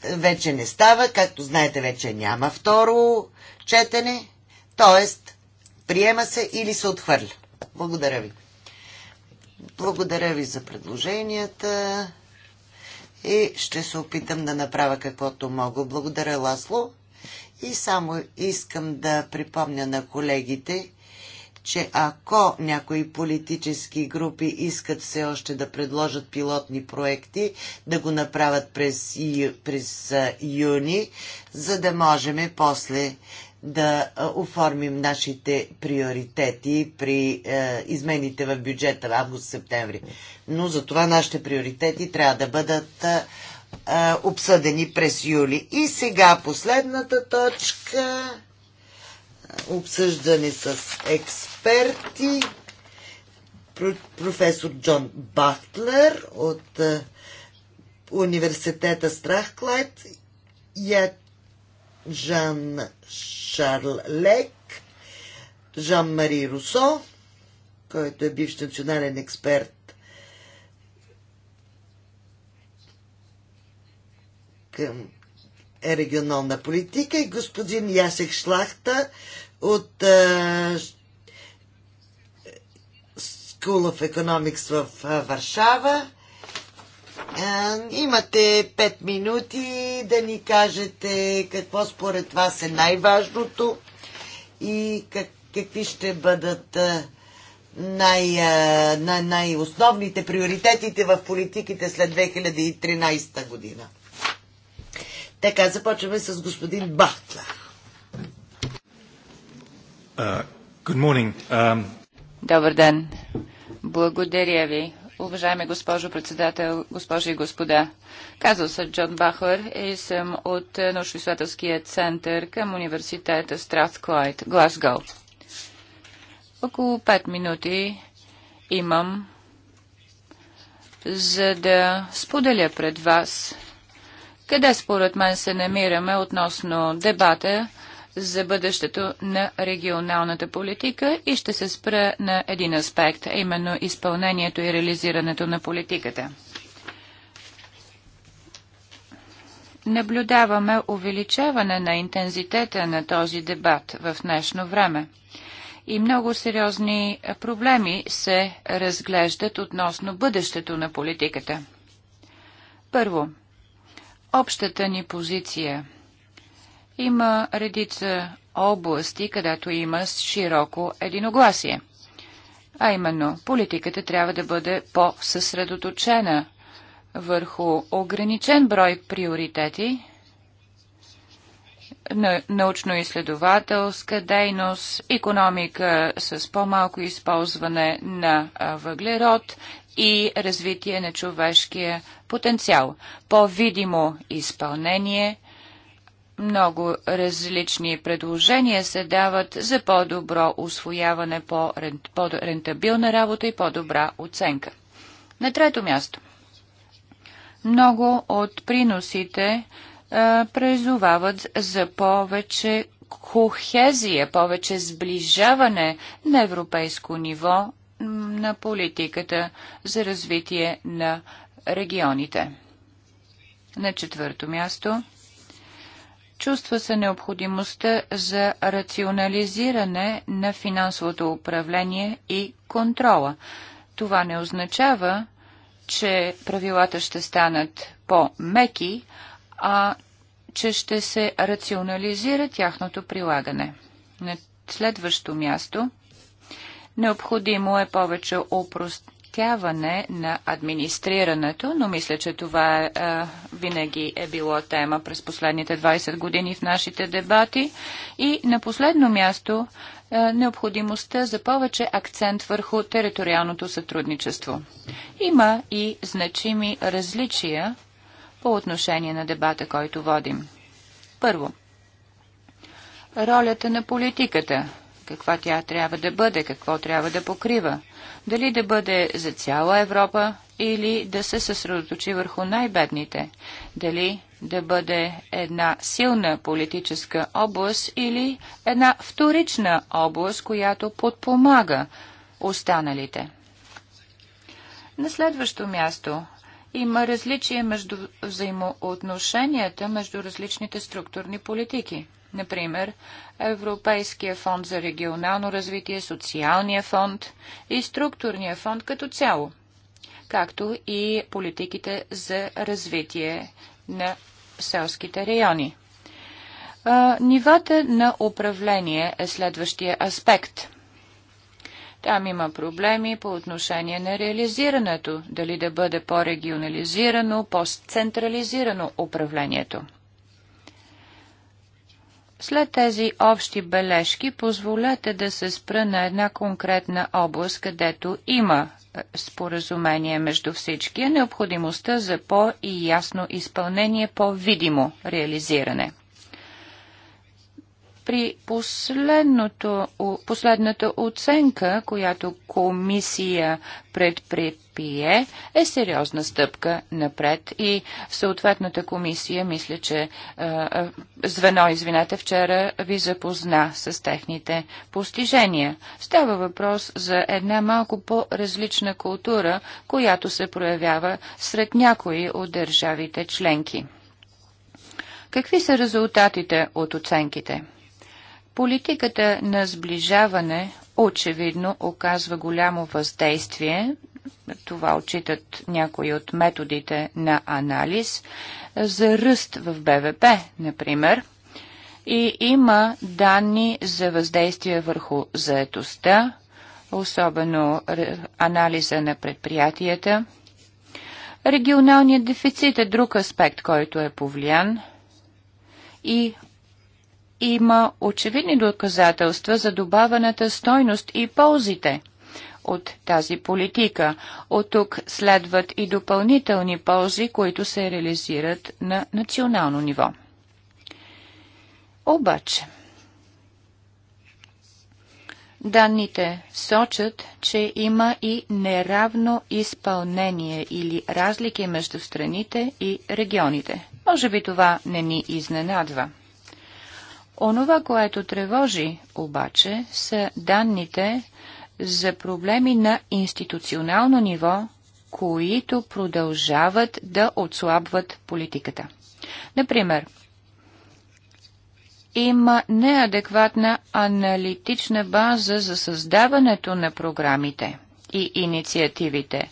вече не става. Както знаете, вече няма второ четене, т.е. приема се или се отхвърля. Благодаря ви. Благодаря ви за предложенията и ще се опитам да направя каквото мога. Благодаря, Ласло. И само искам да припомня на колегите, че ако някои политически групи искат все още да предложат пилотни проекти, да го направят през, през юни, за да можем после да оформим нашите приоритети при е, измените в бюджета в август-септември. Но за това нашите приоритети трябва да бъдат е, обсъдени през юли. И сега последната точка обсъждане с експерт експерти. Професор Джон Батлер от е, университета Страхклайд, я Жан Шарл Лек, Жан-Мари Русо, който е бивш национален експерт към е регионална политика и господин Ясек Шлахта от е, School of Economics в Варшава. Имате 5 минути да ни кажете какво според вас е най-важното и как, какви ще бъдат най, най, най-основните приоритетите в политиките след 2013 година. Така, започваме с господин Бахтла. Uh, good morning. Um, Добър ден. Благодаря ви. Уважаеми госпожо председател, госпожи и господа, казал съм Джон Бахър и съм от научно-изследователския център към университета Стратклайд, Глазго. Около 5 минути имам, за да споделя пред вас къде според мен се намираме относно дебата за бъдещето на регионалната политика и ще се спра на един аспект, а именно изпълнението и реализирането на политиката. Наблюдаваме увеличаване на интензитета на този дебат в днешно време и много сериозни проблеми се разглеждат относно бъдещето на политиката. Първо, общата ни позиция – има редица области, където има широко единогласие. А именно, политиката трябва да бъде по-съсредоточена върху ограничен брой приоритети, научно-изследователска дейност, економика с по-малко използване на въглерод и развитие на човешкия потенциал, по-видимо изпълнение – много различни предложения се дават за по-добро освояване, по-рентабилна работа и по-добра оценка. На трето място. Много от приносите а, призовават за повече кохезия, повече сближаване на европейско ниво на политиката за развитие на регионите. На четвърто място Чувства се необходимостта за рационализиране на финансовото управление и контрола. Това не означава, че правилата ще станат по-меки, а че ще се рационализира тяхното прилагане. На следващо място – Необходимо е повече опрост упростяване на администрирането, но мисля, че това е, винаги е било тема през последните 20 години в нашите дебати. И на последно място необходимостта за повече акцент върху териториалното сътрудничество. Има и значими различия по отношение на дебата, който водим. Първо, ролята на политиката каква тя трябва да бъде, какво трябва да покрива. Дали да бъде за цяла Европа или да се съсредоточи върху най-бедните. Дали да бъде една силна политическа област или една вторична област, която подпомага останалите. На следващо място има различие между взаимоотношенията между различните структурни политики – Например, Европейския фонд за регионално развитие, Социалния фонд и Структурния фонд като цяло, както и политиките за развитие на селските райони. нивата на управление е следващия аспект – там има проблеми по отношение на реализирането, дали да бъде по-регионализирано, по-централизирано управлението. След тези общи бележки, позволете да се спра на една конкретна област, където има е, споразумение между всички, необходимостта за по-ясно изпълнение, по-видимо реализиране. При последната оценка, която комисия предприе, е сериозна стъпка напред и съответната комисия, мисля, че е, е, звено, извинете, вчера ви запозна с техните постижения. Става въпрос за една малко по-различна култура, която се проявява сред някои от държавите членки. Какви са резултатите от оценките? Политиката на сближаване очевидно оказва голямо въздействие. Това отчитат някои от методите на анализ за ръст в БВП, например. И има данни за въздействие върху заетостта, особено анализа на предприятията. Регионалният дефицит е друг аспект, който е повлиян и има очевидни доказателства за добавената стойност и ползите от тази политика. От тук следват и допълнителни ползи, които се реализират на национално ниво. Обаче, Данните сочат, че има и неравно изпълнение или разлики между страните и регионите. Може би това не ни изненадва. Онова, което тревожи обаче, са данните за проблеми на институционално ниво, които продължават да отслабват политиката. Например, има неадекватна аналитична база за създаването на програмите и инициативите.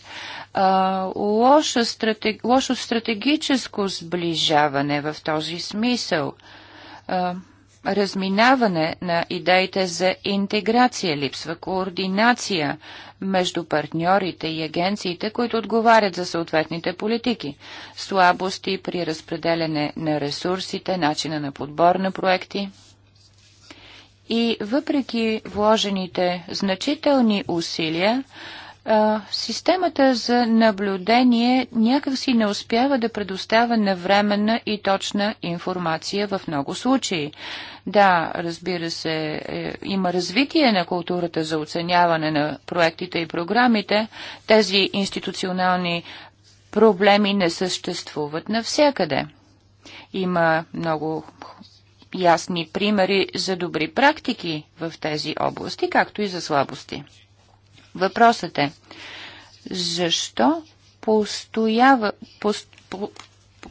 А, лошо, стратег... лошо стратегическо сближаване в този смисъл. А, разминаване на идеите за интеграция, липсва координация между партньорите и агенциите, които отговарят за съответните политики, слабости при разпределяне на ресурсите, начина на подбор на проекти. И въпреки вложените значителни усилия, системата за наблюдение някакси не успява да предоставя навременна и точна информация в много случаи. Да, разбира се, е, има развитие на културата за оценяване на проектите и програмите. Тези институционални проблеми не съществуват навсякъде. Има много ясни примери за добри практики в тези области, както и за слабости. Въпросът е, защо постоява, пост, по,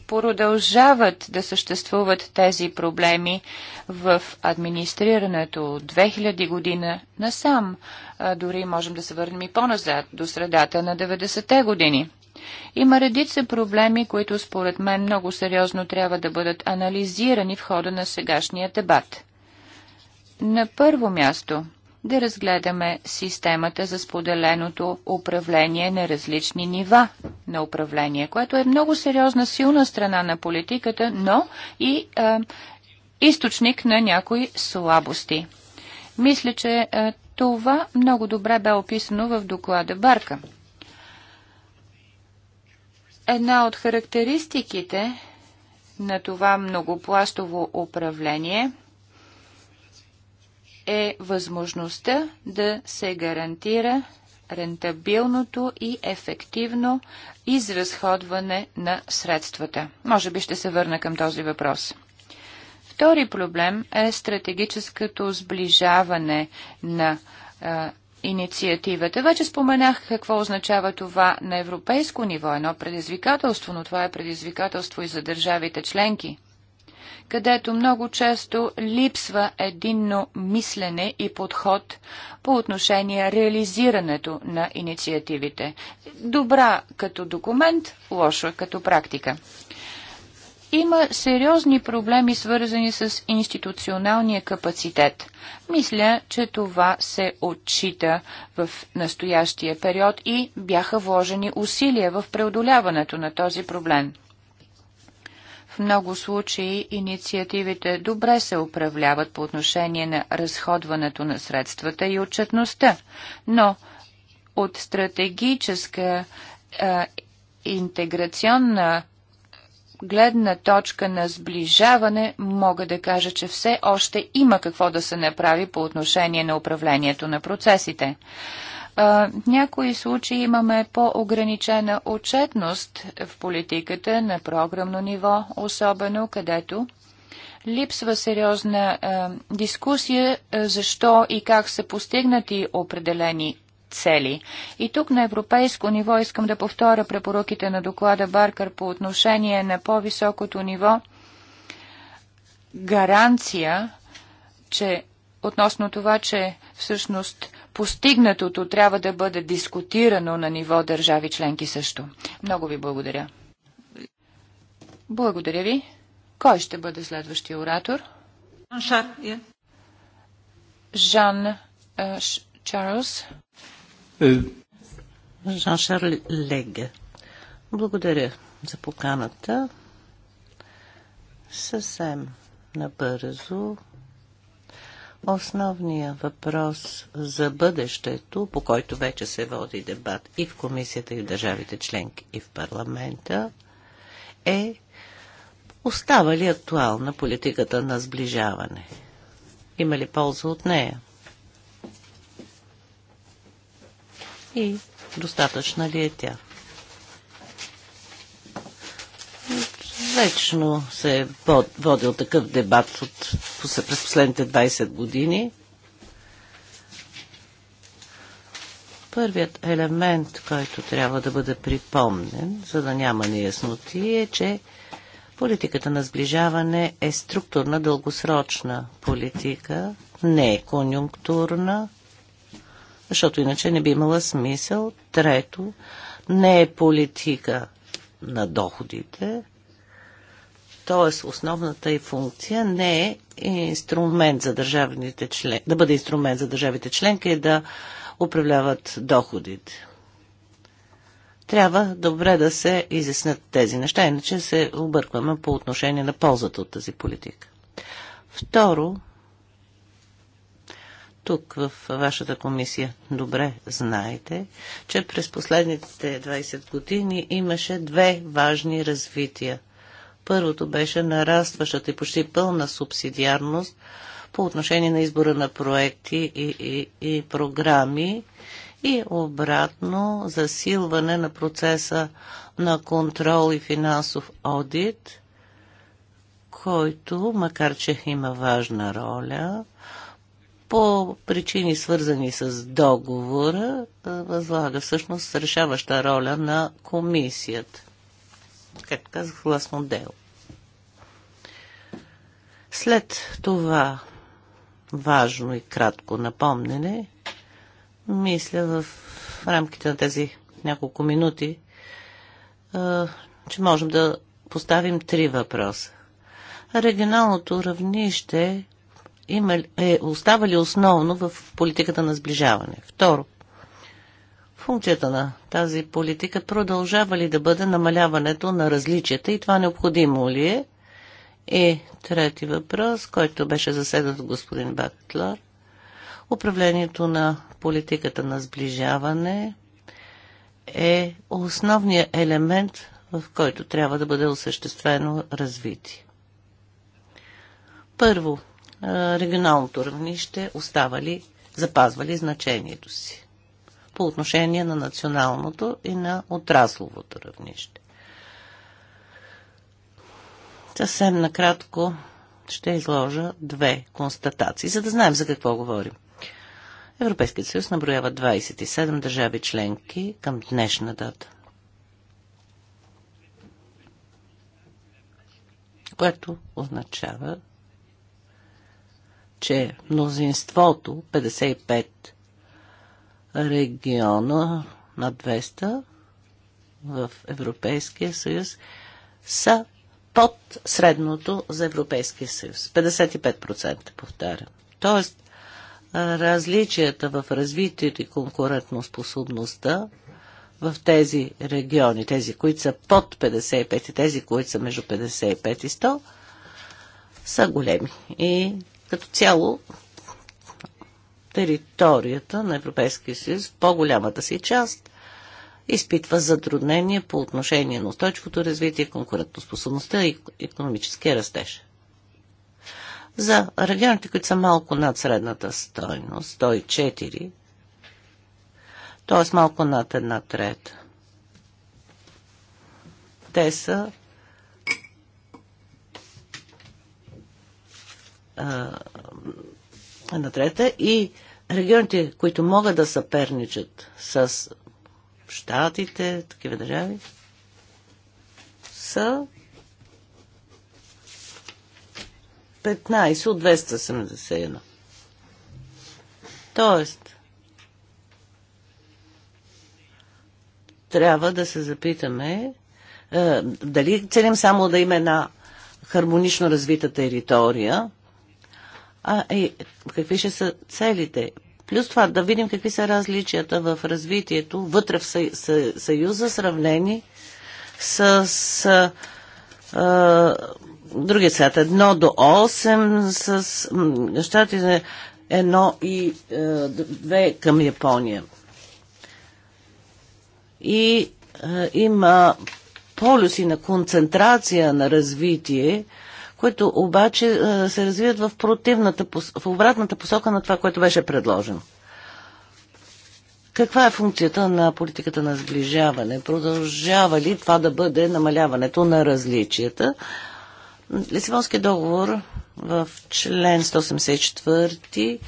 продължават да съществуват тези проблеми в администрирането от 2000 година насам. А, дори можем да се върнем и по-назад, до средата на 90-те години. Има редица проблеми, които според мен много сериозно трябва да бъдат анализирани в хода на сегашния дебат. На първо място – да разгледаме системата за споделеното управление на различни нива на управление, което е много сериозна, силна страна на политиката, но и е, източник на някои слабости. Мисля, че е, това много добре бе описано в доклада Барка. Една от характеристиките на това многопластово управление – е възможността да се гарантира рентабилното и ефективно изразходване на средствата. Може би ще се върна към този въпрос. Втори проблем е стратегическото сближаване на а, инициативата. Вече споменах какво означава това на европейско ниво. Едно предизвикателство, но това е предизвикателство и за държавите членки където много често липсва единно мислене и подход по отношение реализирането на инициативите. Добра като документ, лошо е като практика. Има сериозни проблеми, свързани с институционалния капацитет. Мисля, че това се отчита в настоящия период и бяха вложени усилия в преодоляването на този проблем. В много случаи инициативите добре се управляват по отношение на разходването на средствата и отчетността, но от стратегическа а, интеграционна гледна точка на сближаване, мога да кажа, че все още има какво да се направи по отношение на управлението на процесите. В някои случаи имаме по-ограничена отчетност в политиката на програмно ниво, особено където липсва сериозна а, дискусия защо и как са постигнати определени цели. И тук на европейско ниво искам да повторя препоръките на доклада Баркър по отношение на по-високото ниво гаранция, че относно това, че всъщност постигнатото трябва да бъде дискутирано на ниво държави членки също. Много ви благодаря. Благодаря ви. Кой ще бъде следващия оратор? Жан е, Чарлз. Е. Жан Шарл Леге. Благодаря за поканата. Съвсем набързо Основният въпрос за бъдещето, по който вече се води дебат и в комисията, и в държавите членки, и в парламента, е остава ли актуална политиката на сближаване? Има ли полза от нея? И достатъчна ли е тя? Вечно се е водил такъв дебат от, през последните 20 години. Първият елемент, който трябва да бъде припомнен, за да няма неясноти, е, че Политиката на сближаване е структурна, дългосрочна политика, не е конюнктурна, защото иначе не би имала смисъл. Трето, не е политика на доходите, т.е. основната и функция не е инструмент за държавните член, да бъде инструмент за държавите членки и е да управляват доходите. Трябва добре да се изяснят тези неща, иначе се объркваме по отношение на ползата от тази политика. Второ, тук в вашата комисия добре знаете, че през последните 20 години имаше две важни развития. Първото беше нарастващата и почти пълна субсидиарност по отношение на избора на проекти и, и, и програми и обратно засилване на процеса на контрол и финансов одит, който, макар че има важна роля, по причини свързани с договора, възлага всъщност решаваща роля на комисията както казах, гласно дело. След това важно и кратко напомнене, мисля в рамките на тези няколко минути, че можем да поставим три въпроса. Регионалното равнище има, е, остава ли основно в политиката на сближаване? Второ, Функцията на тази политика продължава ли да бъде намаляването на различията и това необходимо ли е? И трети въпрос, който беше заседат господин Батлар: Управлението на политиката на сближаване е основният елемент, в който трябва да бъде осъществено развитие. Първо, регионалното равнище остава ли, запазва ли значението си? по отношение на националното и на отрасловото равнище. Съвсем накратко ще изложа две констатации, за да знаем за какво говорим. Европейският съюз наброява 27 държави членки към днешна дата. Което означава, че мнозинството, 55 региона на 200 в Европейския съюз са под средното за Европейския съюз. 55% повтарям. Тоест, различията в развитието и конкурентоспособността в тези региони, тези, които са под 55 и тези, които са между 55 и 100, са големи. И като цяло територията на Европейския съюз в по-голямата си част изпитва затруднения по отношение на устойчивото развитие, конкурентоспособността и економическия растеж. За регионите, които са малко над средната стойност, 104, т.е. малко над една трета, те са една трета и регионите, които могат да съперничат с щатите, такива държави, са 15 от 271. Тоест, трябва да се запитаме е, дали целим само да има една хармонично развита територия а и е, какви ще са целите. Плюс това да видим какви са различията в развитието вътре в Съюза, сравнени с, с а, другия свят. едно до 8 с щатите едно и е, две към Япония. И а, е, има полюси на концентрация на развитие, които обаче е, се развиват в, противната, в обратната посока на това, което беше предложено. Каква е функцията на политиката на сближаване? Продължава ли това да бъде намаляването на различията? Лисивонския договор в член 184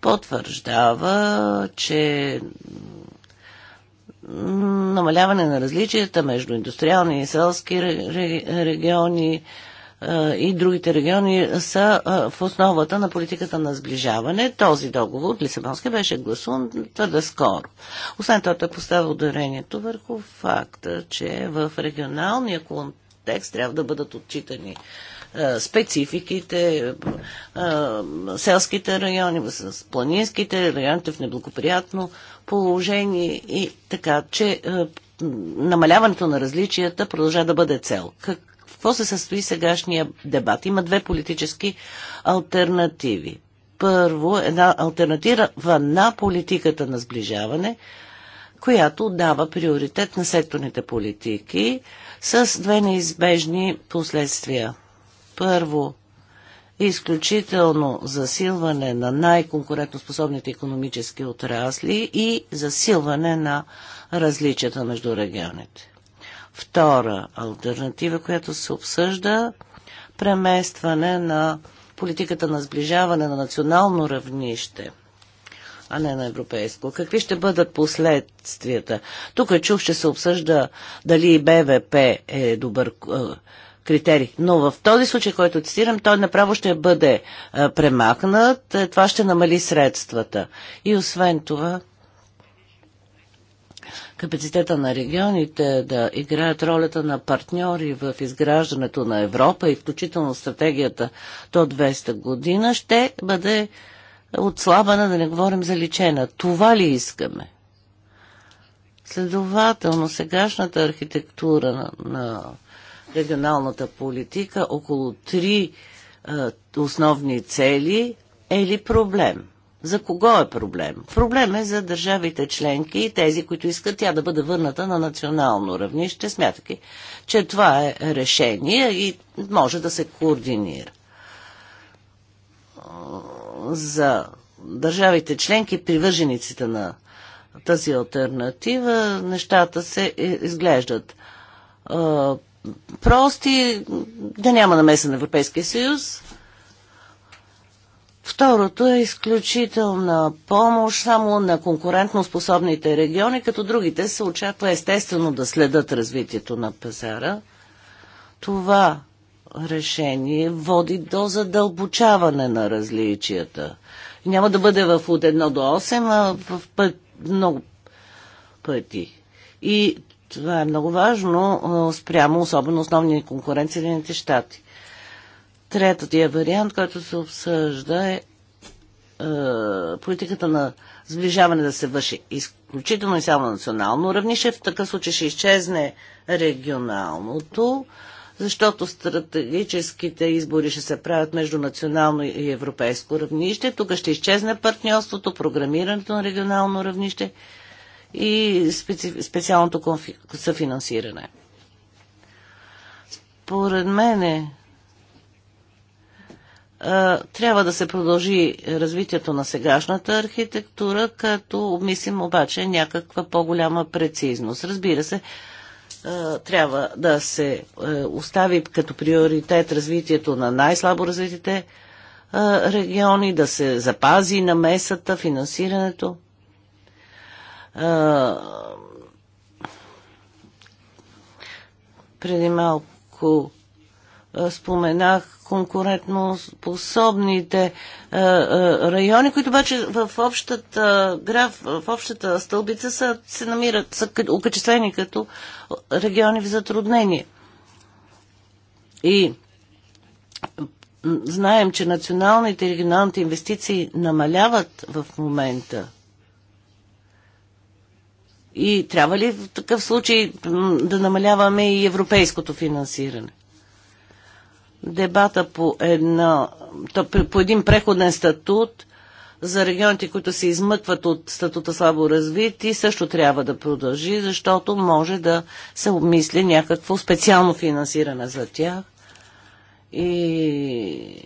потвърждава, че намаляване на различията между индустриални и селски региони, и другите региони са в основата на политиката на сближаване. Този договор, Лисабонски, беше гласуван твърде скоро. Освен това, той поставя ударението върху факта, че в регионалния контекст трябва да бъдат отчитани спецификите, селските райони, с планинските, районите в неблагоприятно положение и така, че намаляването на различията продължа да бъде цел. Как, какво се състои сегашния дебат? Има две политически альтернативи. Първо, една альтернатива на политиката на сближаване, която дава приоритет на секторните политики с две неизбежни последствия. Първо, изключително засилване на най-конкурентоспособните економически отрасли и засилване на различията между регионите. Втора альтернатива, която се обсъжда, преместване на политиката на сближаване на национално равнище, а не на европейско. Какви ще бъдат последствията? Тук е чух, че се обсъжда дали и БВП е добър е, критерий. Но в този случай, който цитирам, той направо ще бъде е, премахнат. Това ще намали средствата. И освен това, капацитета на регионите да играят ролята на партньори в изграждането на Европа и включително стратегията до 200 година, ще бъде отслабена, да не говорим за личена. Това ли искаме? Следователно, сегашната архитектура на, на регионалната политика около три е, основни цели е ли проблем? За кого е проблем? Проблем е за държавите членки и тези, които искат тя да бъде върната на национално равнище, смятайки, че това е решение и може да се координира. За държавите членки, привържениците на тази альтернатива, нещата се е, изглеждат прости, да няма намеса на Европейския съюз, Второто е изключителна помощ само на конкурентноспособните региони, като другите се очаква естествено да следят развитието на пазара. Това решение води до задълбочаване на различията. Няма да бъде в от 1 до 8, а в път, много пъти. И това е много важно спрямо особено основни конкуренции на щати. Третия вариант, който се обсъжда е, е политиката на сближаване да се върши изключително и само национално равнище. В такъв случай ще изчезне регионалното, защото стратегическите избори ще се правят между национално и европейско равнище. Тук ще изчезне партньорството, програмирането на регионално равнище и специ... специалното конфи... съфинансиране. Според мен трябва да се продължи развитието на сегашната архитектура, като обмислим обаче някаква по-голяма прецизност. Разбира се, трябва да се е, остави като приоритет развитието на най-слабо развитите региони, да се запази на месата, финансирането. Преди малко е, споменах конкурентно способните е, е, райони, които обаче в общата граф, в общата стълбица са, се намират, са окачествени като региони в затруднение. И знаем, че националните и регионалните инвестиции намаляват в момента. И трябва ли в такъв случай да намаляваме и европейското финансиране? Дебата по, една, по един преходен статут за регионите, които се измъкват от статута слабо развити, също трябва да продължи, защото може да се обмисли някакво специално финансиране за тях. И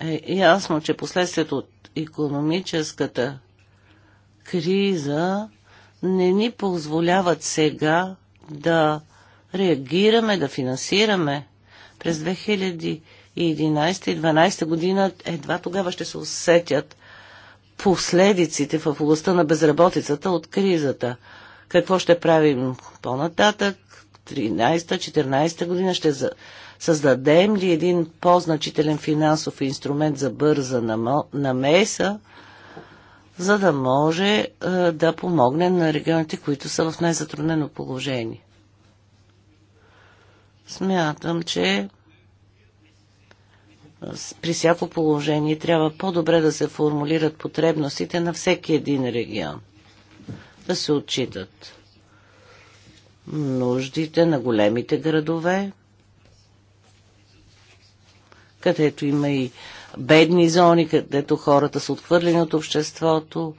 е ясно, че последствието от економическата криза не ни позволяват сега да реагираме, да финансираме. През 2011 и 2012 година едва тогава ще се усетят последиците в областта на безработицата от кризата. Какво ще правим по-нататък? 13-14 година ще създадем ли един по-значителен финансов инструмент за бърза намеса, за да може е, да помогне на регионите, които са в най-затруднено положение? Смятам, че при всяко положение трябва по-добре да се формулират потребностите на всеки един регион. Да се отчитат нуждите на големите градове, където има и бедни зони, където хората са отхвърлени от обществото.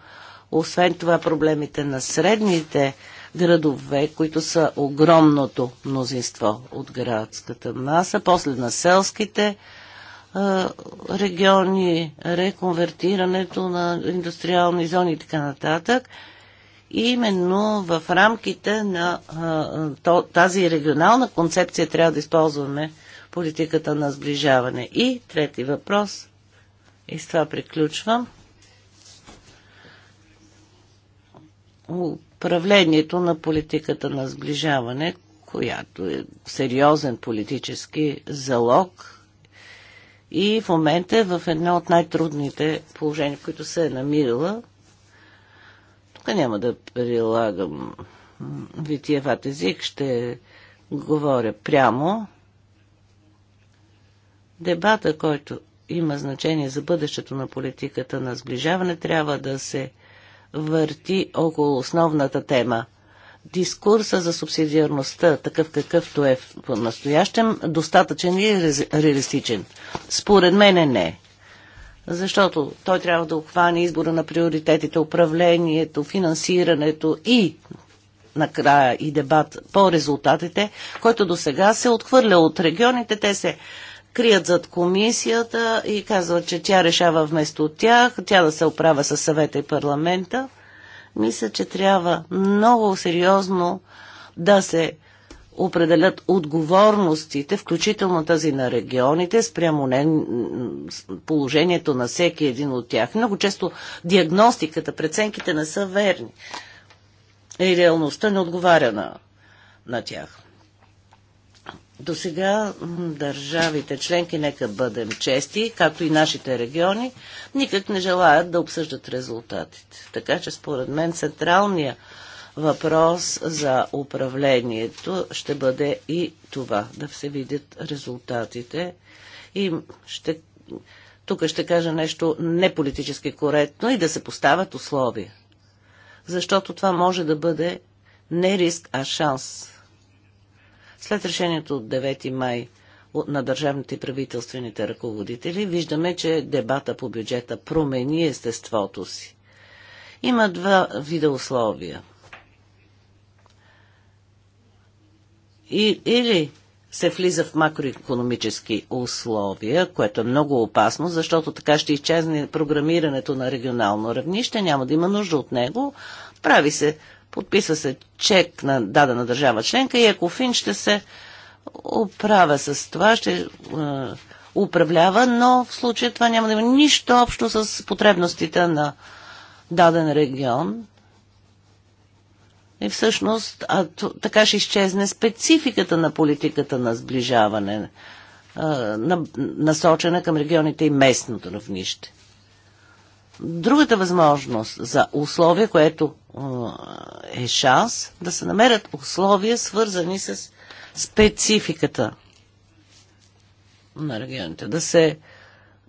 Освен това, проблемите на средните градове, които са огромното мнозинство от градската маса, после на селските региони, реконвертирането на индустриални зони и така нататък. И именно в рамките на тази регионална концепция трябва да използваме политиката на сближаване. И трети въпрос, и с това приключвам управлението на политиката на сближаване, която е сериозен политически залог и в момента е в едно от най-трудните положения, в които се е намирала. Тук няма да прилагам витиеват език, ще говоря прямо. Дебата, който има значение за бъдещето на политиката на сближаване, трябва да се върти около основната тема. Дискурса за субсидиарността, такъв какъвто е по настоящем, достатъчен ли е реалистичен? Според мен е не. Защото той трябва да обхване избора на приоритетите, управлението, финансирането и накрая и дебат по резултатите, който до сега се отхвърля от регионите. Те се крият зад комисията и казват, че тя решава вместо тях, тя да се оправя със съвета и парламента. Мисля, че трябва много сериозно да се определят отговорностите, включително тази на регионите, спрямо не, положението на всеки един от тях. Много често диагностиката, преценките не са верни. И реалността не отговаря на, на тях. До сега държавите членки, нека бъдем чести, както и нашите региони, никак не желаят да обсъждат резултатите. Така че според мен централния въпрос за управлението ще бъде и това, да се видят резултатите. И ще, тук ще кажа нещо неполитически коректно и да се поставят условия. Защото това може да бъде не риск, а шанс след решението от 9 май на държавните и правителствените ръководители, виждаме, че дебата по бюджета промени естеството си. Има два вида условия. И, или се влиза в макроекономически условия, което е много опасно, защото така ще изчезне програмирането на регионално равнище, няма да има нужда от него. Прави се Подписа се чек на дадена държава членка и Екофин ще се оправя с това, ще е, управлява, но в случая това няма да има нищо общо с потребностите на даден регион. И всъщност а, така ще изчезне спецификата на политиката на сближаване, а, е, на, насочена към регионите и местното равнище. Другата възможност за условия, което е, е шанс, да се намерят условия, свързани с спецификата на регионите. Да се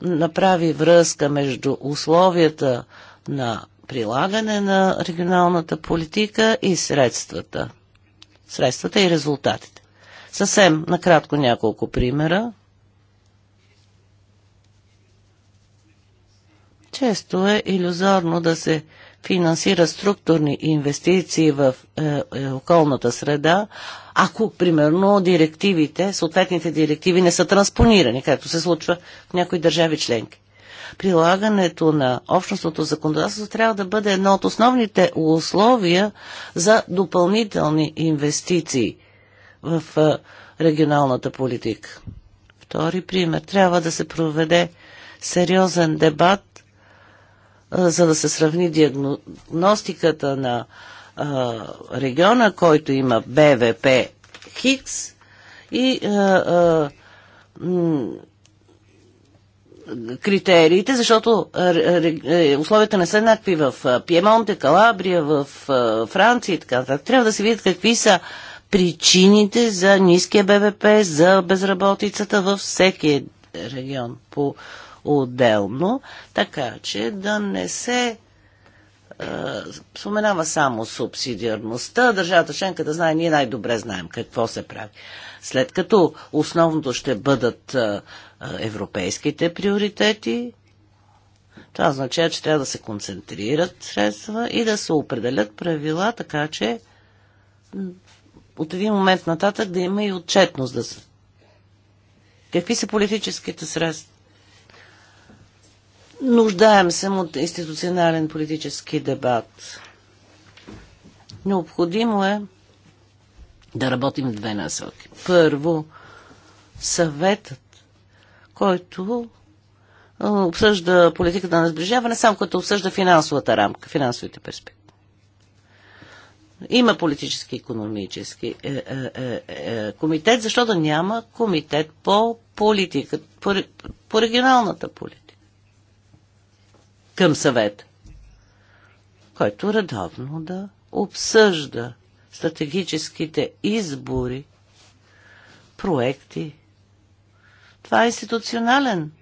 направи връзка между условията на прилагане на регионалната политика и средствата. Средствата и резултатите. Съвсем накратко няколко примера. Често е иллюзорно да се финансира структурни инвестиции в е, е, околната среда, ако, примерно, директивите, съответните директиви не са транспонирани, както се случва в някои държави членки. Прилагането на общностното законодателство трябва да бъде едно от основните условия за допълнителни инвестиции в е, регионалната политика. Втори пример. Трябва да се проведе сериозен дебат за да се сравни диагностиката на региона, който има БВП Хикс и критериите, защото е, условията не са еднакви в Пиемонте, Калабрия, в Франция и така нататък. Трябва да се видят какви са причините за ниския БВП, за безработицата във всеки регион по отделно, така че да не се е, споменава само субсидиарността. Държавата членка да знае, ние най-добре знаем какво се прави. След като основното ще бъдат е, европейските приоритети, това означава, че трябва да се концентрират средства и да се определят правила, така че от един момент нататък да има и отчетност. Да са. Какви са политическите средства? Нуждаем се от институционален политически дебат. Необходимо е да работим в две насоки. Първо, съветът, който обсъжда политиката на сближаване, само като обсъжда финансовата рамка, финансовите перспективи. Има политически и економически е, е, е, е, е комитет, защото няма комитет по политика, по, по регионалната политика към съвет, който редовно да обсъжда стратегическите избори, проекти. Това е институционален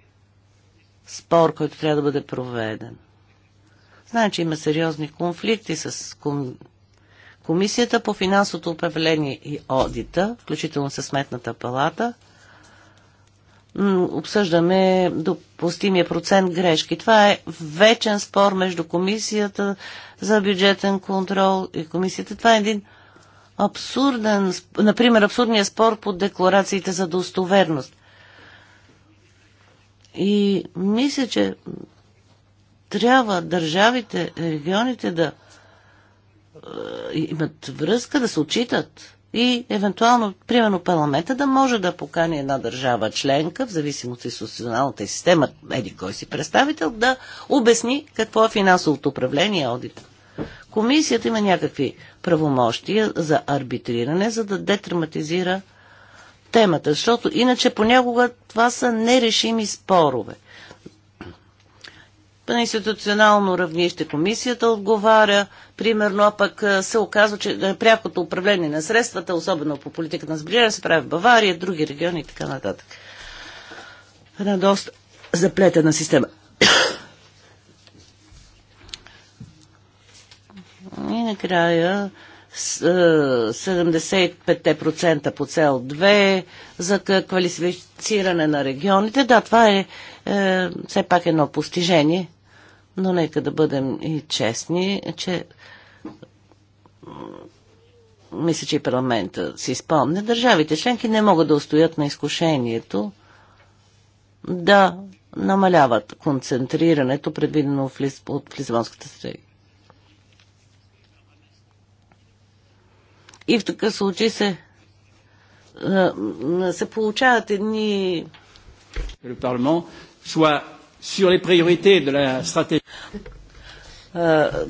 спор, който трябва да бъде проведен. Значи че има сериозни конфликти с ком... Комисията по финансовото управление и одита, включително с Сметната палата – обсъждаме допустимия процент грешки. Това е вечен спор между комисията за бюджетен контрол и комисията. Това е един абсурден, например, абсурдният спор под декларациите за достоверност. И мисля, че трябва държавите, регионите да е, имат връзка, да се отчитат и евентуално, примерно, парламента да може да покани една държава членка, в зависимост от институционалната система, еди кой си представител, да обясни какво е финансовото управление и аудита. Комисията има някакви правомощия за арбитриране, за да детраматизира темата, защото иначе понякога това са нерешими спорове на институционално равнище комисията отговаря, примерно, а пък се оказва, че е, прякото управление на средствата, особено по политика на сближение, се прави в Бавария, други региони и така нататък. Една доста заплетена система. И накрая 75% по цел 2 за квалифициране на регионите. Да, това е, е все пак едно постижение. Но нека да бъдем и честни, че мисля, че и парламента си спомня, държавите членки не могат да устоят на изкушението да намаляват концентрирането, предвидено в от Лизбонската стратегия. И в такъв случай се, се получават едни sur les priorités de la stratégie.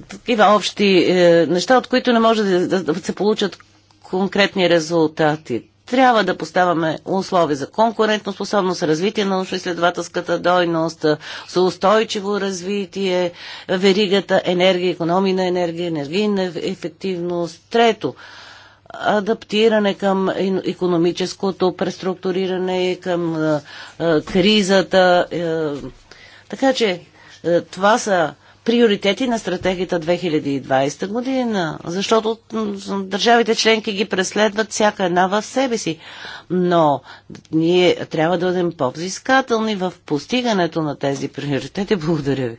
Такива общи е, неща, от които не може да, се получат конкретни резултати. Трябва да поставяме условия за способност, развитие на научно-изследователската дойност, за устойчиво развитие, веригата, енергия, економия на енергия, енергийна ефективност. Трето, адаптиране към економическото преструктуриране, към е, е, кризата, е, така че е, това са приоритети на стратегията 2020 година, защото държавите членки ги преследват всяка една в себе си. Но ние трябва да бъдем по-взискателни в постигането на тези приоритети. Благодаря ви.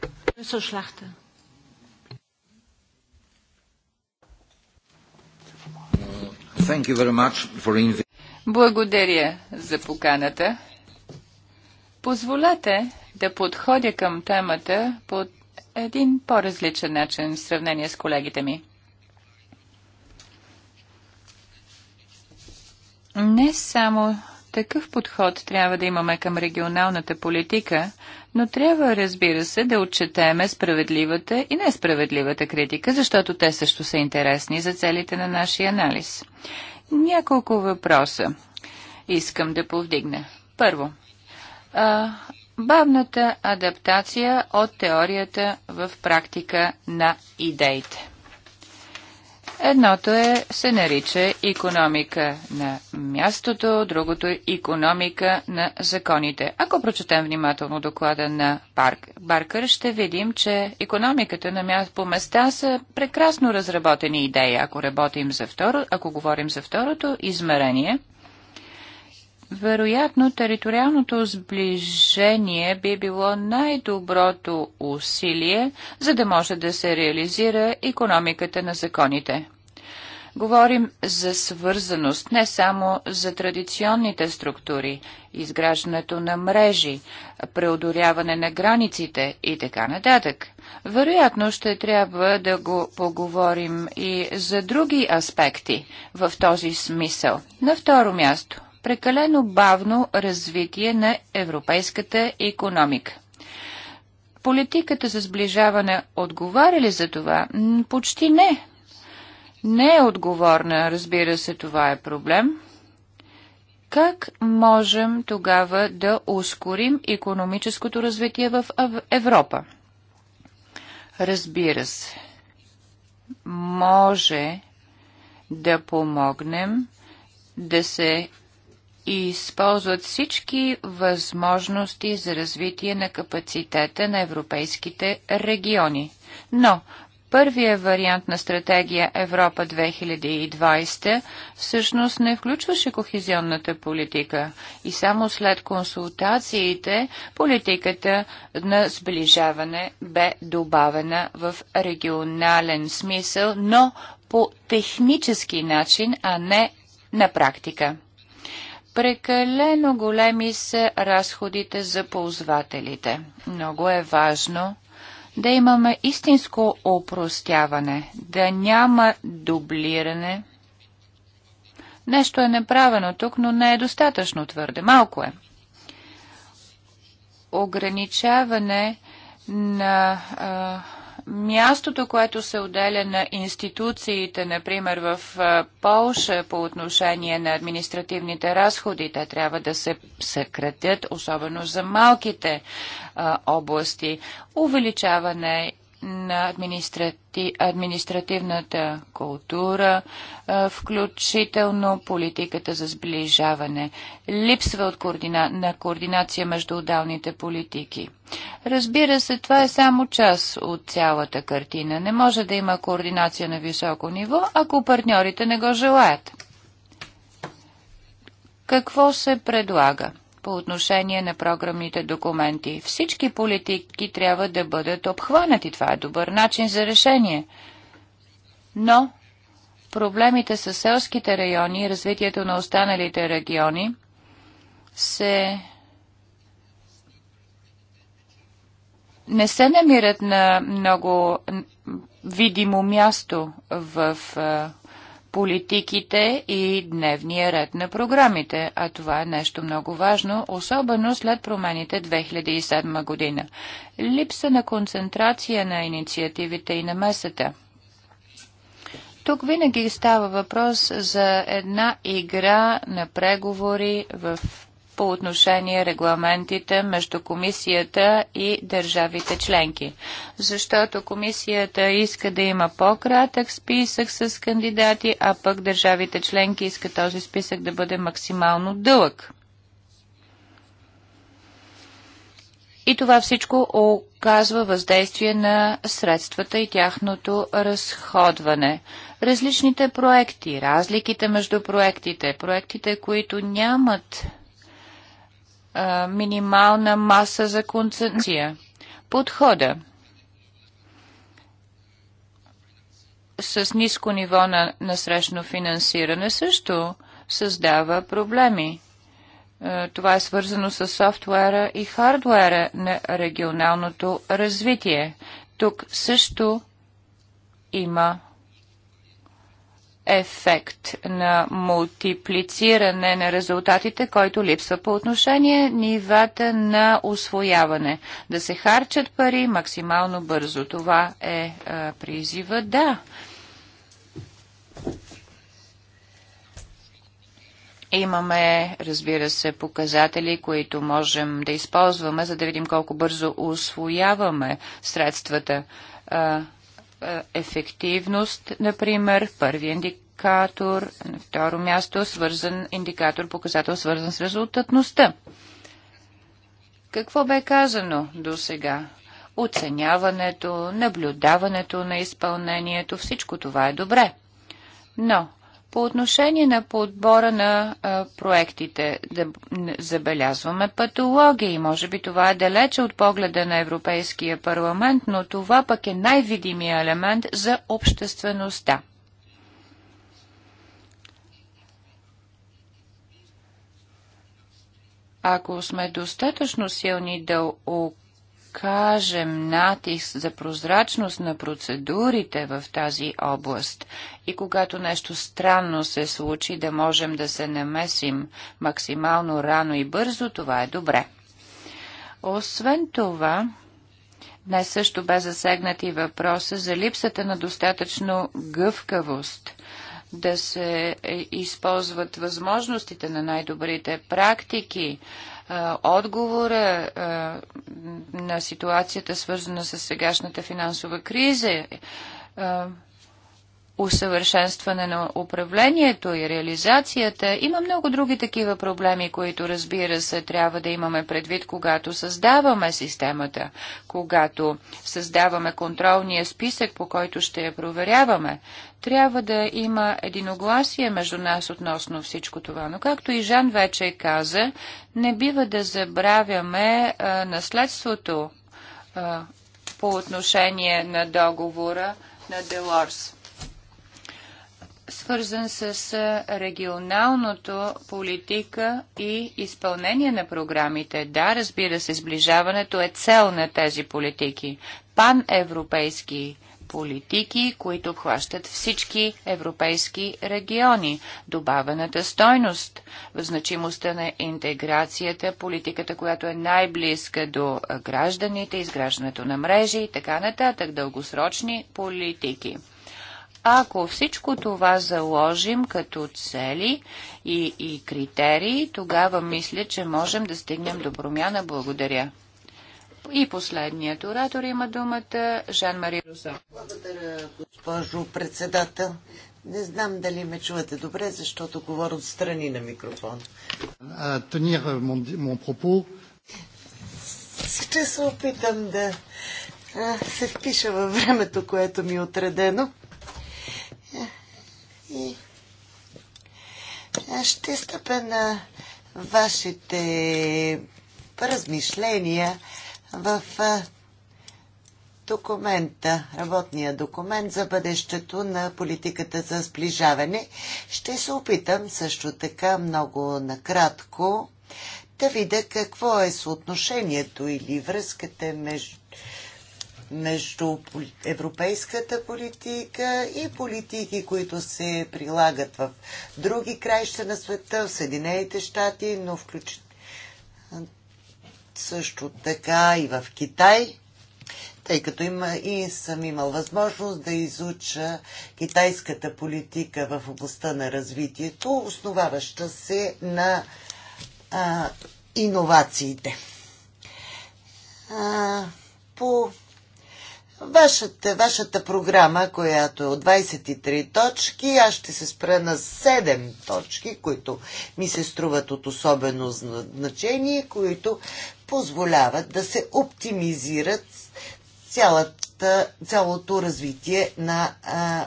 Благодаря за поканата. Позволете да подходя към темата по един по-различен начин в сравнение с колегите ми. Не само такъв подход трябва да имаме към регионалната политика, но трябва, разбира се, да отчетеме справедливата и несправедливата критика, защото те също са интересни за целите на нашия анализ. Няколко въпроса искам да повдигна. Първо, а, бавната адаптация от теорията в практика на идеите. Едното е, се нарича економика на мястото, другото е економика на законите. Ако прочетем внимателно доклада на Парк Баркър, ще видим, че економиката на място по места са прекрасно разработени идеи. Ако работим за второ, ако говорим за второто измерение – вероятно, териториалното сближение би било най-доброто усилие, за да може да се реализира економиката на законите. Говорим за свързаност не само за традиционните структури, изграждането на мрежи, преодоляване на границите и така нататък. Вероятно ще трябва да го поговорим и за други аспекти в този смисъл. На второ място прекалено бавно развитие на европейската економика. Политиката за сближаване отговаря ли за това? Почти не. Не е отговорна, разбира се, това е проблем. Как можем тогава да ускорим економическото развитие в Европа? Разбира се, може да помогнем да се и използват всички възможности за развитие на капацитета на европейските региони. Но първият вариант на стратегия Европа 2020 всъщност не включваше кохезионната политика и само след консултациите политиката на сближаване бе добавена в регионален смисъл, но по технически начин, а не на практика. Прекалено големи са разходите за ползвателите. Много е важно да имаме истинско опростяване, да няма дублиране. Нещо е направено тук, но не е достатъчно твърде. Малко е. Ограничаване на а, мястото, което се отделя на институциите, например в Полша по отношение на административните разходи, те трябва да се съкратят, особено за малките области. Увеличаване на административната култура, включително политиката за сближаване. Липсва от координа... на координация между отдалните политики. Разбира се, това е само част от цялата картина. Не може да има координация на високо ниво, ако партньорите не го желаят. Какво се предлага? по отношение на програмните документи. Всички политики трябва да бъдат обхванати. Това е добър начин за решение. Но проблемите с селските райони и развитието на останалите региони се не се намират на много видимо място в политиките и дневния ред на програмите, а това е нещо много важно, особено след промените 2007 година. Липса на концентрация на инициативите и намесата. Тук винаги става въпрос за една игра на преговори в по отношение регламентите между комисията и държавите членки. Защото комисията иска да има по-кратък списък с кандидати, а пък държавите членки иска този списък да бъде максимално дълъг. И това всичко оказва въздействие на средствата и тяхното разходване. Различните проекти, разликите между проектите, проектите, които нямат минимална маса за концентрация. Подхода с ниско ниво на насрещно финансиране също създава проблеми. Това е свързано с софтуера и хардуера на регионалното развитие. Тук също има ефект на мултиплициране на резултатите, който липсва по отношение нивата на освояване. Да се харчат пари максимално бързо. Това е а, е, призива. Да. Имаме, разбира се, показатели, които можем да използваме, за да видим колко бързо освояваме средствата. А, е, ефективност, например, първи индикатор, на второ място свързан индикатор, показател свързан с резултатността. Какво бе казано до сега? Оценяването, наблюдаването на изпълнението, всичко това е добре. Но по отношение на подбора на а, проектите, да забелязваме патологии. Може би това е далече от погледа на Европейския парламент, но това пък е най-видимия елемент за обществеността. Ако сме достатъчно силни да Кажем натиск за прозрачност на процедурите в тази област и когато нещо странно се случи, да можем да се намесим максимално рано и бързо, това е добре. Освен това, днес също бе засегнат и въпроса за липсата на достатъчно гъвкавост да се е, използват възможностите на най-добрите практики, отговора на ситуацията, свързана с сегашната финансова криза, е, усъвършенстване на управлението и реализацията. Има много други такива проблеми, които разбира се трябва да имаме предвид, когато създаваме системата, когато създаваме контролния списък, по който ще я проверяваме трябва да има единогласие между нас относно всичко това. Но както и Жан вече каза, не бива да забравяме а, наследството а, по отношение на договора на Делорс свързан с регионалното политика и изпълнение на програмите. Да, разбира се, сближаването е цел на тези политики. Паневропейски политики, които обхващат всички европейски региони, добавената стойност, значимостта на интеграцията, политиката, която е най-близка до гражданите, изграждането на мрежи и така нататък, дългосрочни политики. Ако всичко това заложим като цели и, и критерии, тогава мисля, че можем да стигнем до промяна. Благодаря. И последният оратор има думата Жан-Мари Руса. Благодаря, госпожо председател. Не знам дали ме чувате добре, защото говоря от страни на микрофон. А, мон, пропо. Ще се опитам да се впиша във времето, което ми е отредено. И ще стъпя на вашите размишления в документа, работния документ за бъдещето на политиката за сближаване. Ще се опитам също така много накратко да видя какво е съотношението или връзката между между европейската политика и политики, които се прилагат в други краища на света, в Съединените щати, но включително също така и в Китай, тъй като има и съм имал възможност да изуча китайската политика в областта на развитието, основаваща се на а, иновациите. А, по Вашата, вашата програма, която е от 23 точки, аз ще се спра на 7 точки, които ми се струват от особено значение, които позволяват да се оптимизират цялата, цялото развитие на а,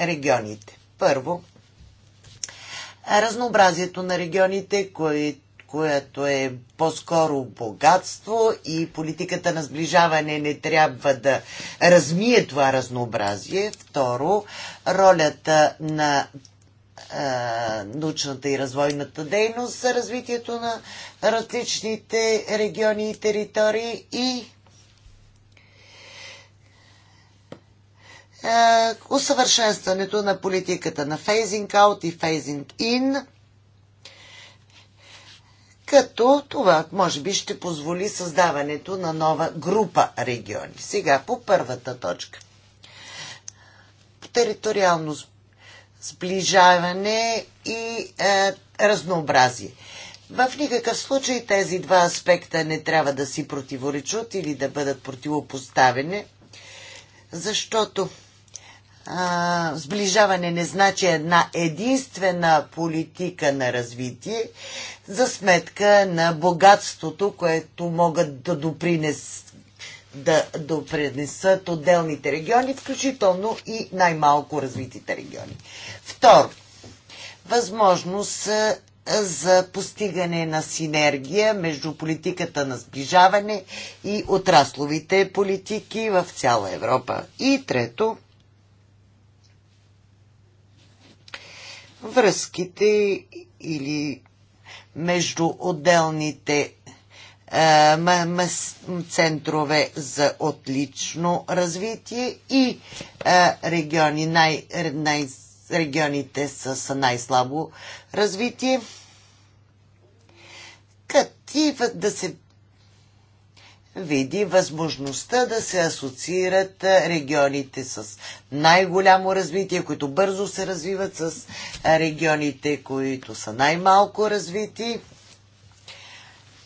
регионите. Първо, разнообразието на регионите, които което е по-скоро богатство и политиката на сближаване не трябва да размие това разнообразие. Второ, ролята на научната и развойната дейност за развитието на различните региони и територии и усъвършенстването на политиката на фейзинг аут и фейзинг ин – като това може би ще позволи създаването на нова група региони. Сега по първата точка. Териториално сближаване и е, разнообразие. В никакъв случай тези два аспекта не трябва да си противоречат или да бъдат противопоставени, защото а, сближаване не значи една единствена политика на развитие за сметка на богатството, което могат да допринес да допринесат отделните региони, включително и най-малко развитите региони. Второ, възможност за постигане на синергия между политиката на сближаване и отрасловите политики в цяла Европа. И трето, връзките или между отделните е, центрове за отлично развитие и е, региони, най, най, регионите с най-слабо развитие. Като да се види възможността да се асоциират регионите с най-голямо развитие, които бързо се развиват с регионите, които са най-малко развити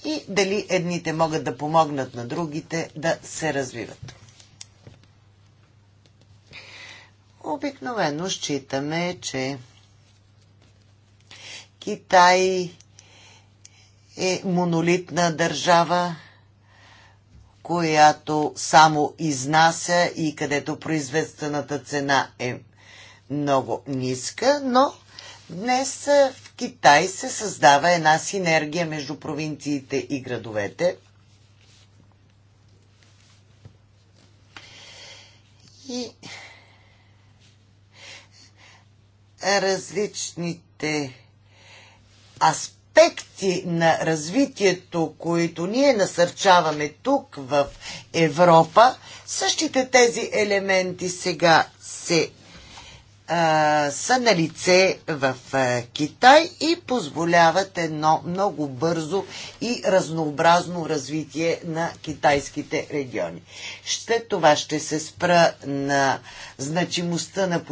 и дали едните могат да помогнат на другите да се развиват. Обикновено считаме, че Китай е монолитна държава, която само изнася и където произведствената цена е много ниска, но днес в Китай се създава една синергия между провинциите и градовете. И различните аспекти аспекти на развитието, които ние насърчаваме тук в Европа, същите тези елементи сега се са на лице в Китай и позволяват едно много бързо и разнообразно развитие на китайските региони. Ще това ще се спра на значимостта на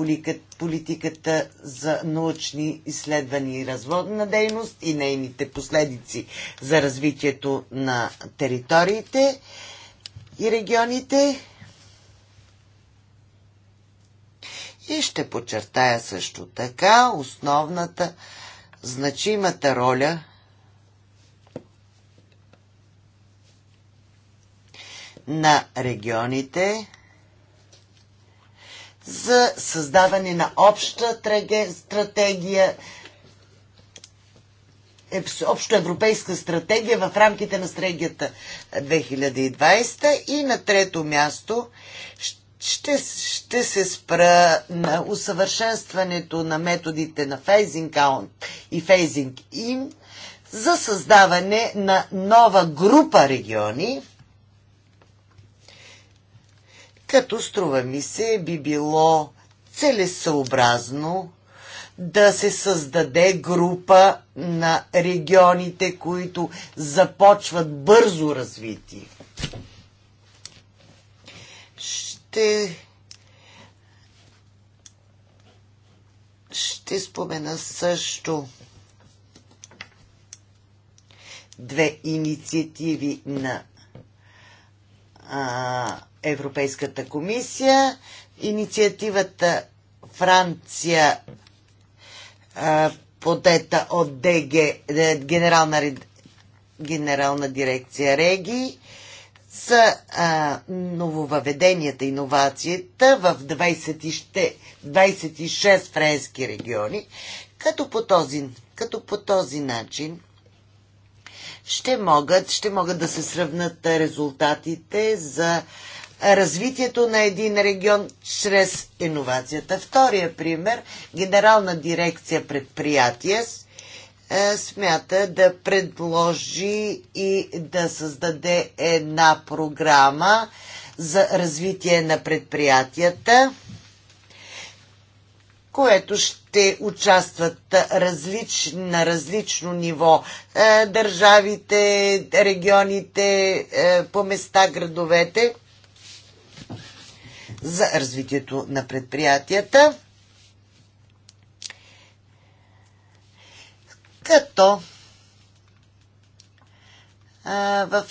политиката за научни изследвания и разводна дейност и нейните последици за развитието на териториите и регионите И ще подчертая също така основната, значимата роля на регионите за създаване на обща стратегия, общо европейска стратегия в рамките на стратегията 2020 и на трето място ще ще, ще се спра на усъвършенстването на методите на фейзинг Out и фейзинг In за създаване на нова група региони, като струва ми се би било целесъобразно да се създаде група на регионите, които започват бързо развитие. Ще ще спомена също две инициативи на а, Европейската комисия. Инициативата Франция а, подета от ДГ, Генерална, Генерална дирекция Реги са а, нововъведенията, иновацията в 20, 26 френски региони, като по този, като по този начин ще могат, ще могат да се сравнат резултатите за развитието на един регион чрез иновацията. Втория пример – Генерална дирекция предприятия – е, смята да предложи и да създаде една програма за развитие на предприятията, което ще участват различ, на различно ниво е, държавите, регионите, е, по места, градовете за развитието на предприятията. като в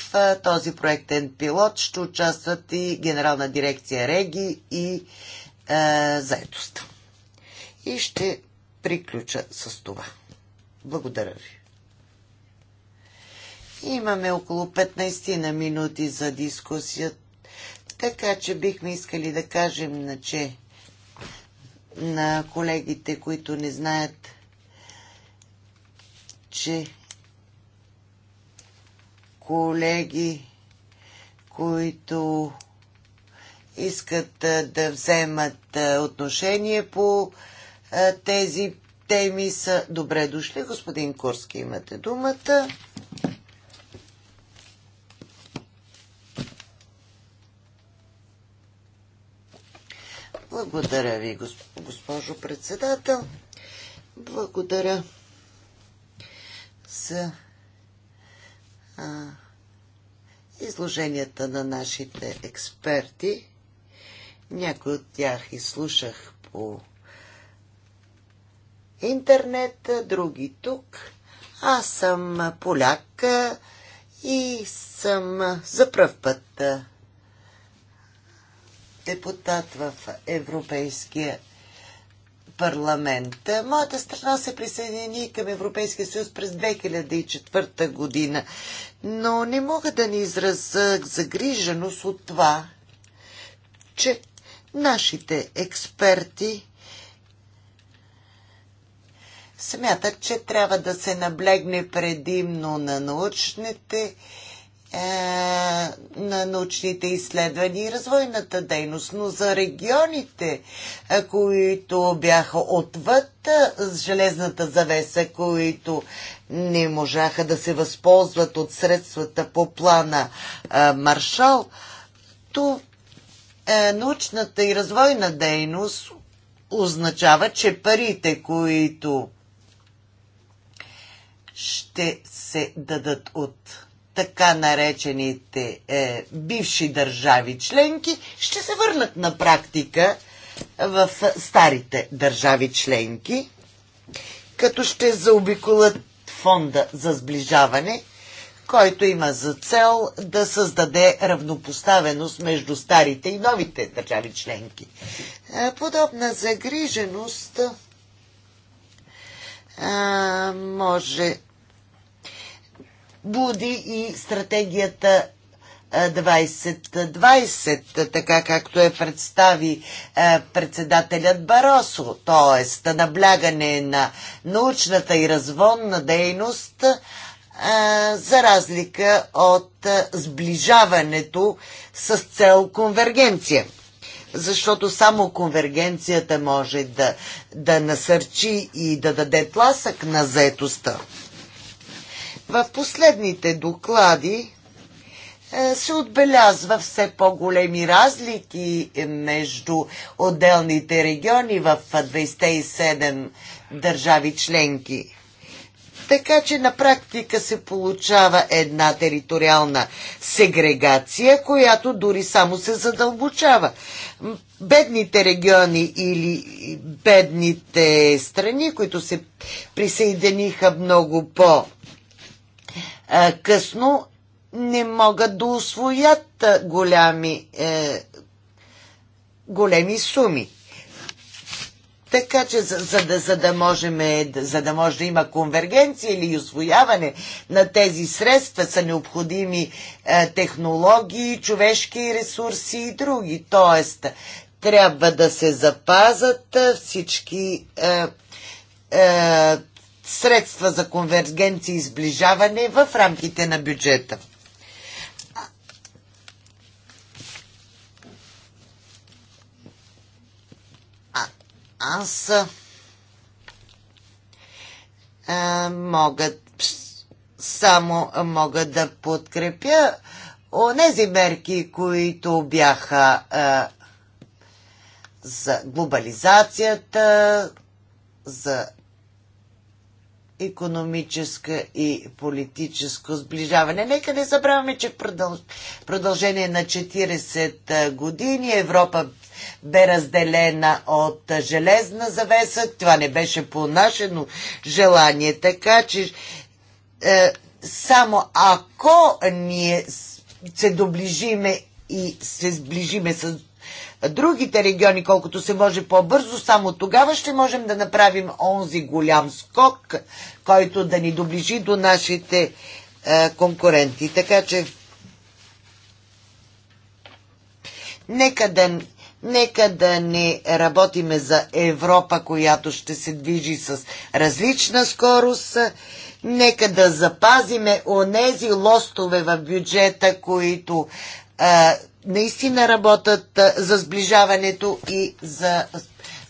този проектен пилот ще участват и Генерална дирекция Реги и заедост. И ще приключа с това. Благодаря ви. Имаме около 15 на минути за дискусия, така че бихме искали да кажем, че на колегите, които не знаят че колеги, които искат да вземат отношение по тези теми са добре дошли. Господин Курски, имате думата. Благодаря ви, госпожо председател. Благодаря са а, изложенията на нашите експерти. Някои от тях изслушах по интернет, други тук. Аз съм поляк и съм за пръв път депутат в Европейския парламент. Моята страна се присъедини към Европейския съюз през 2004 година, но не мога да ни израза загриженост от това, че нашите експерти смятат, че трябва да се наблегне предимно на научните е, на научните изследвания и развойната дейност, но за регионите, е, които бяха отвъд е, железната завеса, които не можаха да се възползват от средствата по плана Маршал, то научната и развойна дейност означава, че парите, които ще се дадат от така наречените е, бивши държави членки ще се върнат на практика в старите държави членки, като ще заобиколят фонда за сближаване, който има за цел да създаде равнопоставеност между старите и новите държави членки. Е, подобна загриженост а, е, може буди и стратегията 2020, така както е представи председателят Баросо, т.е. наблягане на научната и развонна дейност, за разлика от сближаването с цел конвергенция. Защото само конвергенцията може да, да насърчи и да даде тласък на заетостта. В последните доклади е, се отбелязва все по-големи разлики между отделните региони в 27 държави членки. Така че на практика се получава една териториална сегрегация, която дори само се задълбочава. Бедните региони или бедните страни, които се присъединиха много по- е, късно, не могат да освоят е, голями, е, големи суми. Така че, за, за, да, за, да можем, е, за да може да има конвергенция или освояване на тези средства, са необходими е, технологии, човешки ресурси и други. Тоест, трябва да се запазат всички е, е, средства за конвергенция и сближаване в рамките на бюджета. А, аз а, мога само мога да подкрепя онези мерки, които бяха а, за глобализацията, за економическа и политическо сближаване. Нека не забравяме, че в продължение на 40 години Европа бе разделена от железна завеса. Това не беше по наше но желание. Така че е, само ако ние се доближиме и се сближиме с другите региони колкото се може по-бързо, само тогава ще можем да направим онзи голям скок, който да ни доближи до нашите е, конкуренти. Така че, нека да, нека да не работиме за Европа, която ще се движи с различна скорост. Нека да запазиме онези лостове в бюджета, които е, наистина работят за сближаването и за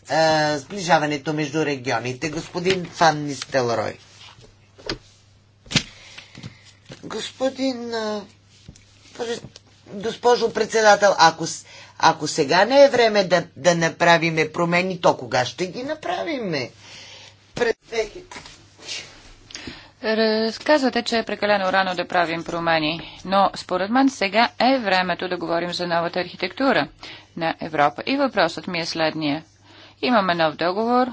а, сближаването между регионите. Господин Фан Нистелрой. Господин госпожо председател, ако, ако сега не е време да, да направиме промени, то кога ще ги направиме? През Разказвате, че е прекалено рано да правим промени, но според мен сега е времето да говорим за новата архитектура на Европа. И въпросът ми е следния. Имаме нов договор,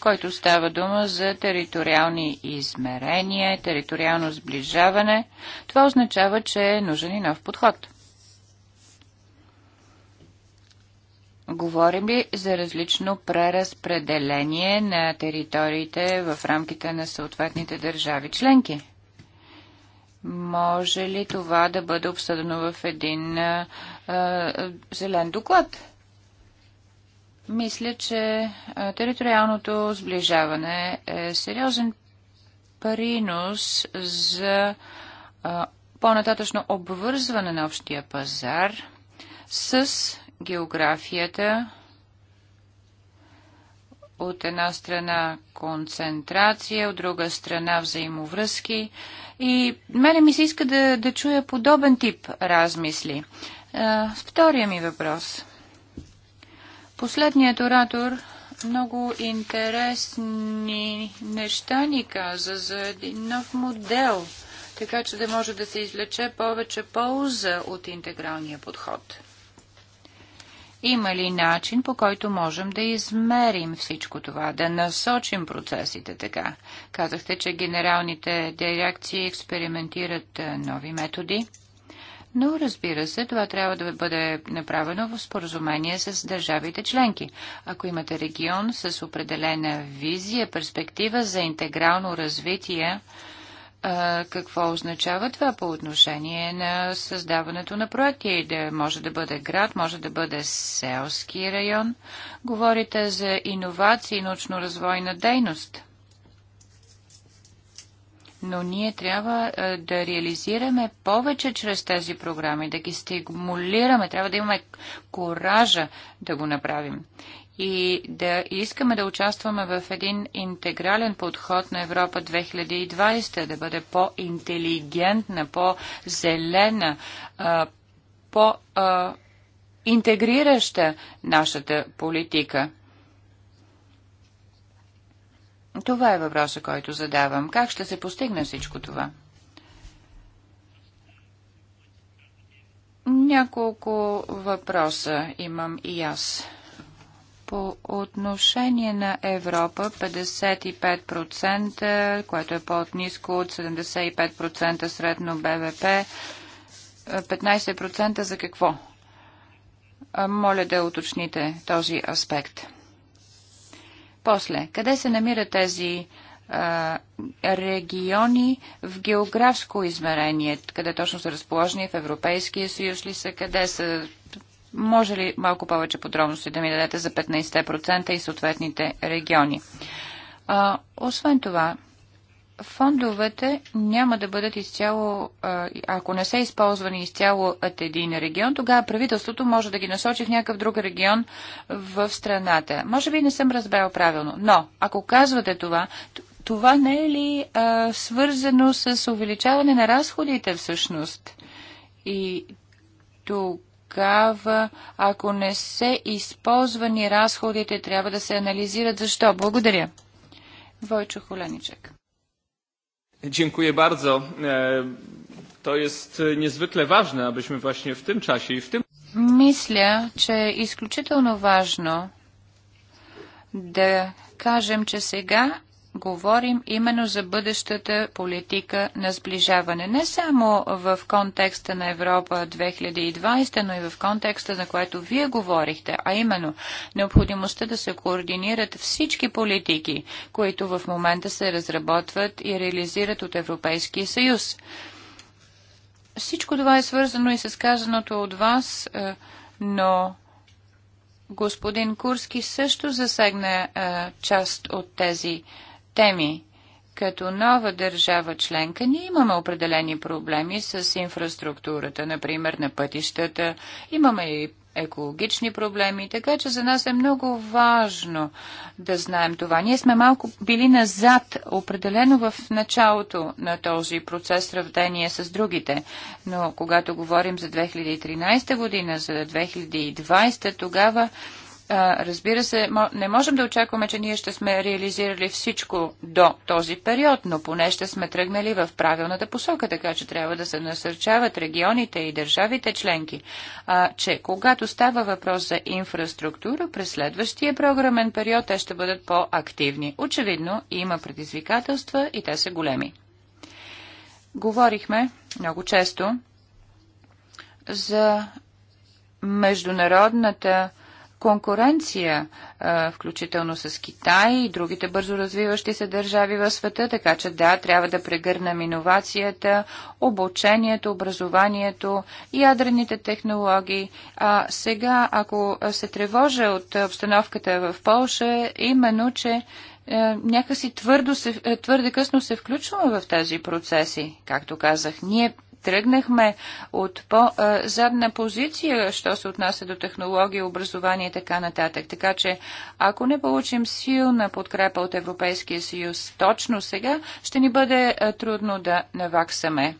който става дума за териториални измерения, териториално сближаване. Това означава, че е нужен и нов подход. Говорим ли за различно преразпределение на териториите в рамките на съответните държави членки? Може ли това да бъде обсъдено в един а, а, зелен доклад? Мисля, че териториалното сближаване е сериозен принос за по-нататъчно обвързване на общия пазар с географията. От една страна концентрация, от друга страна взаимовръзки. И мене ми се иска да, да чуя подобен тип размисли. А, е, втория ми въпрос. Последният оратор много интересни неща ни каза за един нов модел, така че да може да се извлече повече полза от интегралния подход. Има ли начин, по който можем да измерим всичко това, да насочим процесите така? Казахте, че генералните дирекции експериментират е, нови методи. Но разбира се, това трябва да бъде направено в споразумение с държавите членки. Ако имате регион с определена визия, перспектива за интегрално развитие, какво означава това по отношение на създаването на проекти. Да може да бъде град, може да бъде селски район. Говорите за иновации и научно-развойна дейност. Но ние трябва да реализираме повече чрез тези програми, да ги стимулираме, трябва да имаме коража да го направим и да искаме да участваме в един интегрален подход на Европа 2020, да бъде по-интелигентна, по-зелена, по-интегрираща нашата политика. Това е въпроса, който задавам. Как ще се постигне всичко това? Няколко въпроса имам и аз. По отношение на Европа 55%, което е по-низко от 75% средно БВП, 15% за какво? Моля да уточните този аспект. После, къде се намират тези а, региони в географско измерение? Къде точно са разположени в Европейския съюз ли са? Къде са може ли малко повече подробности да ми дадете за 15% и съответните региони? А, освен това, фондовете няма да бъдат изцяло, ако не са използвани изцяло от един регион, тогава правителството може да ги насочи в някакъв друг регион в страната. Може би не съм разбрал правилно, но ако казвате това, това не е ли а, свързано с увеличаване на разходите всъщност? И тук тогава, ако не се използвани разходите, трябва да се анализират. Защо? Благодаря. Войчо Холеничек. Dziękuję е, То е незвикле важно, аби сме właśnie в тим часе и в тим... Мисля, че е изключително важно да кажем, че сега говорим именно за бъдещата политика на сближаване. Не само в контекста на Европа 2020, но и в контекста, на което вие говорихте, а именно необходимостта да се координират всички политики, които в момента се разработват и реализират от Европейския съюз. Всичко това е свързано и с казаното от вас, е, но господин Курски също засегна е, част от тези теми. Като нова държава членка ние имаме определени проблеми с инфраструктурата, например на пътищата. Имаме и екологични проблеми, така че за нас е много важно да знаем това. Ние сме малко били назад, определено в началото на този процес, сравнение с другите. Но когато говорим за 2013 година, за 2020, тогава Разбира се, не можем да очакваме, че ние ще сме реализирали всичко до този период, но поне ще сме тръгнали в правилната посока, така че трябва да се насърчават регионите и държавите членки, а, че когато става въпрос за инфраструктура, през следващия програмен период те ще бъдат по-активни. Очевидно, има предизвикателства и те са големи. Говорихме много често за международната конкуренция, включително с Китай и другите бързо развиващи се държави в света, така че да, трябва да прегърнем иновацията, обучението, образованието, ядрените технологии. А сега, ако се тревожа от обстановката в Полша, именно, че е, някакси твърдо се, е, твърде късно се включваме в тези процеси. Както казах, ние тръгнахме от по-задна позиция, що се отнася до технология, образование и така нататък. Така че, ако не получим силна подкрепа от Европейския съюз точно сега, ще ни бъде е, трудно да наваксаме.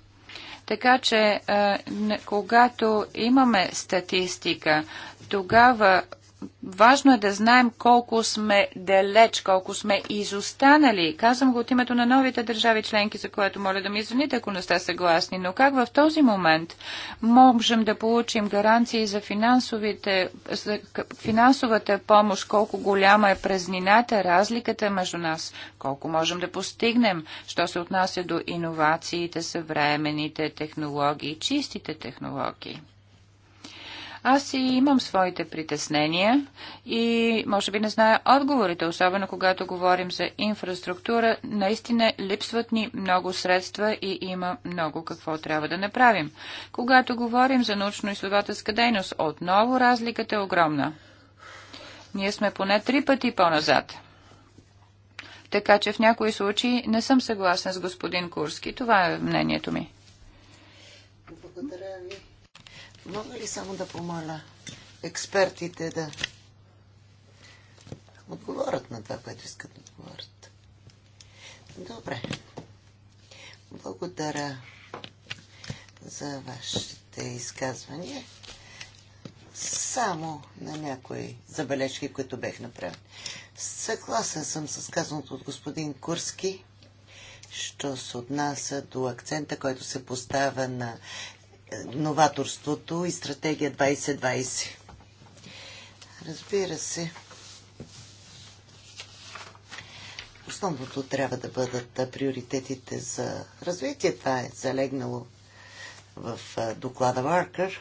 Така че, е, когато имаме статистика, тогава важно е да знаем колко сме далеч, колко сме изостанали. Казвам го от името на новите държави членки, за което моля да ми извините, ако не сте съгласни. Но как в този момент можем да получим гаранции за, финансовите, за финансовата помощ, колко голяма е празнината, разликата между нас, колко можем да постигнем, що се отнася до иновациите, съвременните технологии, чистите технологии? Аз и имам своите притеснения и може би не зная отговорите, особено когато говорим за инфраструктура. Наистина липсват ни много средства и има много какво трябва да направим. Когато говорим за научно-изследователска дейност, отново разликата е огромна. Ние сме поне три пъти по-назад. Така че в някои случаи не съм съгласен с господин Курски. Това е мнението ми. Благодаря ви. Мога ли само да помоля експертите да отговорят на това, което искат да отговорят? Добре. Благодаря за вашите изказвания. Само на някои забележки, които бех направил. Съгласен съм с казаното от господин Курски, що се отнася до акцента, който се поставя на новаторството и стратегия 2020. Разбира се, основното трябва да бъдат приоритетите за развитие. Това е залегнало в доклада Варкър,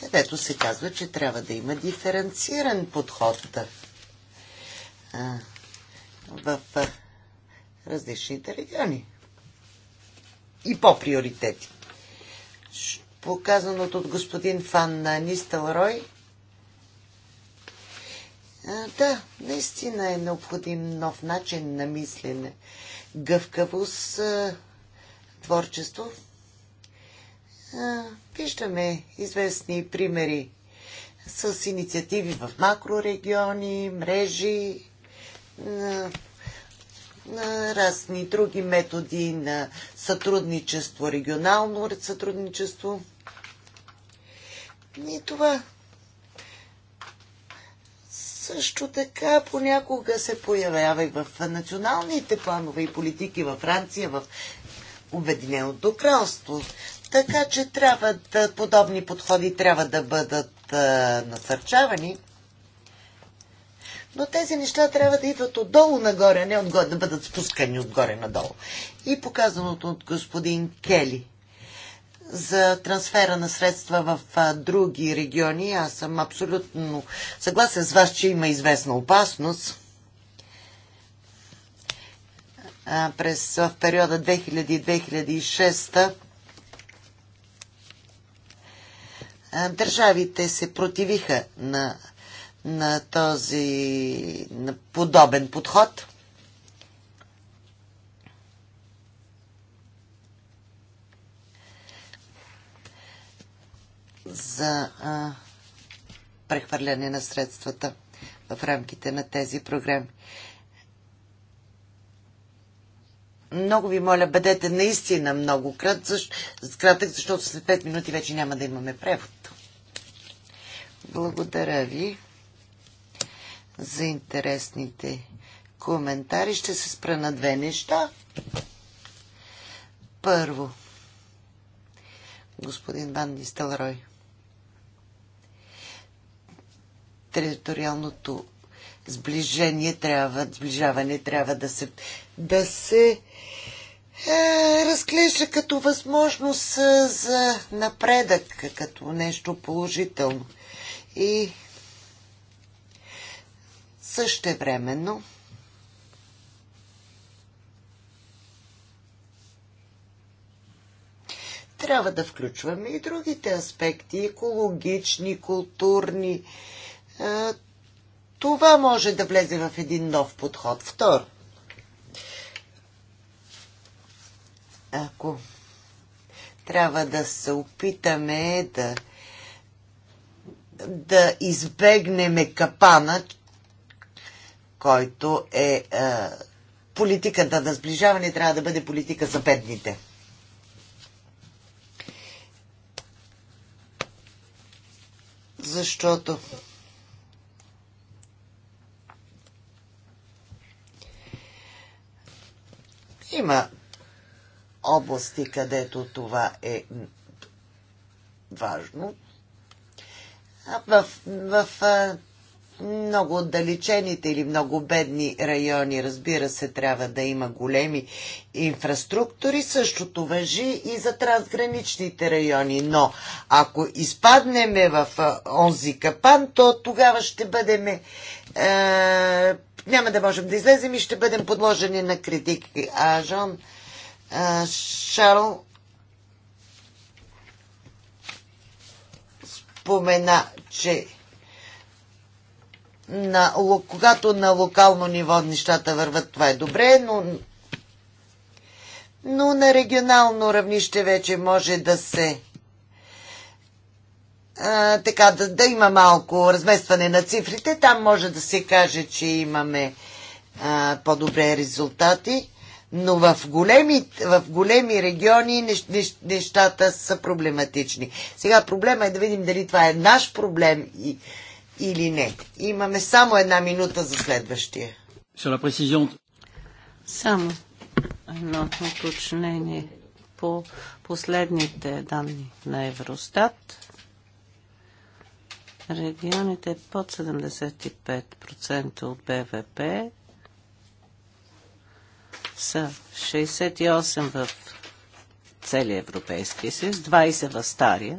където се казва, че трябва да има диференциран подход в различните региони и по приоритети показаното от господин Фан Рой, Да, наистина е необходим нов начин на мислене. Гъвкавост, творчество. Виждаме известни примери с инициативи в макрорегиони, мрежи, разни други методи на сътрудничество, регионално сътрудничество. И това също така понякога се появява и в националните планове и политики във Франция, в Обединеното кралство. Така че трябва да, подобни подходи трябва да бъдат а, насърчавани. Но тези неща трябва да идват отдолу нагоре, а не отгоре, да бъдат спускани отгоре надолу. И показаното от господин Кели за трансфера на средства в а, други региони, аз съм абсолютно съгласен с вас, че има известна опасност. А, през, в периода 2000-2006 държавите се противиха на на този на подобен подход. за а, прехвърляне на средствата в рамките на тези програми. Много ви моля, бъдете наистина много крат, защ... кратък, защото след 5 минути вече няма да имаме превод. Благодаря ви за интересните коментари. Ще се спра на две неща. Първо, господин Ван Нистелрой. Териториалното сближение трябва, сближаване трябва да се, да се е, разклеша като възможност е, за напредък, като нещо положително. И Същевременно трябва да включваме и другите аспекти, екологични, културни. Е, това може да влезе в един нов подход. Второ, ако трябва да се опитаме да да избегнем капана, който е, е политиката на сближаване трябва да бъде политика за бедните. Защото има области, където това е важно. в, в, в много отдалечените или много бедни райони, разбира се, трябва да има големи инфраструктури. Същото въжи и за трансграничните райони. Но ако изпаднеме в онзи капан, то тогава ще бъдем. Е, няма да можем да излезем и ще бъдем подложени на критики. А Жон е, Шарл спомена, че на, когато на локално ниво нещата върват, това е добре, но, но на регионално равнище вече може да се а, така, да, да има малко разместване на цифрите. Там може да се каже, че имаме по-добре резултати, но в големи, в големи региони нещ, нещ, нещата са проблематични. Сега проблема е да видим дали това е наш проблем и или не. Имаме само една минута за следващия. Само едно уточнение по последните данни на Евростат. Регионите под 75% от БВП са 68 в целия Европейския съюз, 20 в Стария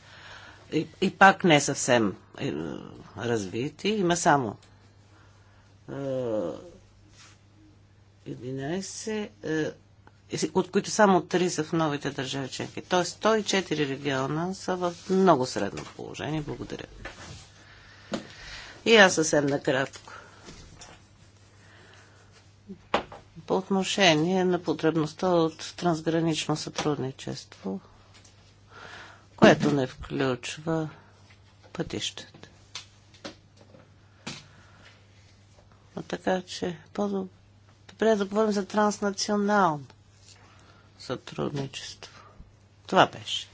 и, пак не съвсем е, развити. Има само 11, е, е, от които само 3 са в новите държави членки. Тоест 104 региона са в много средно положение. Благодаря. И аз съвсем накратко. По отношение на потребността от трансгранично сътрудничество – което не включва пътищата. А така че по-добре да говорим за транснационално сътрудничество. Това беше.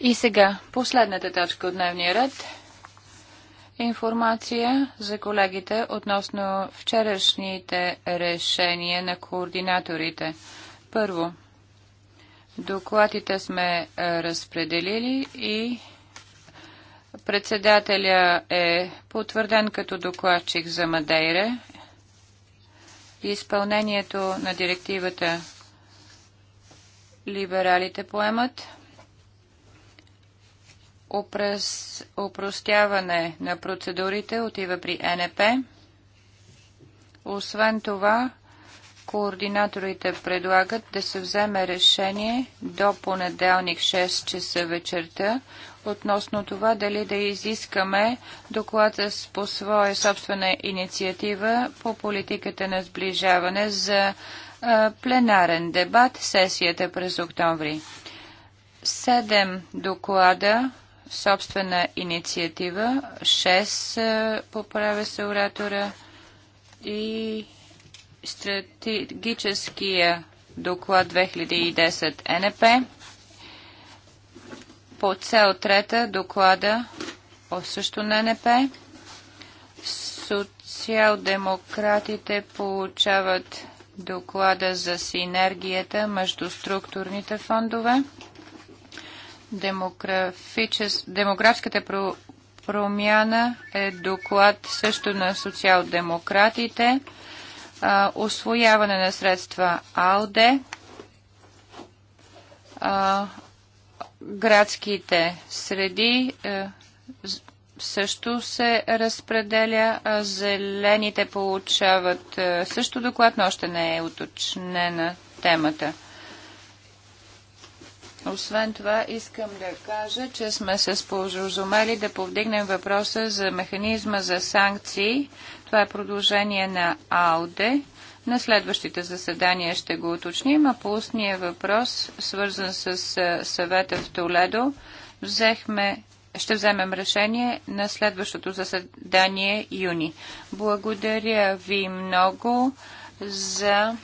И сега последната точка от дневния ред. Информация за колегите относно вчерашните решения на координаторите. Първо, Докладите сме е, разпределили и председателя е потвърден като докладчик за Мадейре. Изпълнението на директивата либералите поемат. Опрес, на процедурите отива при НП. Освен това, Координаторите предлагат да се вземе решение до понеделник 6 часа вечерта относно това дали да изискаме доклада по своя собствена инициатива по политиката на сближаване за пленарен дебат сесията през октомври. Седем доклада собствена инициатива, 6 поправя се оратора и стратегическия доклад 2010 НП. По цел трета доклада о също на НП. Социал-демократите получават доклада за синергията между структурните фондове. Демографичес... Демографската про... промяна е доклад също на социал-демократите освояване на средства АЛДЕ, градските среди е, също се разпределя, а зелените получават е, също доклад, но още не е уточнена темата. Освен това, искам да кажа, че сме се споразумели да повдигнем въпроса за механизма за санкции това е продължение на АУДЕ. На следващите заседания ще го уточним, а по устния въпрос, свързан с съвета в Толедо, взехме ще вземем решение на следващото заседание юни. Благодаря ви много за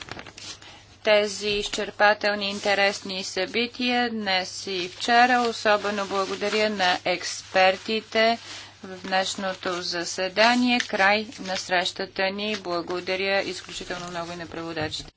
тези изчерпателни интересни събития днес и вчера. Особено благодаря на експертите в днешното заседание. Край на срещата ни. Благодаря изключително много и на преводачите.